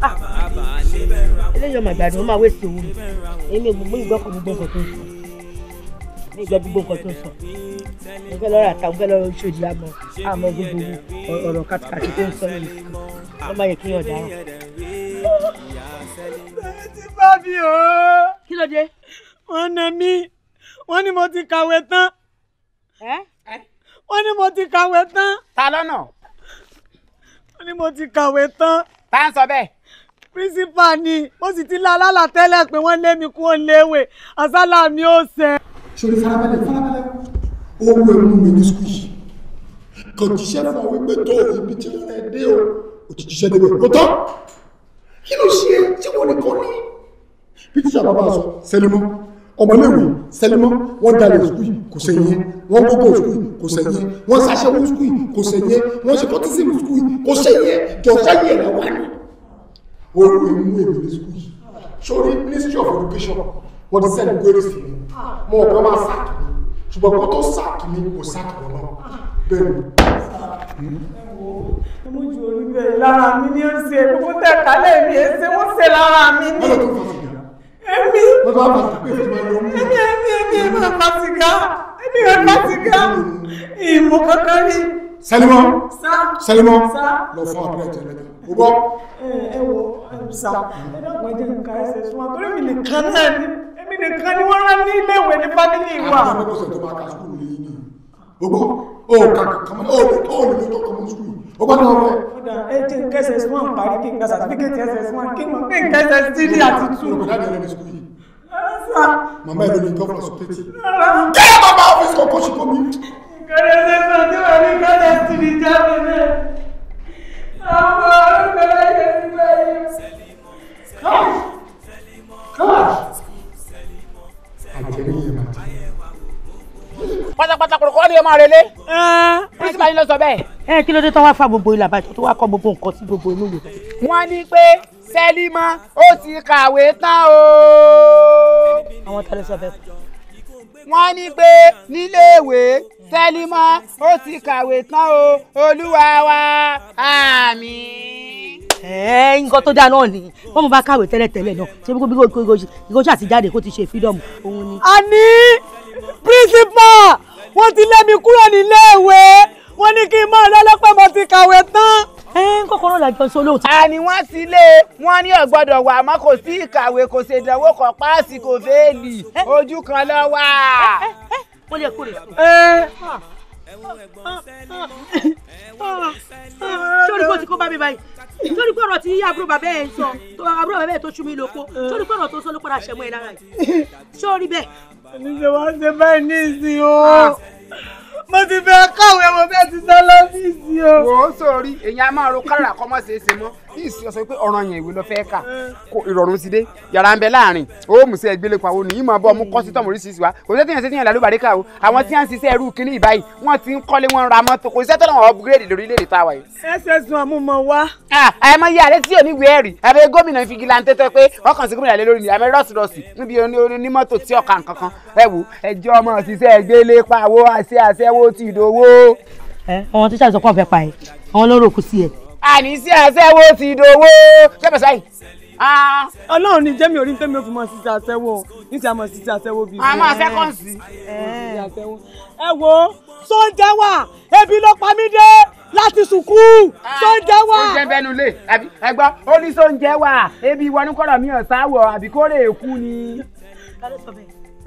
S2: Ah. eléyìí ọmọ ìgbàdùn ó máa wé sí owó mi èmi gbogbo ìgbọ́kọ̀ gbogbo nǹkan tó ń sọ ní ìgbà gbogbo nǹkan tó ń sọ mo fẹ́ lọ́ọ́ ràtà mo fẹ́ lọ́ọ́ ṣòdì àmọ́ àmọ́ gbogbo ọ̀rọ̀ kàtìkàtì tó ń sọ yìí wọ́n máa yẹ kí wọ́n dáhùn. ẹ ti bá mi o. kí ló dé. wọ́n na mí wọ́n ní mo ti kàwé tán. wọ́n ní mo ti kàwé tán. ta lọ́nà. wọ́n ní mo ti kàwé tán. tá ń sọ bẹ́ẹ̀ pírísípà ni mo sì ti lá alálà tẹ́lẹ̀ pé wọ́n lé mi kú ó léwe àsálà mi ó sẹ́ sórí farabalẹ̀ farabalẹ̀ owó ẹ̀mú mi ní skul yìí kò jíṣẹ́ fún wípé tó ibi tí wọ́n rẹ̀ dé o ò ti jíṣẹ́ débẹ̀ ó tọ́ kí ló ṣe tí wọ́n ní kọ́ ní bí bàbá sọ sẹ́lẹ̀mọ́ ọmọléèwé sẹ́lẹ̀mọ́ wọ́n dalẹ̀ skul yìí kò sẹ́yìn wọ́n gbogbo skul yìí kò sẹ́yìn wọ́n ṣàṣẹ́wó skul yìí kò sẹ́yìn wọ́n ṣe kọ́tísìmù skul yìí kò sẹ́yìn jọ̀ọ́ká yẹ̀ lọ́wọ́ ni ó rú ẹ̀mú ẹ̀mí ní skul yìí sórí ministry of education wọ́n ti sẹ́ni queries sí mi mo ò kọ́ máa sáàkì mi ṣùgbọ́n kó tó sáàkì mi kò sáàkì wọn náà bẹ́ẹ̀ ni. mo jù orí bẹ́ẹ̀ lára mi ní ó ṣe kókó tẹ̀ kálẹ̀ mi ẹ̀ ṣe wọ́n ṣe lára mi ní. èmi èmi èmi èmi èmi ẹ̀ pa sìgá èmi ẹ̀ pa sìgá ìmọ̀ kankan ni. sẹ́límọ́ sẹ́límọ́ lọ fún àpẹẹrẹ jẹ́lẹ́dẹ́ o bọ́. ẹ wo ṣá ẹ dàgbà jẹ nǹkan ẹsẹ súnmọ́ torí mi nìkan náà ni èmi nìkan ni wọ́n rán ní ilé ìwé ní fámìlì wa. àwọn ọmọ ìgbésẹ̀ tó bá ka sùkúrù yìí ni o bọ́ o kà kàmọ́ o o tó o lè tó kàmọ́ sùkúrù o gbọ́dọ̀ ọ̀rẹ́. ọ̀dà ẹ jẹ́ nkẹ́sẹ̀ súnmọ́ parí kí n gba sàtífíkẹ́tì ẹsẹ̀ súnmọ́ kí n kẹ́sẹ̀ sí ní àtìtù.
S3: màmá ẹ̀ ló ní gọ́fúnà sọ́kẹ́tì.
S2: kí ẹ bàbá ọ́fíìsì kọ̀ọ̀kan ṣe kọ́ mi. kẹ́sẹ̀
S1: sọ́kẹ́tì
S3: pátápátá kọ̀rọ̀ kọ́ ni ọmọ rẹ lé. pírísìpà
S2: yín lọ sọ bẹ́ẹ̀. ẹ eh, kí ló dé tán wá fa gbogbo ilà báyìí tó wá kọ gbogbo nǹkan sí gbogbo olówó. wọ́n ní pé Sẹ́límọ́ ó ti kàwé tán o. àwọn tá ló sọ bẹ́ẹ̀ wọ́n ní pé níléèwé sẹ́límọ́ ó ti kàwé tán o olúwa wa àmín. nǹkan tó dáa náà ni wọ́n mú bá kàwé tẹ́lẹ̀tẹ́lẹ̀ náà ṣé bí kò ṣáà ti jáde kó ti ṣe freedom òun ni. àní principal wọ́n ti lé mi kúrò níléèwé wọ́n ní kí n máa lọ́lọ́pẹ́ mo ti kàwé tán. ẹ ń kọ́kọ́rọ́ làjọ sọ lóòótọ́. àní wọ́n ti lé wọn ní ọ̀gbọ́dọ̀ wà àmọ́ kò sí ìkàwé kò ṣe ìdánwò kò páàsì kò fẹ́ẹ̀lì ojú kan lọ wà. ó lè kúrè. sórí kó ti kó bá mi báyìí sórí kó ọ̀rọ̀ tí àbúrò bàbá ẹ̀ ń sọ àbúrò bàbá ẹ̀ tó ṣú mi lóko sórí kó ọ̀rọ̀ tó sọ ló padà ṣẹ̀mọ́ ẹ̀ lára yìí sórí bẹ́ẹ̀.
S3: níṣẹ́ wá ṣe báyìí ní ìsìn o. Ah mo ti fẹ́ kọ̀wé mo fẹ́ ti sọ lọ́fíìsì o. wò ó sórí èyàn á máa ro kárà kọ́ mọ́ ṣeé mọ́ bí ìsìn ọ̀sẹ̀ pé ọ̀ràn yẹn
S2: ìwé lọ fẹ́ kà kó ìrọ̀rùn ti dé yàrá ń bẹ láàrin ó mú sí ẹgbẹ́ lépa òní yìí máa bọ́ ọmú kọ́sítọ́mù oríṣiríṣi wa kò sẹ́tìyàn sẹ́tìyàn lálùbárí kà o àwọn tí wọ́n ń ṣiṣẹ́ ẹrú kínní ìbáyìí wọ́n ti ń kọ́lé wọn ra mọ́tò kò sẹ́tọ̀ náà upgrade lórílẹ̀‐èdè tá a wà yìí. ẹsẹ̀ sun àmú mọ wá. àmọ́ iye àlẹ́ tí òní wẹ̀ẹ́ rí ẹ àní sí aṣẹ́wó ti dowó ṣẹ́pẹ̀sẹ̀ báyìí. Ah. ọlọ́run ni jẹ́mi orí tẹ́mi ò fi mọ sí aṣẹ́wó ní ti àmọ̀ sí aṣẹ́wó bíi. àmọ́ sẹ́kọ̀nsì. ẹ wo sóúnjẹ wà ebi ló pa mí dé láti sùkú ah. sóúnjẹ wà. oúnjẹ bẹnu lè àbí ẹgbọ́ ó ní sóúnjẹ wà ebi wọnú kọ́rọ̀ mi ọ̀sá wọ̀ àbí kórè èkú ni.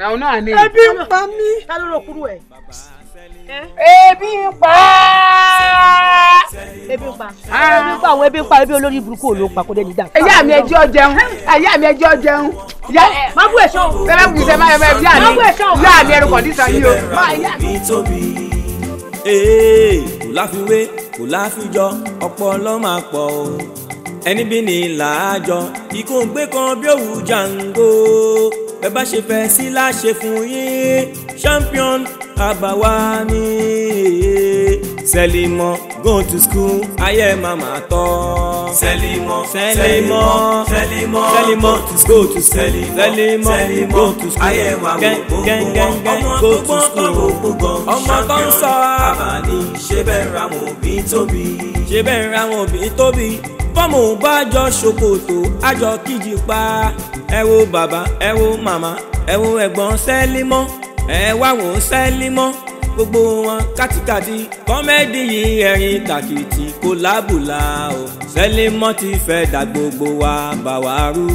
S2: ẹ̀hún náà ni. ebi ń pa mí. ta ló rọ kúrú ẹ̀ ebi ń pa ebi ń pa ah. ebi ń pa àwọn ebi ń pa ebi olórí burúkú ò ló ń pa kó dé nígbà. ẹyà mi ẹjọ́ jẹun ẹyà mi ẹjọ́ jẹun. Eh, eh, má bú ẹ̀ṣọ́ o. bẹ́ẹ̀ bù sẹ́ máa bẹ́ẹ̀ bí
S1: àná yóò àmì ẹrù kọ̀dísà yìí o. Eh, kò láfiwé kò láfijọ́ ọpọlọ máa pọ̀ o ẹni bí ní làájọ ikú ń gbé kan bí òwú jàǹgó bẹ bá ṣe fẹ́ sí láṣẹ fún yín champion àbáwá ni sẹlímọ go to school ayé màmá tọ́. sẹlímọ sẹlímọ sẹlímọ sẹlímọ go to school sẹlímọ sẹlímọ go to school ayé màmá gẹ́gẹ́gẹ́ go to school ọmọ tó ń sọ. àbá ni ṣé bẹ́ẹ̀ ra wọn òbí tóbi. ṣé bẹ́ẹ̀ ra wọn òbí tóbi bọ́mù bá jọ ṣòkòtò àjọ kìjì pa ẹ wo bàbá ẹ wo màmá ẹ wo ẹ̀gbọ́n sẹ́límọ́ ẹ wá wò sẹ́límọ́ gbogbo wọn kátikàti kọ́mẹ́dì yìí ẹ̀rín tàkìtì kò lábùlà o sẹ́límọ́ ti fẹ́ dà gbogbo wa bàwárù.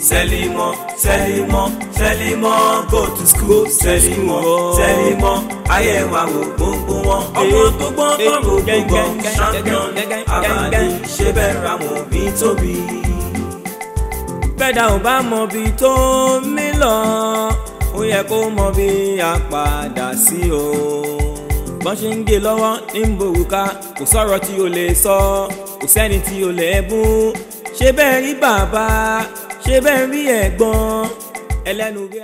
S1: Selimo, Selimo, Selimo, go to school. Selimo, Selimo, ayé wa wo gbogbo wọn. Ọkọ tó gbọ́n tọrọ gbogbo champion abali ṣe bẹ́ẹ̀ ra mọ̀ mí tóbi. Bẹ́ẹ̀dá ò bá mọ bí tó mí lọ, ó yẹ kó mọ bí a padà sí o. Bọ́n ṣe ń gé lọ́wọ́ ní mbòwúká, kò sọ̀rọ̀ tí o lè sọ, kò sẹ́ni tí o lè bú. Ṣé bẹ́ẹ̀ rí bàbá? ṣé bẹ́ẹ̀ rí ẹ̀gbọ́n ẹlẹ́nu bí.